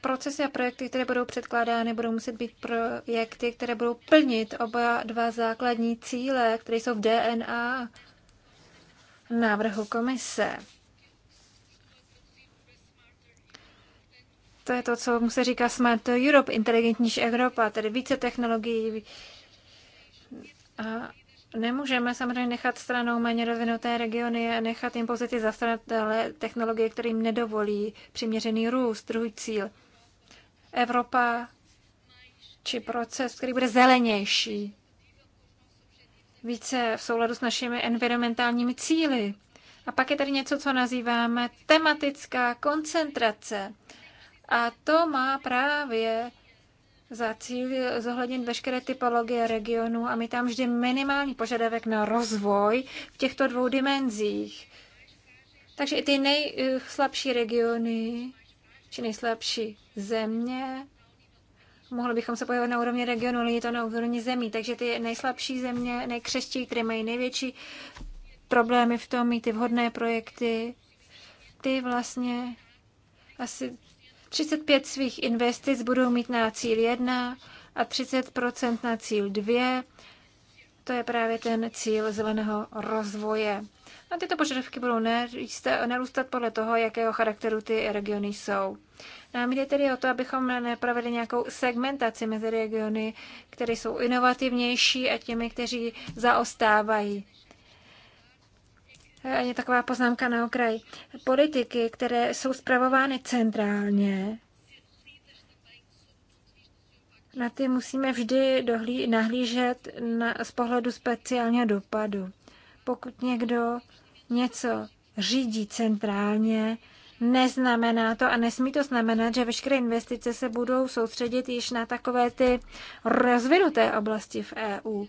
procesy a projekty, které budou předkládány, budou muset být projekty, které budou plnit oba dva základní cíle, které jsou v DNA návrhu komise. To je to, co mu se říká Smart Europe, inteligentnější Evropa, tedy více technologií a Nemůžeme samozřejmě nechat stranou méně rozvinuté regiony a nechat jim pouze ty zastaralé technologie, kterým nedovolí přiměřený růst, druhý cíl. Evropa či proces, který bude zelenější, více v souladu s našimi environmentálními cíly. A pak je tady něco, co nazýváme tematická koncentrace. A to má právě za cíl zohlednit veškeré typologie regionu a my tam vždy minimální požadavek na rozvoj v těchto dvou dimenzích. Takže i ty nejslabší regiony či nejslabší země, mohli bychom se pojevat na úrovni regionu, ale je to na úrovni zemí. Takže ty nejslabší země, nejkřeští, které mají největší problémy v tom mít ty vhodné projekty, ty vlastně asi 35 svých investic budou mít na cíl 1 a 30 na cíl 2. To je právě ten cíl zeleného rozvoje. A tyto požadavky budou narůstat podle toho, jakého charakteru ty regiony jsou. Nám jde tedy o to, abychom nepravili nějakou segmentaci mezi regiony, které jsou inovativnější a těmi, kteří zaostávají je taková poznámka na okraj. Politiky, které jsou zpravovány centrálně, na ty musíme vždy dohlí, nahlížet na, z pohledu speciálního dopadu. Pokud někdo něco řídí centrálně, neznamená to a nesmí to znamenat, že veškeré investice se budou soustředit již na takové ty rozvinuté oblasti v EU.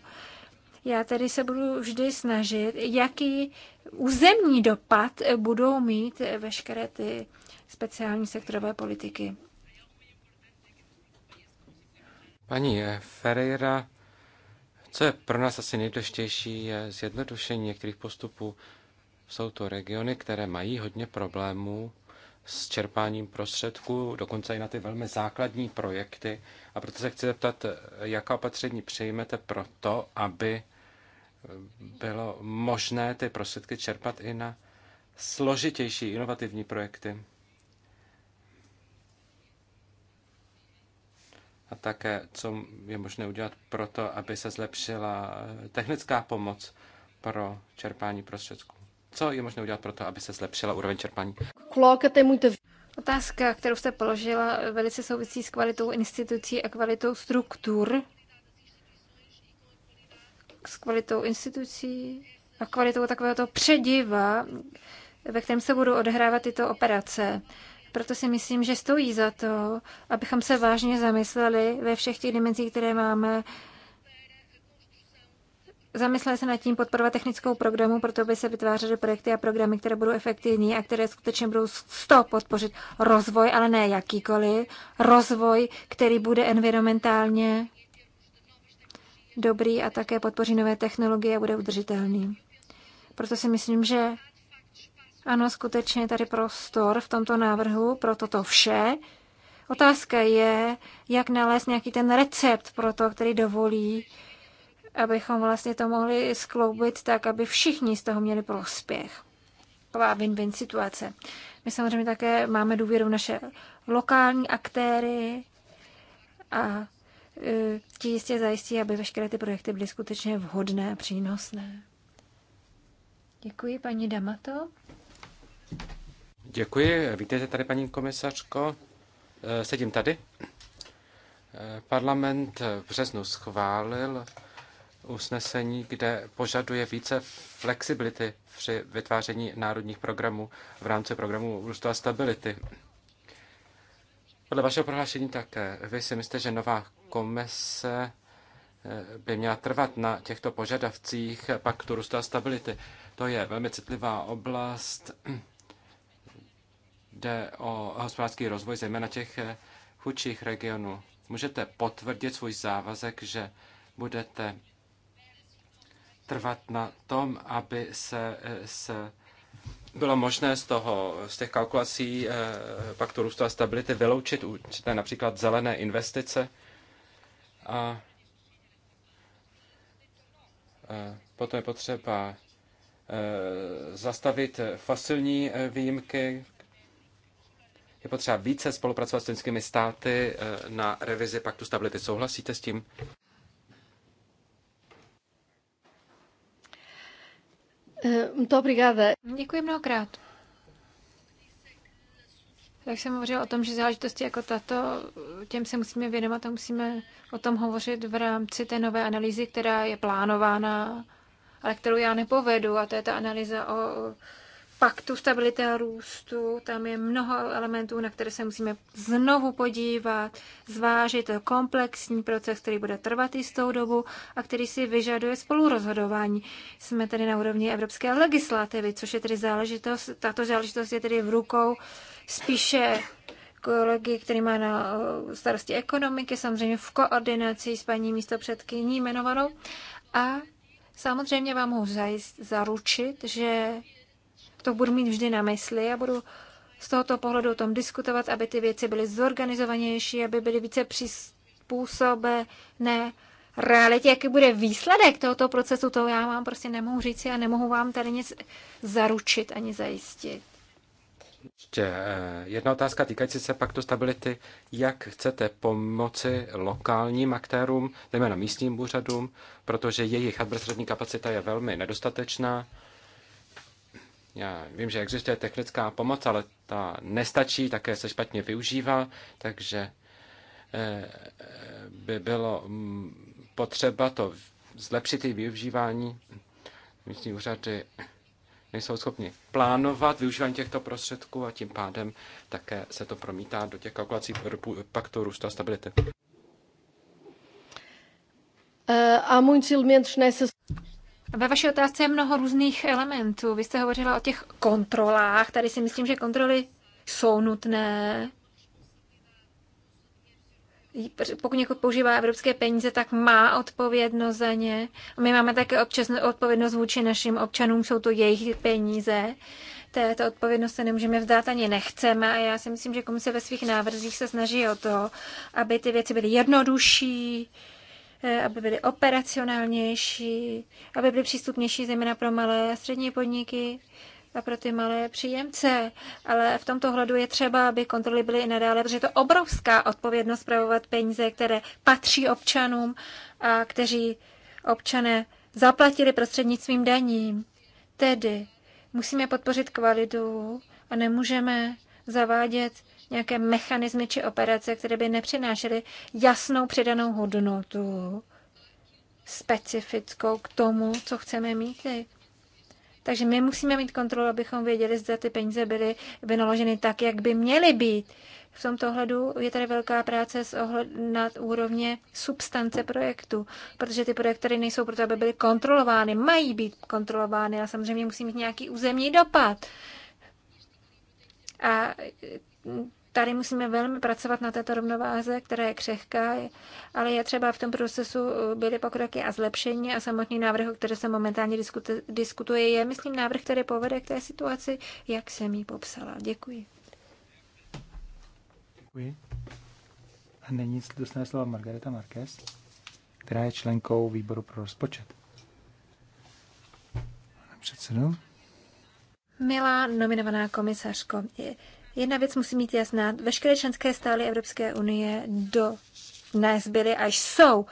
Já tedy se budu vždy snažit, jaký územní dopad budou mít veškeré ty speciální sektorové politiky. Paní Ferreira, co je pro nás asi nejdůležitější, je zjednodušení některých postupů. Jsou to regiony, které mají hodně problémů s čerpáním prostředků, dokonce i na ty velmi základní projekty. A proto se chci zeptat, jaká opatření přejmete pro to, aby bylo možné ty prostředky čerpat i na složitější inovativní projekty. A také, co je možné udělat pro to, aby se zlepšila technická pomoc pro čerpání prostředků. Co je možné udělat pro to, aby se zlepšila úroveň čerpání? Otázka, kterou jste položila, velice souvisí s kvalitou institucí a kvalitou struktur. S kvalitou institucí a kvalitou takového přediva, ve kterém se budou odehrávat tyto operace. Proto si myslím, že stojí za to, abychom se vážně zamysleli ve všech těch dimenzích, které máme zamysleli se nad tím podporovat technickou programu, proto by se vytvářely projekty a programy, které budou efektivní a které skutečně budou z toho podpořit rozvoj, ale ne jakýkoliv, rozvoj, který bude environmentálně dobrý a také podpoří nové technologie a bude udržitelný. Proto si myslím, že ano, skutečně je tady prostor v tomto návrhu pro toto vše. Otázka je, jak nalézt nějaký ten recept pro to, který dovolí abychom vlastně to mohli skloubit tak, aby všichni z toho měli prospěch. Taková win-win situace. My samozřejmě také máme důvěru v naše lokální aktéry a e, ti jistě zajistí, aby veškeré ty projekty byly skutečně vhodné a přínosné. Děkuji, paní Damato. Děkuji. Vítejte tady, paní komisařko. E, sedím tady. E, parlament v březnu schválil usnesení, kde požaduje více flexibility při vytváření národních programů v rámci programu růstu a stability. Podle vašeho prohlášení také, vy si myslíte, že nová komise eh, by měla trvat na těchto požadavcích paktu růstu a stability. To je velmi citlivá oblast. [CLEARS THROAT] Jde o hospodářský rozvoj zejména těch eh, chudších regionů. Můžete potvrdit svůj závazek, že budete trvat na tom, aby se, eh, se bylo možné z, toho, z těch kalkulací eh, paktu růstu a stability vyloučit určité například zelené investice a eh, potom je potřeba zastavit fosilní výjimky, je potřeba více spolupracovat s členskými státy na revizi paktu stability. Souhlasíte s tím? Eh, muito obrigada. Děkuji mnohokrát. Tak jsem hovořil o tom, že záležitosti jako tato, těm se musíme věnovat a musíme o tom hovořit v rámci té nové analýzy, která je plánována, ale kterou já nepovedu, a to je ta analýza o paktu stability a růstu. Tam je mnoho elementů, na které se musíme znovu podívat, zvážit komplexní proces, který bude trvat jistou dobu a který si vyžaduje spolurozhodování. Jsme tedy na úrovni evropské legislativy, což je tedy záležitost, tato záležitost je tedy v rukou spíše kolegy, který má na eh, starosti ekonomiky, samozřejmě v koordinaci s paní místopředkyní jmenovanou. A samozřejmě vám mohu zaručit, že to budu mít vždy na mysli a budu z tohoto pohledu o tom diskutovat, aby ty věci byly zorganizovanější, aby byly více přizpůsobené realitě. Jaký bude výsledek tohoto procesu, to já vám prostě nemohu říct a nemohu vám tady nic zaručit ani zajistit. Ještě eh, jedna otázka týkající se paktu stability. Jak chcete pomoci lokálním aktérům, zejména místním úřadům, protože jejich administrativní kapacita je velmi nedostatečná? Já vím, že existuje technická pomoc, ale ta nestačí, také se špatně využívá, takže eh, by bylo mm, potřeba to zlepšit i využívání. Místní úřady nejsou schopni plánovat využívání těchto prostředků a tím pádem také se to promítá do těch kalkulací paktu růstu a stability. Eh, a há muitos elementos ve vaší otázce je mnoho různých elementů. Vy jste hovořila o těch kontrolách. Tady si myslím, že kontroly jsou nutné. Pokud někdo používá evropské peníze, tak má odpovědnost za ně. my máme také občas odpovědnost vůči našim občanům, jsou to jejich peníze. Této odpovědnost se nemůžeme vzdát ani nechceme. A já si myslím, že komise ve svých návrzích se snaží o to, aby ty věci byly jednodušší, Eh, aby byly operacionálnější, aby byly přístupnější zejména pro malé a střední podniky a pro ty malé příjemce. Ale v tomto hledu je třeba, aby kontroly byly i nadále, protože je to obrovská odpovědnost spravovat peníze, které patří občanům a kteří občané zaplatili prostřednictvím daním. Tedy musíme podpořit kvalitu a nemůžeme zavádět nějaké mechanismy či operace, které by nepřinášely jasnou přidanou hodnotu specifickou k tomu, co chceme mít. Takže my musíme mít kontrolu, abychom věděli, zda ty peníze byly vynaloženy tak, jak by měly být. V tomto ohledu je tady velká práce s ohled na úrovně substance projektu, protože ty projekty nejsou proto, aby byly kontrolovány, mají být kontrolovány a samozřejmě musí mít nějaký územní dopad. A tady musíme velmi pracovat na této rovnováze, která je křehká, ale je třeba v tom procesu eh, byly pokroky a zlepšení a samotný návrh, o které se momentálně diskutuje, je, myslím, návrh, který povede k té situaci, jak jsem ji popsala. Děkuji. Děkuji. A nyní dostane slova Margareta Marquez, která je členkou výboru pro rozpočet. Pane předsedo. Milá nominovaná komisařko, je... Jedna věc musí mít jasná. Veškeré členské stály Evropské unie do dnes byly, až jsou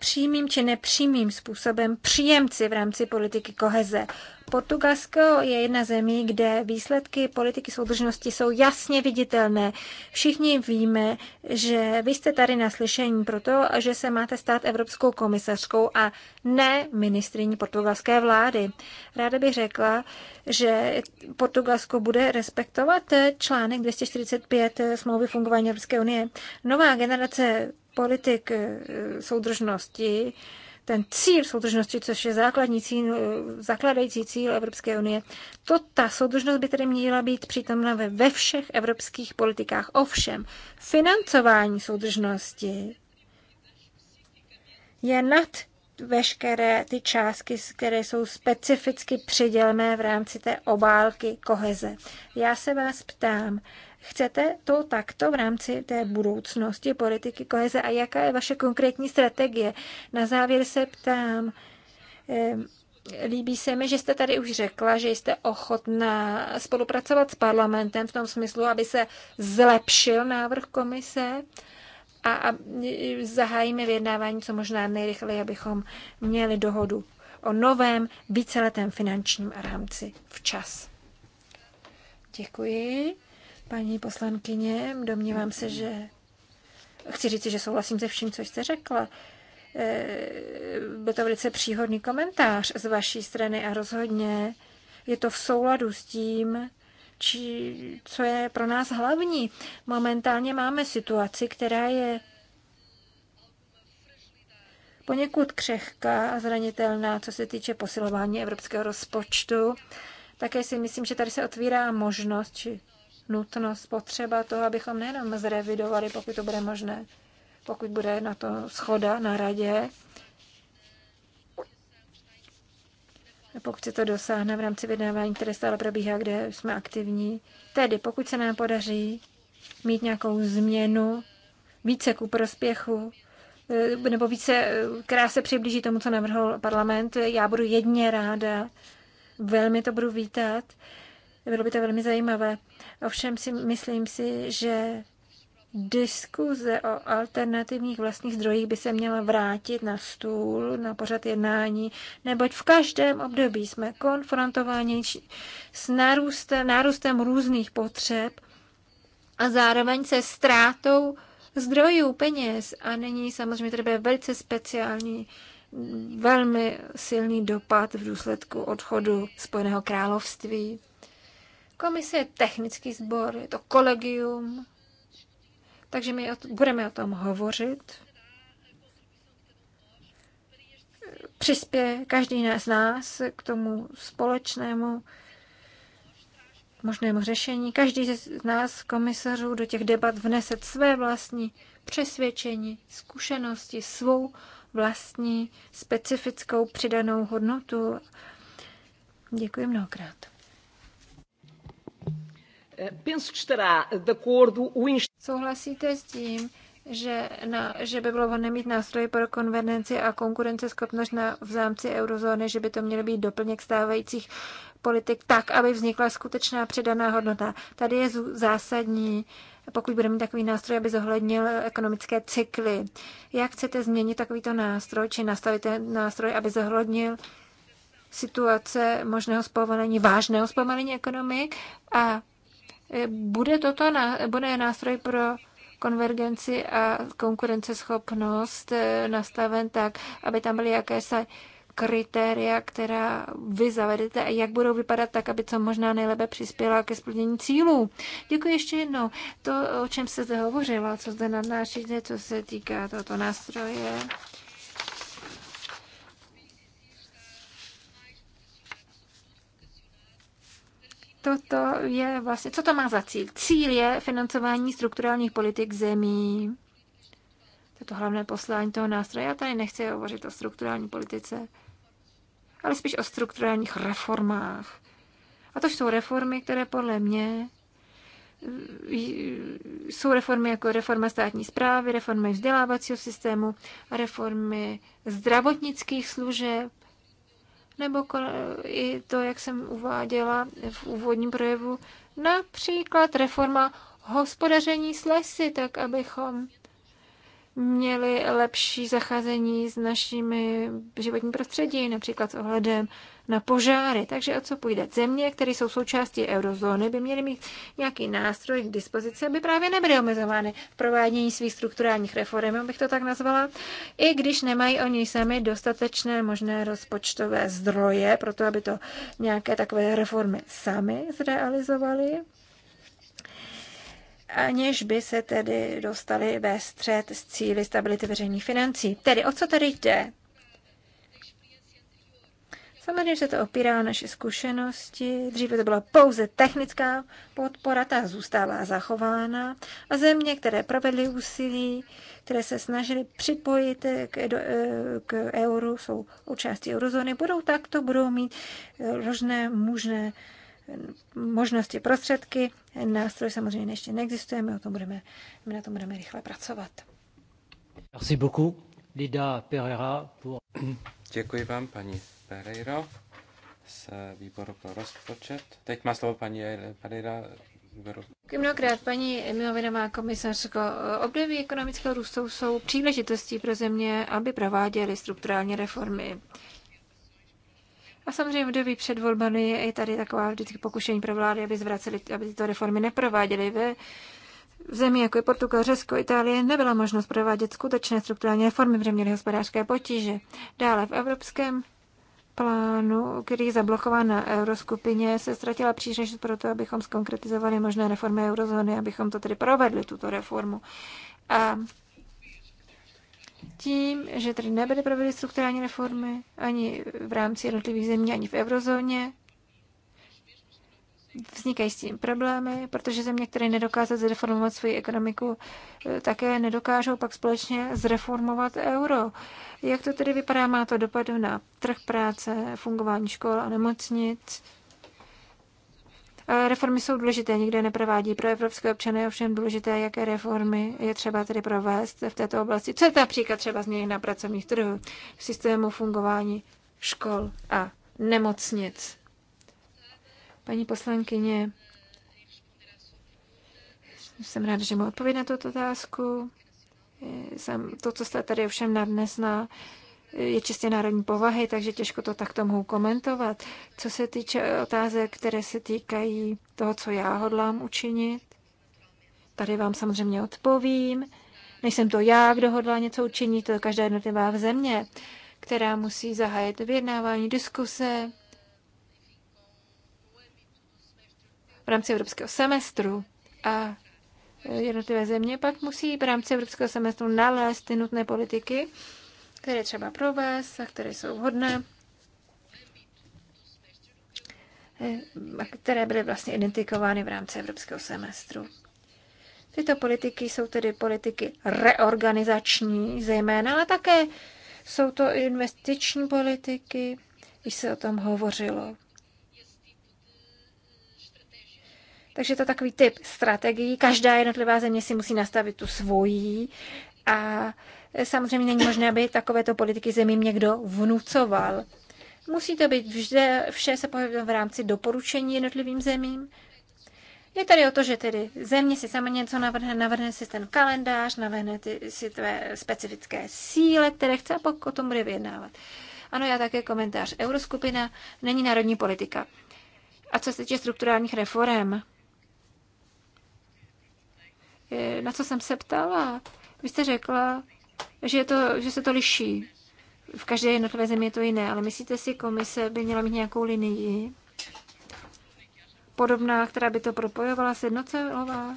přímým či nepřímým způsobem příjemci v rámci politiky koheze. Portugalsko je jedna zemí, kde výsledky politiky soudržnosti jsou jasně viditelné. Všichni víme, že vy jste tady na slyšení proto, že se máte stát evropskou komisařkou a ne ministriní portugalské vlády. Ráda bych řekla, že Portugalsko bude respektovat článek 245 smlouvy fungování Evropské unie. Nová generace politik eh, soudržnosti, ten cíl soudržnosti, což je základní cíl, zakladající cíl Evropské unie, to ta soudržnost by tedy měla být přítomna ve, ve všech evropských politikách. Ovšem, financování soudržnosti je nad veškeré ty částky, které jsou specificky přidělné v rámci té obálky koheze. Já se vás ptám, Chcete to takto v rámci té budoucnosti politiky koheze a jaká je vaše konkrétní strategie? Na závěr se ptám, Líbí se mi, že jste tady už řekla, že jste ochotná spolupracovat s parlamentem v tom smyslu, aby se zlepšil návrh komise a, a zahájíme vyjednávání co možná nejrychleji, abychom měli dohodu o novém víceletém finančním rámci včas. Děkuji. Paní poslankyně, domnívám se, že chci říct, že souhlasím se vším, co jste řekla. Eh, byl to velice příhodný komentář z vaší strany a rozhodně je to v souladu s tím, či, co je pro nás hlavní. Momentálně máme situaci, která je poněkud křehká a zranitelná, co se týče posilování evropského rozpočtu. Také si myslím, že tady se otvírá možnost, či nutnost, potřeba toho, abychom nejenom zrevidovali, pokud to bude možné, pokud bude na to schoda na radě, pokud se to dosáhne v rámci vydávání, které stále probíhá, kde jsme aktivní. Tedy, pokud se nám podaří mít nějakou změnu, více ku prospěchu, eh, nebo více, eh, která se přiblíží tomu, co navrhl parlament, já budu jedně ráda, velmi to budu vítat. Bylo by to velmi zajímavé. Ovšem si myslím si, že diskuze o alternativních vlastních zdrojích by se měla vrátit na stůl, na pořad jednání, neboť v každém období jsme konfrontováni s nárůstem, nárůstem různých potřeb a zároveň se ztrátou zdrojů, peněz. A není samozřejmě třeba velice speciální, velmi silný dopad v důsledku odchodu Spojeného království. Komise je technický sbor, je to kolegium, takže my o budeme o tom hovořit. Přispěje každý z nás k tomu společnému možnému řešení. Každý z nás, komisařů, do těch debat vnese své vlastní přesvědčení, zkušenosti, svou vlastní specifickou přidanou hodnotu. Děkuji mnohokrát. Eh, Souhlasíte s tím, že, na, že by bylo vhodné mít nástroje pro konvergenci a konkurenceschopnost na, v zámci eurozóny, že by to mělo být doplněk stávajících politik tak, aby vznikla skutečná předaná hodnota. Tady je zásadní, pokud budeme mít takový nástroj, aby zohlednil ekonomické cykly. Jak chcete změnit takovýto nástroj, či nastavit ten nástroj, aby zohlednil situace možného zpomalení, vážného zpomalení ekonomik a Eh, bude toto na, bude nástroj pro konvergenci a konkurenceschopnost eh, nastaven tak, aby tam byly jakési kritéria, která vy zavedete a jak budou vypadat tak, aby co možná nejlépe přispěla ke splnění cílů. Děkuji ještě jednou. To, o čem se zde hovořila, co zde nadnášíte, co se týká tohoto nástroje, toto je vlastně, co to má za cíl? Cíl je financování strukturálních politik zemí. To je to hlavné poslání toho nástroje. Já tady nechci hovořit o strukturální politice, ale spíš o strukturálních reformách. A to jsou reformy, které podle mě eh, jsou reformy jako reforma státní zprávy, reformy vzdělávacího systému, reformy zdravotnických služeb, nebo i to, jak jsem uváděla v úvodním projevu, například reforma hospodaření s lesy, tak abychom měli lepší zacházení s našimi životní prostředí, například s ohledem na požáry. Takže o co půjde? Země, které jsou součástí eurozóny, by měly mít nějaký nástroj k dispozici, aby právě nebyly omezovány v provádění svých strukturálních reform, abych to tak nazvala, i když nemají oni sami dostatečné možné rozpočtové zdroje pro to, aby to nějaké takové reformy sami zrealizovali aniž by se tedy dostali ve střed s cíly stability veřejných financí. Tedy o co tady jde? Samozřejmě se to opírá o naše zkušenosti. Dříve to byla pouze technická podpora, ta zůstává zachována. A země, které provedly úsilí, které se snažily připojit k, do, eh, k euru, jsou součástí eurozóny, budou takto, budou mít různé možné možnosti, prostředky. Nástroj samozřejmě ještě neexistuje, my, o tom budeme, my na tom budeme rychle pracovat. Merci beaucoup, Lida Pereira. Pour... Děkuji vám, paní Pereira z výboru pro rozpočet. Teď má slovo paní Pereira Děkuji mnohokrát, paní Milovinová komisařko. Období ekonomického růstu jsou příležitostí pro země, aby prováděly strukturální reformy. A samozřejmě v době před volbami je i tady taková vždycky pokušení pro vlády, aby zvraceli, aby tyto reformy neprováděly. Ve v zemi, jako je Portugal, Řecko, Itálie, nebyla možnost provádět skutečné strukturální reformy, protože měly hospodářské potíže. Dále v evropském plánu, který je zablokován na euroskupině, se ztratila příležitost pro to, abychom skonkretizovali možné reformy eurozóny, abychom to tedy provedli, tuto reformu. A tím, že tady nebyly provedeny strukturální reformy ani v rámci jednotlivých zemí, ani v eurozóně, vznikají s tím problémy, protože země, které nedokázaly zreformovat svoji ekonomiku, eh, také nedokážou pak společně zreformovat euro. Jak to tedy vypadá? Má to dopadu na trh práce, fungování škol a nemocnic? Reformy jsou důležité, nikde neprovádí. Pro evropské občany je ovšem důležité, jaké reformy je třeba tedy provést v této oblasti. Co je například třeba změnit na pracovních trhu, systému fungování škol a nemocnic. Paní poslankyně, jsem ráda, že mu odpověď na tuto otázku. Jsem to, co jste tady ovšem nadnesla, je čistě národní povahy, takže těžko to takto mohu komentovat. Co se týče otázek, které se týkají toho, co já hodlám učinit, tady vám samozřejmě odpovím. Nejsem to já, kdo hodlá něco učinit, to je každá jednotlivá v země, která musí zahájit vyjednávání, diskuse v rámci evropského semestru. A jednotlivé země pak musí v rámci evropského semestru nalézt ty nutné politiky, které třeba provést a které jsou vhodné, eh, které byly vlastně identifikovány v rámci evropského semestru. Tyto politiky jsou tedy politiky reorganizační zejména, ale také jsou to investiční politiky, když se o tom hovořilo. Takže je to takový typ strategií. Každá jednotlivá země si musí nastavit tu svoji a Samozřejmě není možné, aby takovéto politiky zemím někdo vnucoval. Musí to být vždy, vše se pohybuje v rámci doporučení jednotlivým zemím. Je tady o to, že tedy země si sama něco navrhne, navrhne si ten kalendář, navrhne ty, si tvé specifické síle, které chce a pak o tom bude vyjednávat. Ano, já také komentář. Euroskupina není národní politika. A co se týče strukturálních reform, eh, na co jsem se ptala? Vy jste řekla, že, je to, že se to liší. V každé jednotlivé zemi je to jiné, ale myslíte si, komise by měla mít nějakou linii podobná, která by to propojovala, sjednocelová?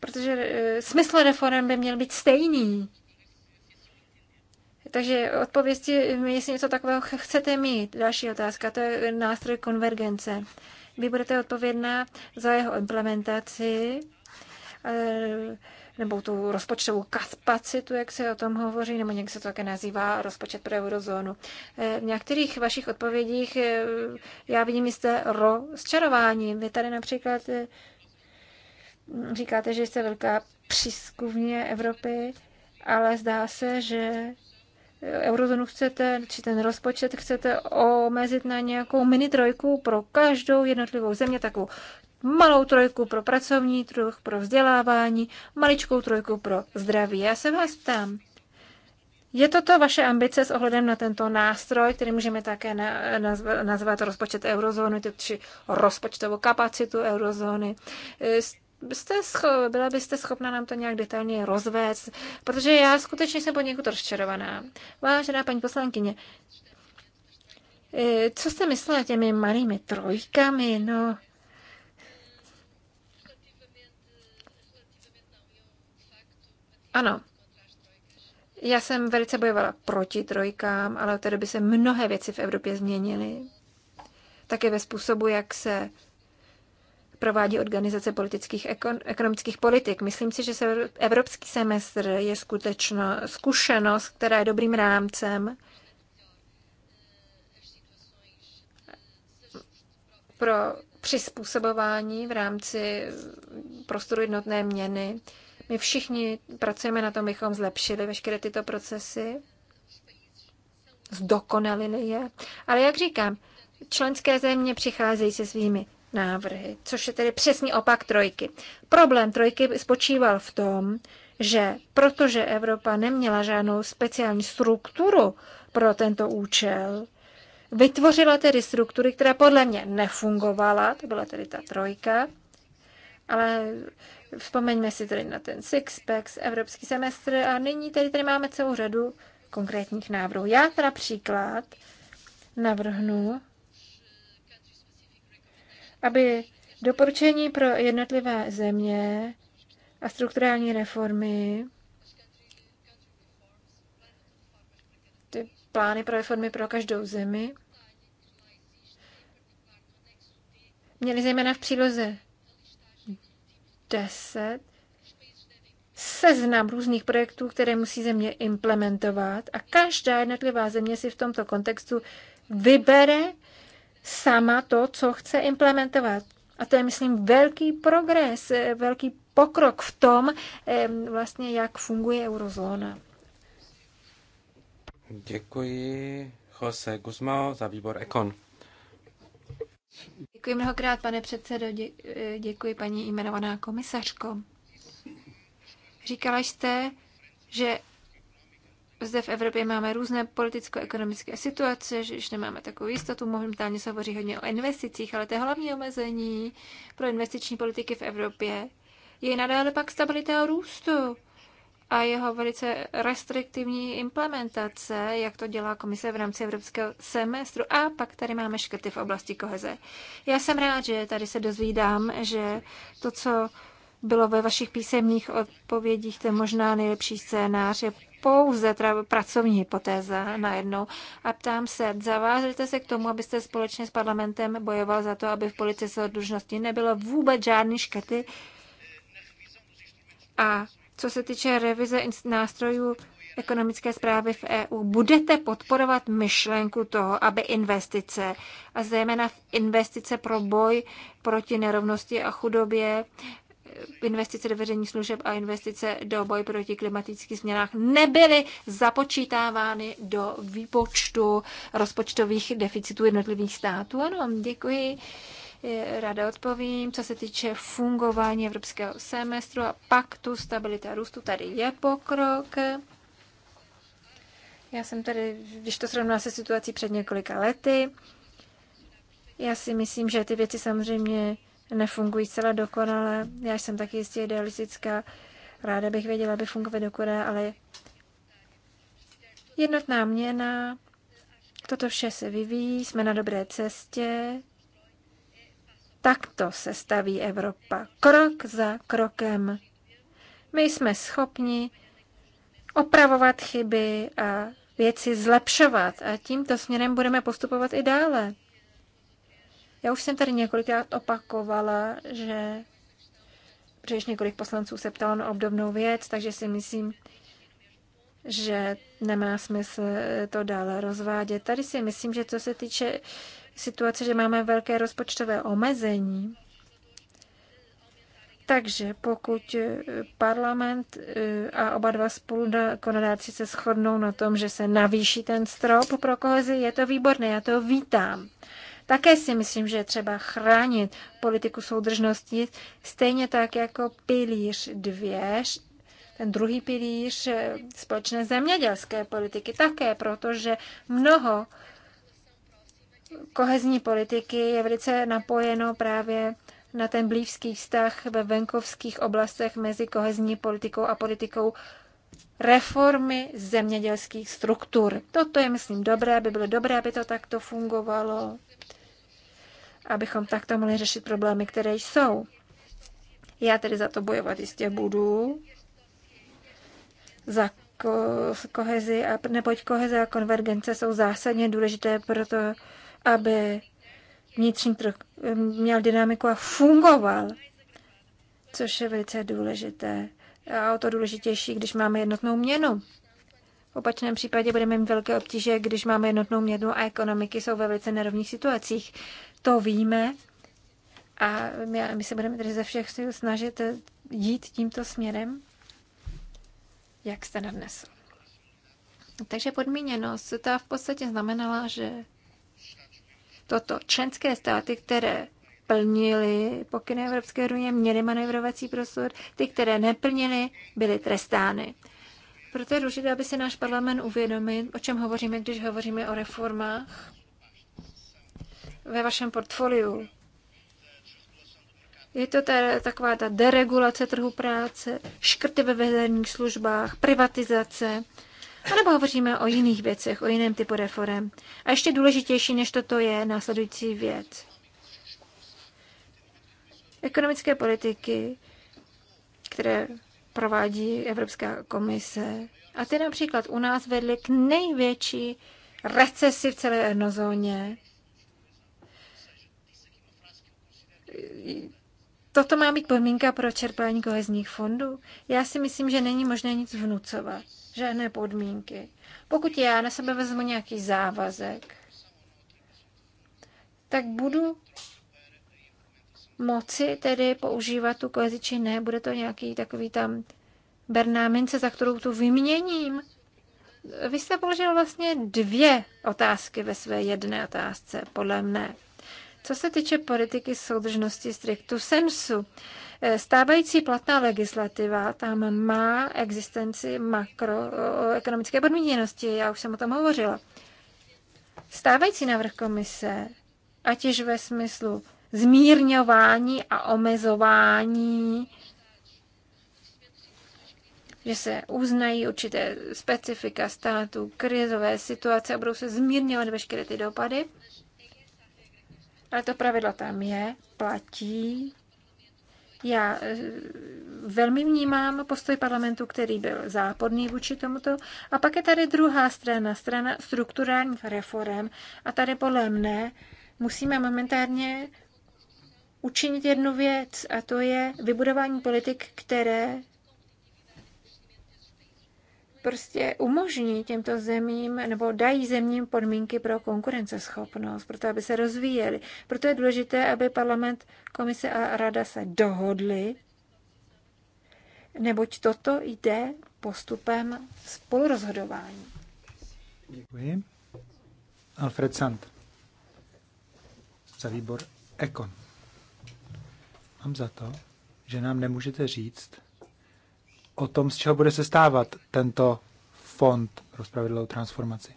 Protože e, smysl reform by měl být stejný. Takže odpovězte jestli něco takového chcete mít. Další otázka, to je nástroj konvergence. Vy budete odpovědná za jeho implementaci. E, nebo tu rozpočtovou kapacitu, jak se o tom hovoří, nebo někdy se to také nazývá rozpočet pro eurozónu. Eh, v některých vašich odpovědích eh, já vidím jste rozčarování. Vy tady například eh, říkáte, že jste velká přískuvně Evropy, ale zdá se, že eurozónu chcete, či ten rozpočet chcete omezit na nějakou mini trojku pro každou jednotlivou země, takovou malou trojku pro pracovní trh, pro vzdělávání, maličkou trojku pro zdraví. Já se vás ptám, je toto vaše ambice s ohledem na tento nástroj, který můžeme také nazvat rozpočet eurozóny, či rozpočtovou kapacitu eurozóny? Byste e, scho- byla byste schopna nám to nějak detailně rozvést? Protože já skutečně jsem někud rozčarovaná. Vážená paní poslankyně, e, co jste myslela těmi malými trojkami? No, Ano, já jsem velice bojovala proti trojkám, ale od té doby se mnohé věci v Evropě změnily. Také ve způsobu, jak se provádí organizace politických, ekonomických politik. Myslím si, že se evropský semestr je skutečno zkušenost, která je dobrým rámcem pro přizpůsobování v rámci prostoru jednotné měny. My všichni pracujeme na tom, abychom zlepšili veškeré tyto procesy, zdokonalili je. Ale jak říkám, členské země přicházejí se svými návrhy, což je tedy přesný opak trojky. Problém trojky spočíval v tom, že protože Evropa neměla žádnou speciální strukturu pro tento účel, vytvořila tedy struktury, která podle mě nefungovala, to byla tedy ta trojka, ale Vzpomeňme si tedy na ten z Evropský semestr a nyní tedy tady máme celou řadu konkrétních návrhů. Já teda příklad navrhnu, aby doporučení pro jednotlivé země a strukturální reformy, ty plány pro reformy pro každou zemi, měly zejména v příloze 10 seznam různých projektů, které musí země implementovat a každá jednotlivá země si v tomto kontextu vybere sama to, co chce implementovat. A to je, myslím, velký progres, eh, velký pokrok v tom, vlastně, jak funguje eurozóna. Děkuji Jose Guzmao za výbor Ekon. Děkuji mnohokrát, pane předsedo, děkuji paní jmenovaná komisařko. Říkala jste, že zde v Evropě máme různé politicko-ekonomické situace, že již nemáme takovou jistotu. Momentálně se hovoří hodně o investicích, ale to hlavní omezení pro investiční politiky v Evropě je nadále pak stabilita a růstu a jeho velice restriktivní implementace, jak to dělá komise v rámci evropského semestru. A pak tady máme škrty v oblasti koheze. Já jsem rád, že tady se dozvídám, že to, co bylo ve vašich písemných odpovědích, to je možná nejlepší scénář, je pouze teda pracovní hypotéza najednou. A ptám se, zavážete se k tomu, abyste společně s parlamentem bojoval za to, aby v politice soudržnosti nebylo vůbec žádný škrty a co se týče revize nástrojů ekonomické zprávy v EU, budete podporovat myšlenku toho, aby investice, a zejména investice pro boj proti nerovnosti a chudobě, investice do veřejných služeb a investice do boj proti klimatických změnách nebyly započítávány do výpočtu rozpočtových deficitů jednotlivých států. Ano, děkuji ráda odpovím, co se týče fungování evropského semestru a paktu stabilita růstu. Tady je pokrok. Já jsem tady, když to srovnala se situací před několika lety, já si myslím, že ty věci samozřejmě nefungují celé dokonale. Já jsem taky jistě idealistická. Ráda bych věděla, aby fungovaly dokonale, ale jednotná měna, toto vše se vyvíjí, jsme na dobré cestě. Takto se staví Evropa. Krok za krokem. My jsme schopni opravovat chyby a věci zlepšovat a tímto směrem budeme postupovat i dále. Já už jsem tady několikrát opakovala, že příliš několik poslanců se ptalo na obdobnou věc, takže si myslím, že nemá smysl to dále rozvádět. Tady si myslím, že co se týče situace, že máme velké rozpočtové omezení, takže pokud parlament eh, a oba dva spolukonodáci se shodnou na tom, že se navýší ten strop pro kohezi, je to výborné, já to vítám. Také si myslím, že je třeba chránit politiku soudržnosti, stejně tak jako pilíř 2, ten druhý pilíř eh, společné zemědělské politiky také, protože mnoho kohezní politiky je velice napojeno právě na ten blízký vztah ve venkovských oblastech mezi kohezní politikou a politikou reformy zemědělských struktur. Toto je, myslím, dobré, aby bylo dobré, aby to takto fungovalo, abychom takto mohli řešit problémy, které jsou. Já tedy za to bojovat jistě budu za kohezi, a, neboť koheze a konvergence jsou zásadně důležité pro to, aby vnitřní trh měl dynamiku a fungoval, což je velice důležité. A o to důležitější, když máme jednotnou měnu. V opačném případě budeme mít velké obtíže, když máme jednotnou měnu a ekonomiky jsou ve velice nerovných situacích. To víme a my, my se budeme tedy ze všech snažit jít tímto směrem jak jste nadnesl. Takže podmíněnost ta v podstatě znamenala, že toto členské státy, které plnili pokyny Evropské unie, měly manévrovací prostor, ty, které neplnili, byly trestány. Proto je důležité, aby si náš parlament uvědomil, o čem hovoříme, když hovoříme o reformách ve vašem portfoliu. Je to ta, taková ta deregulace trhu práce, škrty ve veřejných službách, privatizace, anebo hovoříme o jiných věcech, o jiném typu reform. A ještě důležitější než toto je následující věc. Ekonomické politiky, které provádí Evropská komise, a ty například u nás vedly k největší recesi v celé eurozóně. Toto má být podmínka pro čerpání kohezních fondů? Já si myslím, že není možné nic vnucovat. Žádné podmínky. Pokud já na sebe vezmu nějaký závazek, tak budu moci tedy používat tu kohezi či ne. Bude to nějaký takový tam bernámince, za kterou tu vyměním. Vy jste položil vlastně dvě otázky ve své jedné otázce, podle mne. Co se týče politiky soudržnosti striktu sensu, eh, stávající platná legislativa tam má existenci makroekonomické eh, podmíněnosti, já už jsem o tom hovořila. Stávající návrh komise, ať již ve smyslu zmírňování a omezování, že se uznají určité specifika států, krizové situace a budou se zmírňovat veškeré ty dopady, ale to pravidlo tam je, platí. Já e, velmi vnímám postoj parlamentu, který byl záporný vůči tomuto. A pak je tady druhá strana, strana strukturálních reform. A tady podle mne musíme momentárně učinit jednu věc, a to je vybudování politik, které prostě umožní těmto zemím nebo dají zemním podmínky pro konkurenceschopnost, proto aby se rozvíjeli. Proto je důležité, aby parlament, komise a rada se dohodly, neboť toto jde postupem spolurozhodování. Děkuji. Alfred Sand za výbor Ekon. Mám za to, že nám nemůžete říct, o tom, z čeho bude se stávat tento fond pro spravedlivou transformaci.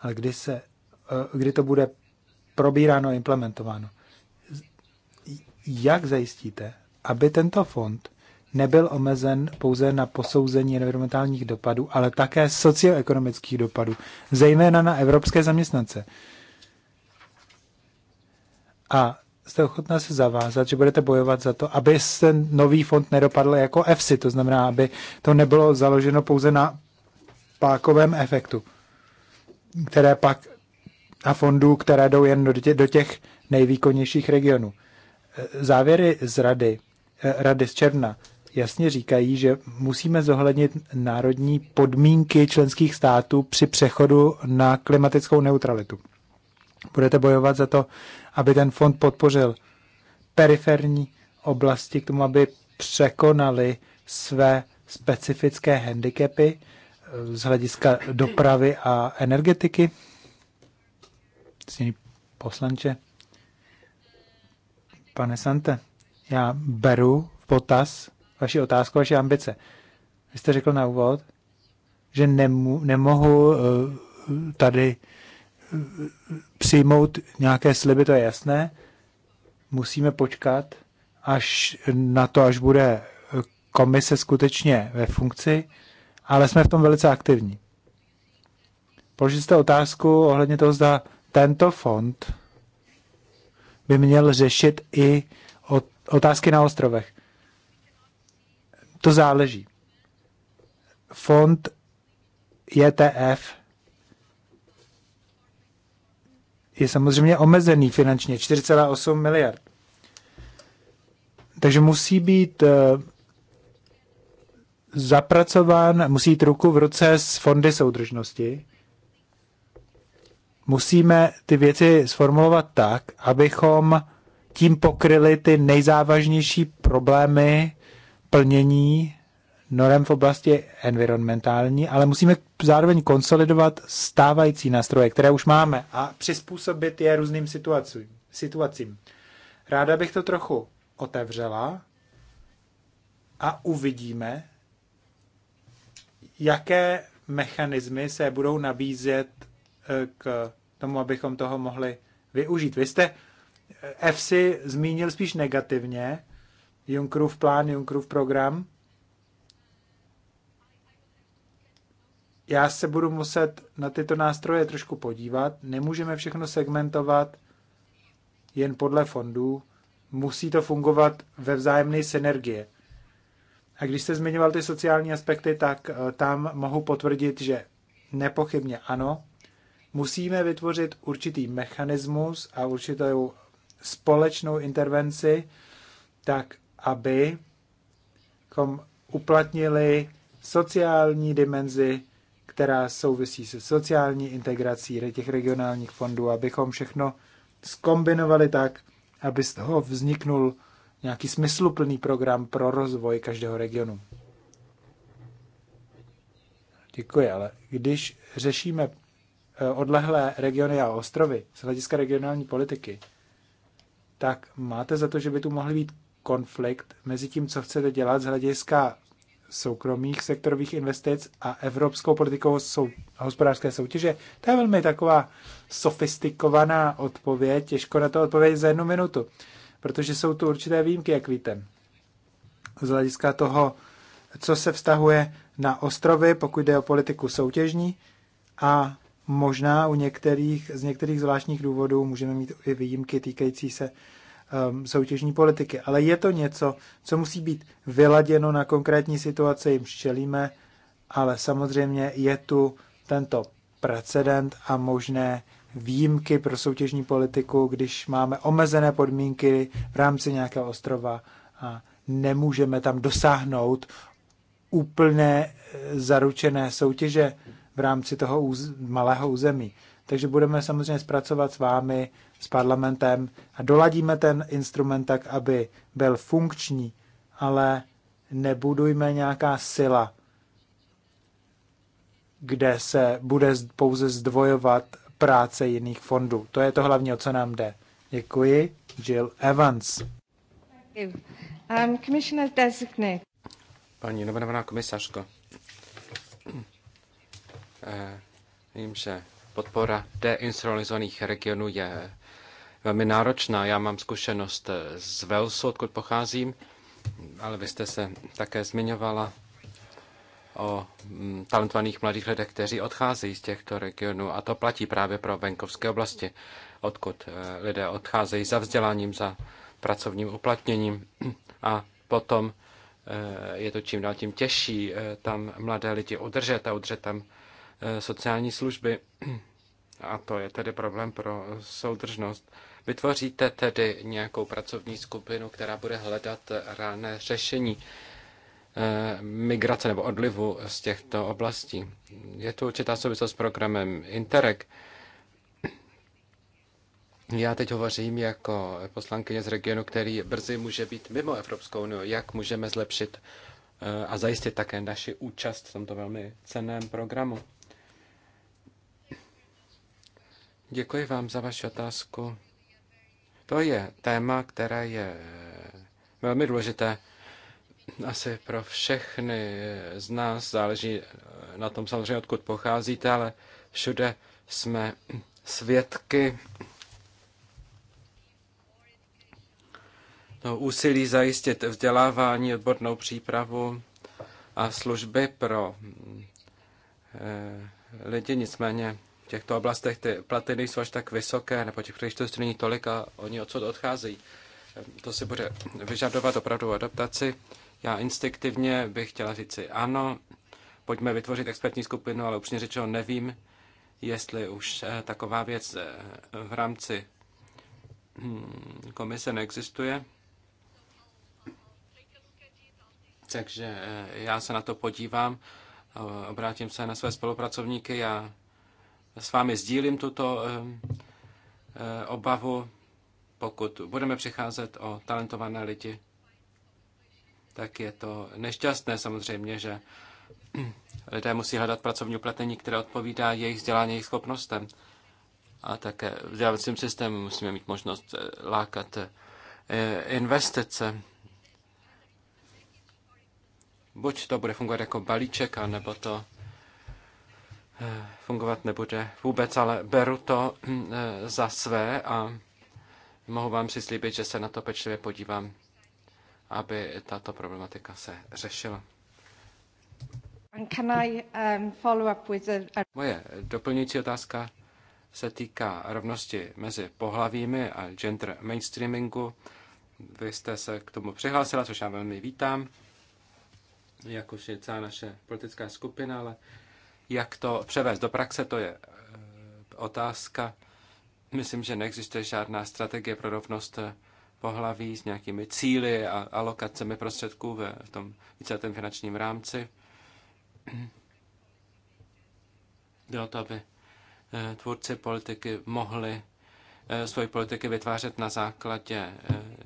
Ale kdy, se, eh, kdy to bude probíráno a implementováno? Jak zajistíte, aby tento fond nebyl omezen pouze na posouzení environmentálních dopadů, ale také socioekonomických dopadů, zejména na evropské zaměstnance? A jste ochotná se zavázat, že budete bojovat za to, aby se nový fond nedopadl jako EFSI, to znamená, aby to nebylo založeno pouze na pákovém efektu, které pak a fondů, které jdou jen do těch, do těch nejvýkonnějších regionů. E, závěry z rady, e, rady z června jasně říkají, že musíme zohlednit národní podmínky členských států při přechodu na klimatickou neutralitu. Budete bojovat za to, aby ten fond podpořil periferní oblasti k tomu, aby překonali své specifické handicapy eh, z hlediska dopravy a energetiky. Sněný poslanče, pane Sante, já beru v potaz vaši otázku, vaše ambice. Vy jste řekl na úvod, že nemu, nemohu eh, tady přijmout nějaké sliby, to je jasné. Musíme počkat až na to, až bude komise skutečně ve funkci, ale jsme v tom velice aktivní. Položili jste otázku ohledně toho, zda tento fond by měl řešit i otázky na ostrovech. To záleží. Fond JTF e je samozřejmě omezený finančně, 4,8 miliard. Takže musí být eh, zapracován, musí jít ruku v ruce s fondy soudržnosti. Musíme ty věci sformulovat tak, abychom tím pokryli ty nejzávažnější problémy plnění norem v oblasti environmentální, ale musíme zároveň konsolidovat stávající nástroje, které už máme a přizpůsobit je různým situacím. situacím. Ráda bych to trochu otevřela a uvidíme, jaké mechanismy se budou nabízet eh, k tomu, abychom toho mohli využít. Vy jste EFSI eh, zmínil spíš negativně, Junckerův plán, Junckerův program, já se budu muset na tyto nástroje trošku podívat. Nemůžeme všechno segmentovat jen podle fondů. Musí to fungovat ve vzájemné synergie. A když jste zmiňoval ty sociální aspekty, tak eh, tam mohu potvrdit, že nepochybně ano. Musíme vytvořit určitý mechanismus a určitou společnou intervenci, tak aby kom uplatnili sociální dimenzi která souvisí se sociální integrací těch regionálních fondů, abychom všechno skombinovali tak, aby z toho vzniknul nějaký smysluplný program pro rozvoj každého regionu. Děkuji, ale když řešíme eh, odlehlé regiony a ostrovy z hlediska regionální politiky, tak máte za to, že by tu mohl být konflikt mezi tím, co chcete dělat z hlediska soukromých sektorových investic a evropskou politikou sou, hospodářské soutěže? To je velmi taková sofistikovaná odpověď, těžko na to odpovědět za jednu minutu, protože jsou tu určité výjimky, jak víte. Z hlediska toho, co se vztahuje na ostrovy, pokud jde o politiku soutěžní a možná u některých, z některých zvláštních důvodů můžeme mít i výjimky týkající se um, soutěžní politiky. Ale je to něco, co musí být vyladěno na konkrétní situaci, jim čelíme, ale samozřejmě je tu tento precedent a možné výjimky pro soutěžní politiku, když máme omezené podmínky v rámci nějakého ostrova a nemůžeme tam dosáhnout úplné eh, zaručené soutěže v rámci toho malého území. Takže budeme samozřejmě zpracovat s vámi, s parlamentem a doladíme ten instrument tak, aby byl funkční, ale nebudujme nějaká sila, kde se bude pouze zdvojovat práce jiných fondů. To je to hlavně, o co nám jde. Děkuji. Jill Evans. Um, commissioner designate. Paní nominovaná komisařko, [CLEARS THROAT] eh, vím, že podpora deinstitucionalizovaných regionů je velmi náročná. Já mám zkušenost z Velsu, odkud pocházím, ale vy jste se také zmiňovala o mm, talentovaných mladých lidech, kteří odcházejí z těchto regionů a to platí právě pro venkovské oblasti, odkud eh, lidé odcházejí za vzděláním, za pracovním uplatněním a potom eh, je to čím dál tím těžší eh, tam mladé lidi udržet a udržet tam sociální služby a to je tedy problém pro soudržnost. Vytvoříte tedy nějakou pracovní skupinu, která bude hledat reálné řešení eh, migrace nebo odlivu z těchto oblastí. Je tu určitá souvislost s programem Interreg. Já teď hovořím jako poslankyně z regionu, který brzy může být mimo Evropskou unii. Jak můžeme zlepšit eh, a zajistit také naši účast v tomto velmi ceném programu? Děkuji vám za vaši otázku. To je téma, které je velmi důležité. Asi pro všechny z nás záleží na tom samozřejmě, odkud pocházíte, ale všude jsme svědky toho úsilí zajistit vzdělávání, odbornou přípravu a služby pro eh, lidi. Nicméně těchto oblastech ty platy nejsou až tak vysoké, nebo těch příležitostí není tolik a oni odsud odcházejí. Ehm, to si bude vyžadovat opravdu adaptaci. Já instinktivně bych chtěla říci ano, pojďme vytvořit expertní skupinu, ale upřímně řečeno nevím, jestli už eh, taková věc eh, v rámci hm, komise neexistuje. Takže eh, já se na to podívám, obrátím se na své spolupracovníky a s vámi sdílím tuto eh, eh, obavu. Pokud budeme přicházet o talentované lidi, tak je to nešťastné samozřejmě, že [CLEARS THROAT] lidé musí hledat pracovní uplatnění, které odpovídá jejich vzdělání, jejich schopnostem. A také v vzdělávacím systému musíme mít možnost eh, lákat investice. Buď to bude fungovat jako balíček, anebo to Eh, fungovat nebude vůbec, ale beru to hm, eh, za své a mohu vám přislíbit, že se na to pečlivě podívám, aby tato problematika se řešila. Um, Moje doplňující otázka se týká rovnosti mezi pohlavími a gender mainstreamingu. Vy jste se k tomu přihlásila, což já velmi vítám, jakož je celá naše politická skupina, ale jak to převést do praxe, to je eh, otázka. Myslím, že neexistuje žádná strategie pro rovnost eh, pohlaví s nějakými cíly a alokacemi prostředků v tom víceletém finančním rámci. [CLEARS THROAT] Bylo to, aby eh, tvůrci politiky mohli svoji politiky vytvářet na základě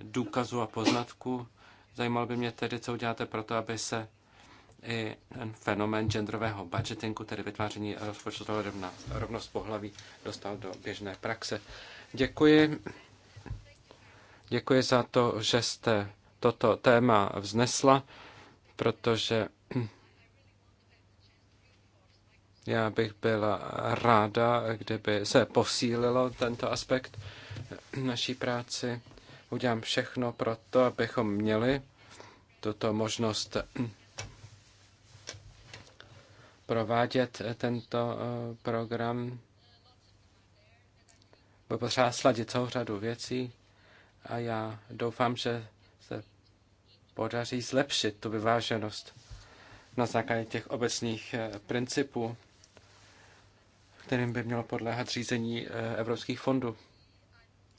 důkazů a poznatků. Zajímalo by mě tedy, co uděláte pro to, aby se i ten fenomén genderového budgetingu, tedy vytváření rozpočtu rovna, rovnost pohlaví, dostal do běžné praxe. Děkuji. Děkuji za to, že jste toto téma vznesla, protože já bych byla ráda, kdyby se posílilo tento aspekt naší práci. Udělám všechno pro to, abychom měli tuto možnost provádět eh, tento eh, program. Bude potřeba sladit celou řadu věcí a já doufám, že se podaří zlepšit tu vyváženost na základě těch obecných eh, principů, kterým by mělo podléhat řízení evropských fondů.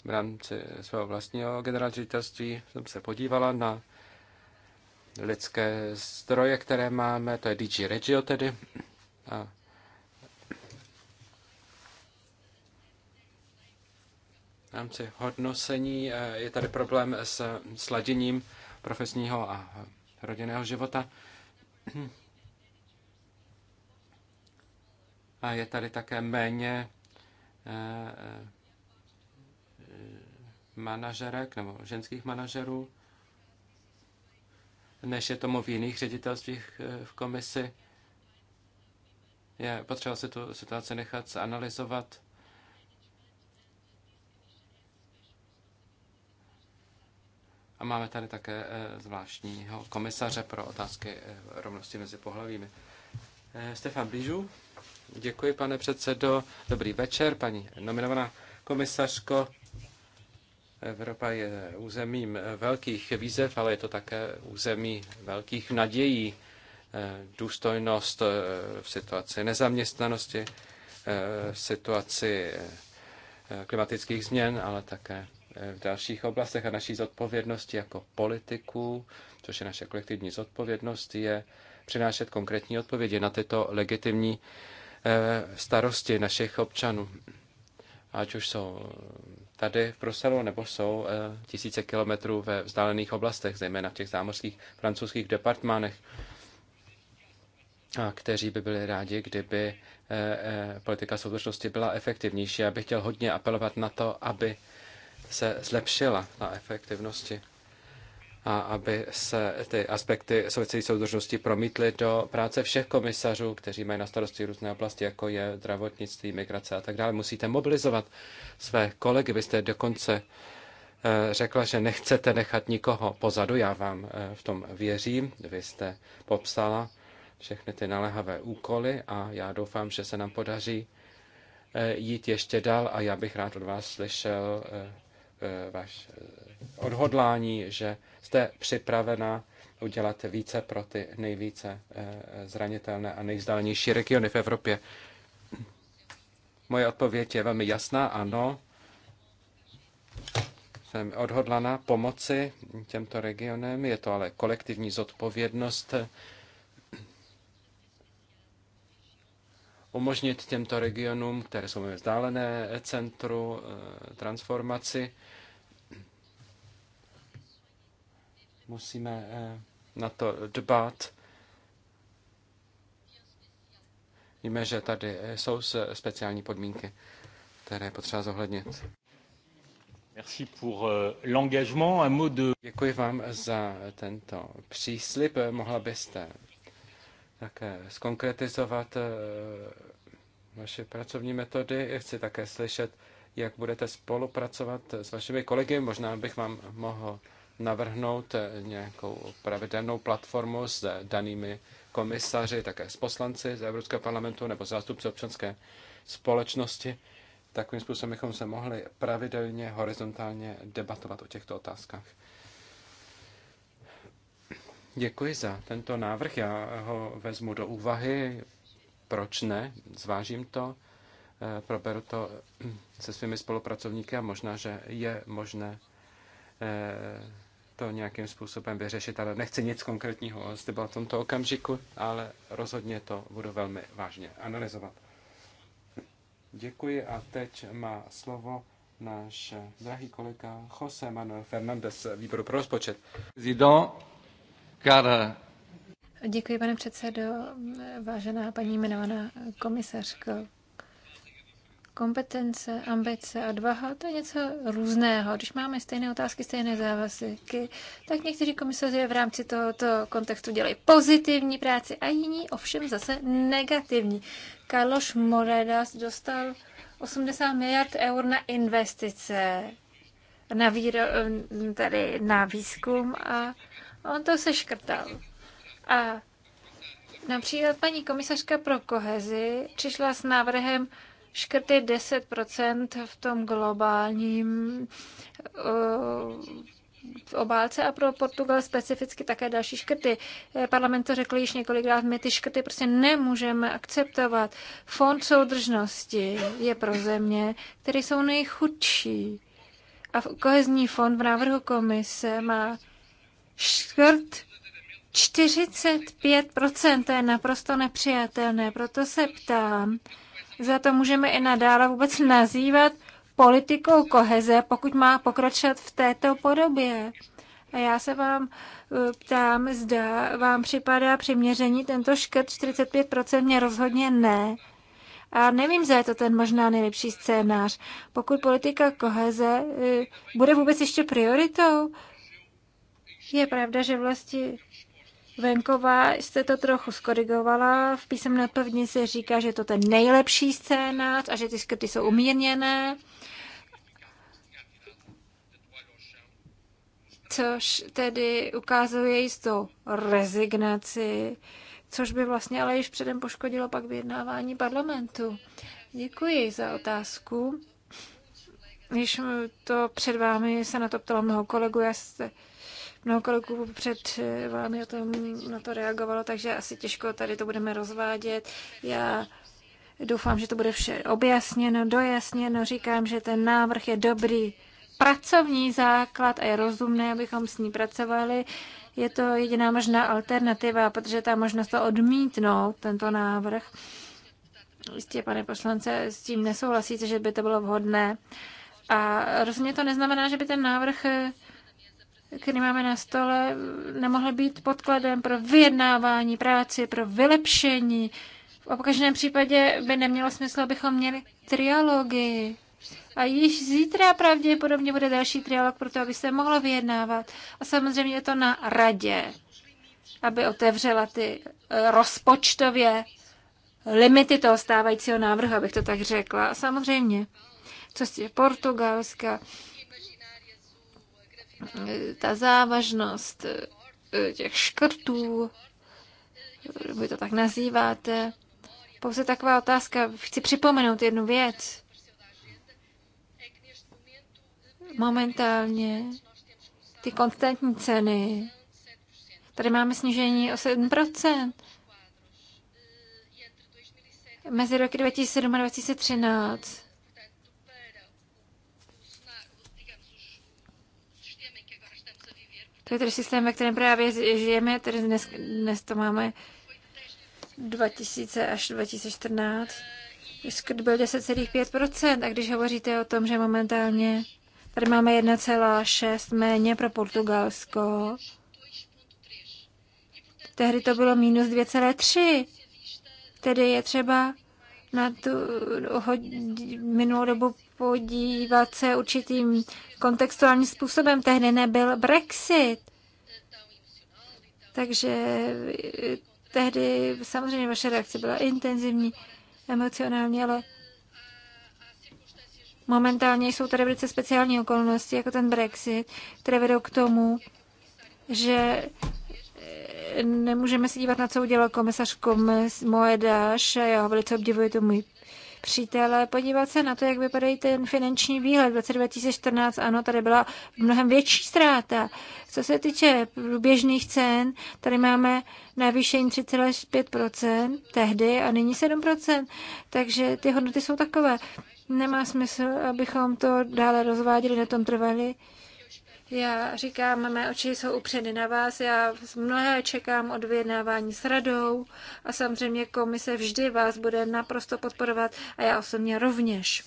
V rámci svého vlastního generálního ředitelství jsem se podívala na lidské zdroje, které máme, to je DG Regio tedy. A v rámci hodnocení eh, je tady problém s sladěním profesního a rodinného života. A je tady také méně eh, eh, manažerek nebo ženských manažerů než je tomu v jiných ředitelstvích eh, v komisi. Je potřeba si tu situaci nechat zanalizovat. A máme tady také eh, zvláštního komisaře pro otázky eh, rovnosti mezi pohlavími. Stefan Bížů. Děkuji, pane předsedo. Dobrý večer, paní nominovaná komisařko. Evropa je územím velkých výzev, ale je to také území velkých nadějí. Eh, důstojnost eh, v situaci nezaměstnanosti, eh, v situaci klimatických změn, ale také v dalších oblastech a naší zodpovědnosti jako politiků, což je naše kolektivní zodpovědnost, je přinášet konkrétní odpovědi na tyto legitimní starosti našich občanů. Ať už jsou tady v Bruselu, nebo jsou eh, tisíce kilometrů ve vzdálených oblastech, zejména v těch zámořských francouzských departmánech, a kteří by byli rádi, kdyby eh, eh, politika soudržnosti byla efektivnější. Já bych chtěl hodně apelovat na to, aby se zlepšila na efektivnosti a aby se ty aspekty související soudržnosti promítly do práce všech komisařů, kteří mají na starosti různé oblasti, jako je zdravotnictví, migrace a tak dále. Musíte mobilizovat své kolegy. Vy jste dokonce eh, řekla, že nechcete nechat nikoho pozadu. Já vám eh, v tom věřím. Vy jste popsala všechny ty naléhavé úkoly a já doufám, že se nám podaří eh, jít ještě dál a já bych rád od vás slyšel Eh, vaš eh, odhodlání, že jste připravena udělat více pro ty nejvíce eh, zranitelné a nejzdálnější regiony v Evropě. Moje odpověď je velmi jasná, ano. Jsem odhodlana pomoci těmto regionem, je to ale kolektivní zodpovědnost umožnit těmto regionům, které jsou vzdálené centru eh, transformaci, musíme eh, na to dbát. Víme, že tady eh, jsou speciální podmínky, které potřeba zohlednit. Merci pour l'engagement. Un mot de... Děkuji vám za tento příslip. Mohla byste také skonkretizovat vaše eh, pracovní metody. Chci také slyšet, jak budete spolupracovat s vašimi kolegy. Možná bych vám mohl navrhnout eh, nějakou pravidelnou platformu s danými komisaři, také s poslanci z Evropského parlamentu nebo zástupci občanské společnosti. Takovým způsobem bychom se mohli pravidelně, horizontálně debatovat o těchto otázkách. Děkuji za tento návrh. Já ho vezmu do úvahy. Proč ne? Zvážím to. Eh, proberu to hm, se svými spolupracovníky a možná, že je možné eh, to nějakým způsobem vyřešit, ale nechci nic konkrétního z v tomto okamžiku, ale rozhodně to budu velmi vážně analyzovat. Děkuji a teď má slovo náš drahý kolega Jose Manuel Fernández z výboru pro rozpočet. Zidon. Cara. Děkuji, pane předsedo. Vážená paní jmenovaná komisařko, kompetence, ambice, odvaha, to je něco různého. Když máme stejné otázky, stejné závazky, tak někteří komisaři v rámci tohoto kontextu dělají pozitivní práci a jiní ovšem zase negativní. Carlos Moredas dostal 80 miliard eur na investice, na, výro, tady na výzkum a on to se škrtal. A například paní komisařka pro kohezi přišla s návrhem škrty 10% v tom globálním uh, v obálce a pro Portugal specificky také další škrty. Eh, parlament to řekl již několikrát, my ty škrty prostě nemůžeme akceptovat. Fond soudržnosti je pro země, které jsou nejchudší. A kohezní fond v návrhu komise má škrt 45%, to je naprosto nepřijatelné. Proto se ptám, za to můžeme i nadále vůbec nazývat politikou koheze, pokud má pokračovat v této podobě. A já se vám eh, ptám, zda vám připadá přiměření tento škrt 45%, mě rozhodně ne. A nevím, zda je to ten možná nejlepší scénář. Pokud politika koheze eh, bude vůbec ještě prioritou, je pravda, že vlastně venková jste to trochu skorigovala. V písemné odpovědi se říká, že je to ten nejlepší scénář a že ty skrty jsou umírněné. Což tedy ukazuje jistou rezignaci, což by vlastně ale již předem poškodilo pak vyjednávání parlamentu. Děkuji za otázku. Když to před vámi se na to ptalo mnoho kolegů, já se Mnoho kroků před eh, vámi o tom na to reagovalo, takže asi těžko tady to budeme rozvádět. Já doufám, že to bude vše objasněno, dojasněno. Říkám, že ten návrh je dobrý pracovní základ a je rozumné, abychom s ní pracovali. Je to jediná možná alternativa, protože ta možnost to odmítnout, tento návrh. Jistě, pane poslance, s tím nesouhlasíte, že by to bylo vhodné. A rozhodně to neznamená, že by ten návrh eh, který máme na stole, nemohl být podkladem pro vyjednávání práci, pro vylepšení. V každém případě by nemělo smysl, abychom měli trialogy. A již zítra pravděpodobně bude další trialog, to, aby se mohlo vyjednávat. A samozřejmě je to na radě, aby otevřela ty eh, rozpočtově limity toho stávajícího návrhu, abych to tak řekla. A samozřejmě, co je Portugalska, ta závažnost e, těch škrtů, vy to tak nazýváte, pouze taková otázka. Chci připomenout jednu věc. Momentálně ty konstantní ceny, tady máme snížení o 7%. Mezi roky 2007 a 2013 To je tedy systém, ve kterém právě žijeme, tedy dnes, dnes to máme 2000 až 2014. Škrt byl 10,5%. A když hovoříte o tom, že momentálně tady máme 1,6 méně pro Portugalsko, tehdy to bylo minus 2,3. Tedy je třeba na tu minulou dobu podívat se určitým kontextuálním způsobem. Tehdy nebyl Brexit. Takže eh, tehdy samozřejmě vaše reakce byla intenzivní, emocionální, ale momentálně jsou tady velice speciální okolnosti, jako ten Brexit, které vedou k tomu, že nemůžeme se dívat na co udělal komisař Komes Moedáš, já ho velice obdivuji, to můj přítele, podívat se na to, jak vypadají ten finanční výhled. V roce 2014, ano, tady byla mnohem větší ztráta. Co se týče průběžných cen, tady máme navýšení 3,5% tehdy a nyní 7%, takže ty hodnoty jsou takové. Nemá smysl, abychom to dále rozváděli, na tom trvali. Já říkám, mé oči jsou upřeny na vás, já mnohé čekám od vyjednávání s radou a samozřejmě komise vždy vás bude naprosto podporovat a já osobně rovněž.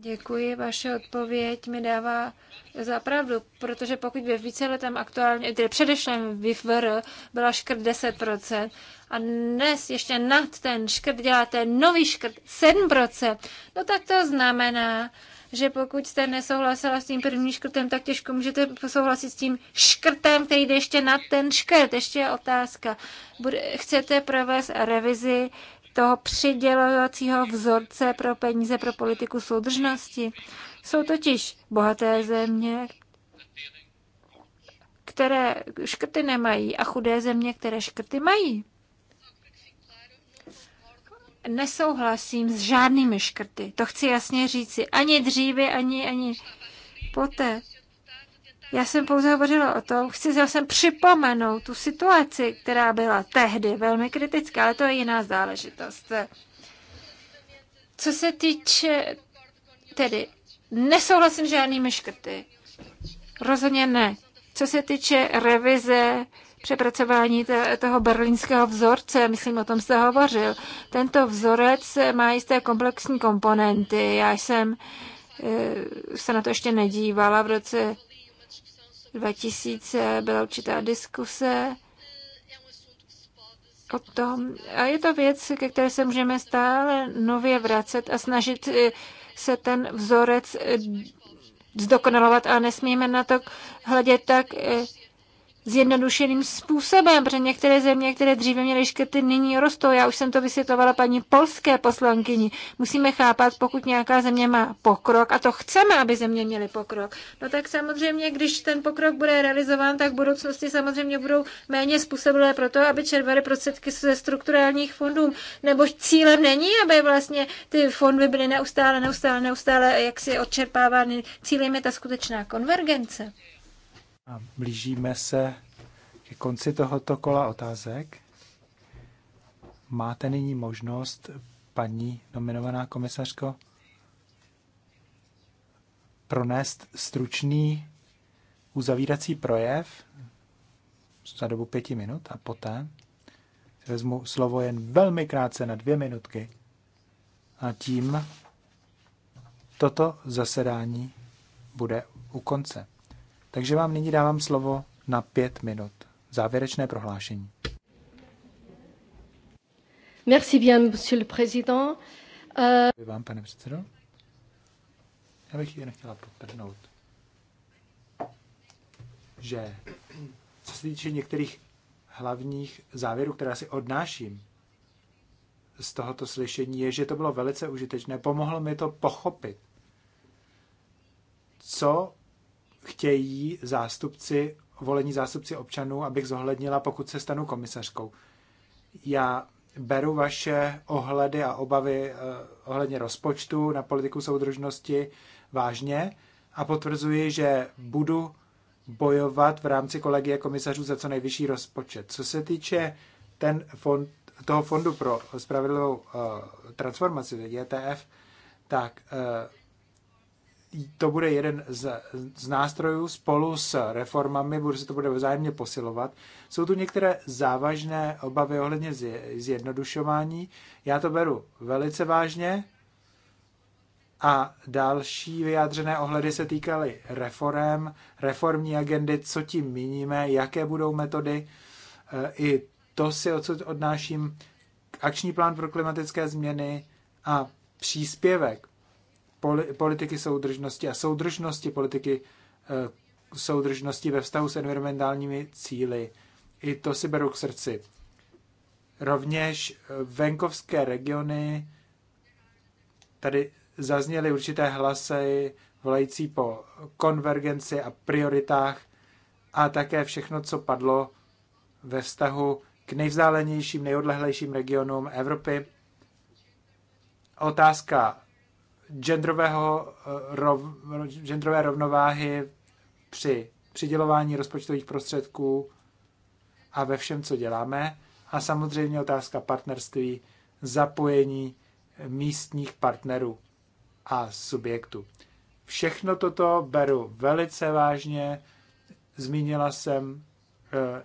Děkuji, vaše odpověď mi dává za pravdu, protože pokud ve letem aktuálně, tedy předešlém VIFR byla škrt 10% a dnes ještě nad ten škrt děláte nový škrt 7%, no tak to znamená, že pokud jste nesouhlasila s tím prvním škrtem, tak těžko můžete souhlasit s tím škrtem, který jde ještě na ten škrt. Ještě je otázka. Bude, chcete provést revizi toho přidělovacího vzorce pro peníze pro politiku soudržnosti? Jsou totiž bohaté země, které škrty nemají a chudé země, které škrty mají nesouhlasím s žádnými škrty. To chci jasně říci. Ani dříve, ani, ani poté. Já jsem pouze hovořila o tom, chci zase připomenout tu situaci, která byla tehdy velmi kritická, ale to je jiná záležitost. Co se týče tedy, nesouhlasím s žádnými škrty. Rozhodně ne. Co se týče revize přepracování toho berlínského vzorce, myslím, o tom jste hovořil. Tento vzorec má jisté komplexní komponenty. Já jsem eh, se na to ještě nedívala. V roce 2000 byla určitá diskuse o tom. A je to věc, ke které se můžeme stále nově vracet a snažit eh, se ten vzorec eh, zdokonalovat a nesmíme na to hledět tak zjednodušeným způsobem, protože některé země, které dříve měly škrty, nyní rostou. Já už jsem to vysvětlovala paní polské poslankyni. Musíme chápat, pokud nějaká země má pokrok, a to chceme, aby země měly pokrok, no tak samozřejmě, když ten pokrok bude realizován, tak v budoucnosti samozřejmě budou méně způsobilé pro to, aby čerpaly prostředky ze strukturálních fondů. Nebo cílem není, aby vlastně ty fondy byly neustále, neustále, neustále, jak si odčerpávány. Cílem je ta skutečná konvergence. A blížíme se ke konci tohoto kola otázek. Máte nyní možnost, paní nominovaná komisařko, pronést stručný uzavírací projev za dobu pěti minut a poté vezmu slovo jen velmi krátce na dvě minutky a tím toto zasedání bude u konce. Takže vám nyní dávám slovo na pět minut. Závěrečné prohlášení. Merci bien, monsieur le président. Uh... Vám, pane předsedo. Já bych jen chtěla podprhnout, že co se týče některých hlavních závěrů, které si odnáším z tohoto slyšení, je, že to bylo velice užitečné. Pomohlo mi to pochopit, co chtějí zástupci, volení zástupci občanů, abych zohlednila, pokud se stanu komisařkou. Já beru vaše ohledy a obavy eh, ohledně rozpočtu na politiku soudržnosti vážně a potvrzuji, že budu bojovat v rámci kolegie komisařů za co nejvyšší rozpočet. Co se týče ten fond, toho fondu pro spravedlivou eh, transformaci, ETF, e tak eh, to bude jeden z, z nástrojů spolu s reformami, bude se to bude vzájemně posilovat. Jsou tu některé závažné obavy ohledně zjednodušování. Já to beru velice vážně. A další vyjádřené ohledy se týkaly reform, reformní agendy, co tím míníme, jaké budou metody. E, I to si odsud odnáším. Akční plán pro klimatické změny a příspěvek politiky soudržnosti a soudržnosti politiky eh, soudržnosti ve vztahu s environmentálními cíly. I to si beru k srdci. Rovněž eh, venkovské regiony, tady zazněly určité hlasy volající po konvergenci a prioritách a také všechno, co padlo ve vztahu k nejvzdálenějším, nejodlehlejším regionům Evropy. Otázka genderového, eh, rov, genderové rovnováhy při přidělování rozpočtových prostředků a ve všem, co děláme. A samozřejmě otázka partnerství, zapojení místních partnerů a subjektů. Všechno toto beru velice vážně. Zmínila jsem, eh,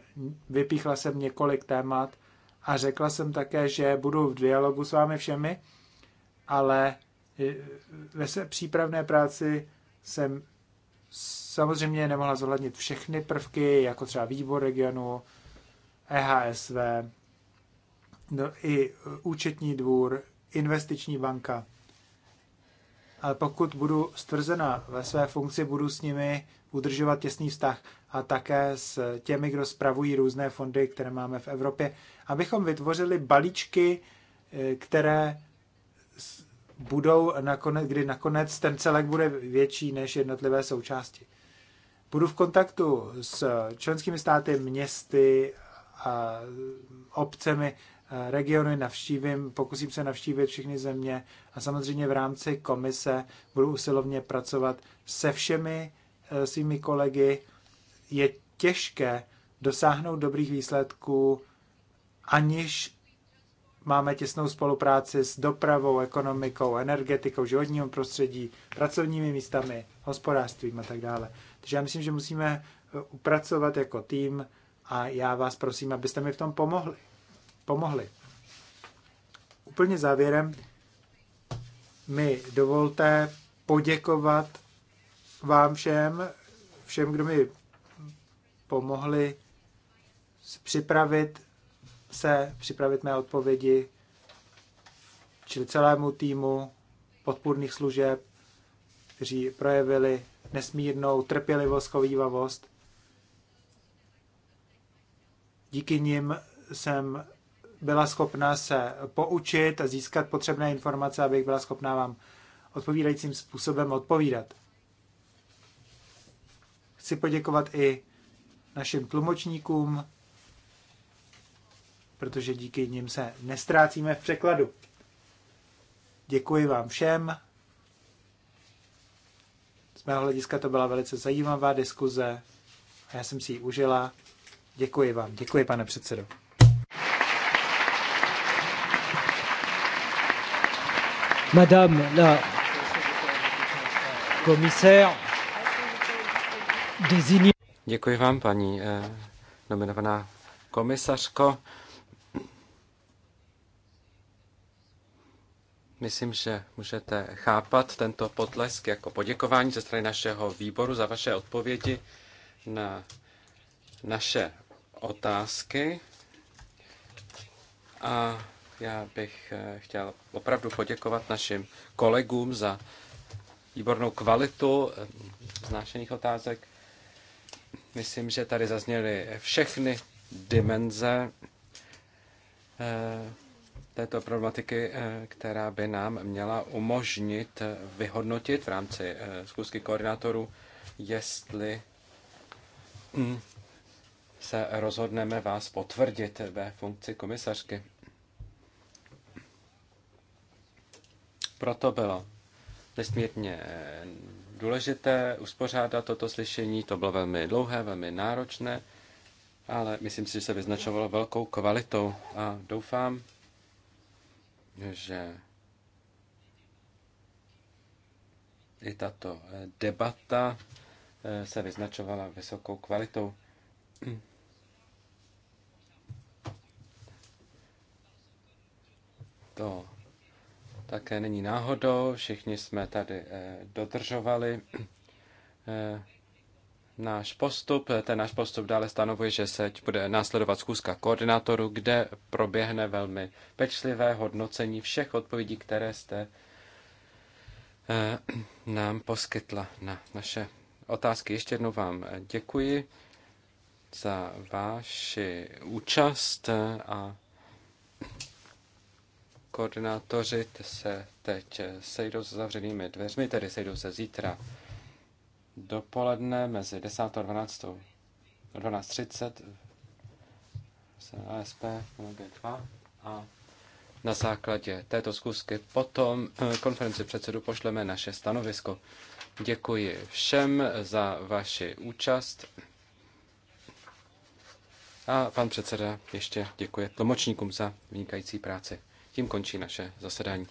vypíchla jsem několik témat a řekla jsem také, že budu v dialogu s vámi všemi, ale ve své přípravné práci jsem samozřejmě nemohla zohlednit všechny prvky, jako třeba výbor regionu, EHSV, no, i e, účetní dvůr, investiční banka. Ale pokud budu stvrzena ve své funkci, budu s nimi udržovat těsný vztah a také s těmi, kdo spravují různé fondy, které máme v Evropě, abychom vytvořili balíčky, e, které budou nakonec, kdy nakonec ten celek bude větší než jednotlivé součásti. Budu v kontaktu s členskými státy, městy, a obcemi, regiony navštívím, pokusím se navštívit všechny země a samozřejmě v rámci komise budu usilovně pracovat se všemi eh, svými kolegy. Je těžké dosáhnout dobrých výsledků, aniž Máme těsnou spolupráci s dopravou, ekonomikou, energetikou, životním prostředí, pracovními místami, hospodářstvím a tak dále. Takže já myslím, že musíme eh, upracovat jako tým a já vás prosím, abyste mi v tom pomohli. pomohli. Úplně závěrem mi dovolte poděkovat vám všem, všem, kdo mi pomohli připravit se připravit mé odpovědi, čili celému týmu podpůrných služeb, kteří projevili nesmírnou trpělivost, chovývavost. Díky nim jsem byla schopna se poučit a získat potřebné informace, abych byla schopná vám odpovídajícím způsobem odpovídat. Chci poděkovat i našim tlumočníkům, protože díky nim se nestrácíme v překladu. Děkuji vám všem. Z mého hlediska to byla velice zajímavá diskuze a já jsem si ji užila. Děkuji vám. Děkuji, pane předsedo. Madame la commissaire désigné. Děkuji vám, paní eh, nominovaná komisařko. Myslím, že můžete chápat tento potlesk jako poděkování ze strany našeho výboru za vaše odpovědi na naše otázky. A já bych eh, chtěl opravdu poděkovat našim kolegům za výbornou kvalitu eh, znášených otázek. Myslím, že tady zazněly všechny dimenze eh, této problematiky, eh, která by nám měla umožnit vyhodnotit v rámci eh, zkusky koordinátorů, jestli hm, se rozhodneme vás potvrdit ve funkci komisařky. Proto bylo nesmírně eh, důležité uspořádat toto slyšení. To bylo velmi dlouhé, velmi náročné, ale myslím si, že se vyznačovalo velkou kvalitou a doufám, že i tato eh, debata eh, se vyznačovala vysokou kvalitou. To také není náhodou, všichni jsme tady eh, dodržovali náš postup. Ten náš postup dále stanovuje, že se bude následovat zkuska koordinátoru, kde proběhne velmi pečlivé hodnocení všech odpovědí, které jste eh, nám poskytla na naše otázky. Ještě jednou vám děkuji za váši účast a koordinátoři se teď sejdou s zavřenými dveřmi, tedy sejdou se zítra dopoledne mezi 10. a 12. 12.30 se ASP G2 a na základě této zkusky potom eh, konferenci předsedu pošleme naše stanovisko. Děkuji všem za vaši účast. A pan předseda ještě děkuje tlumočníkům za vynikající práci. Tím končí naše zasedání.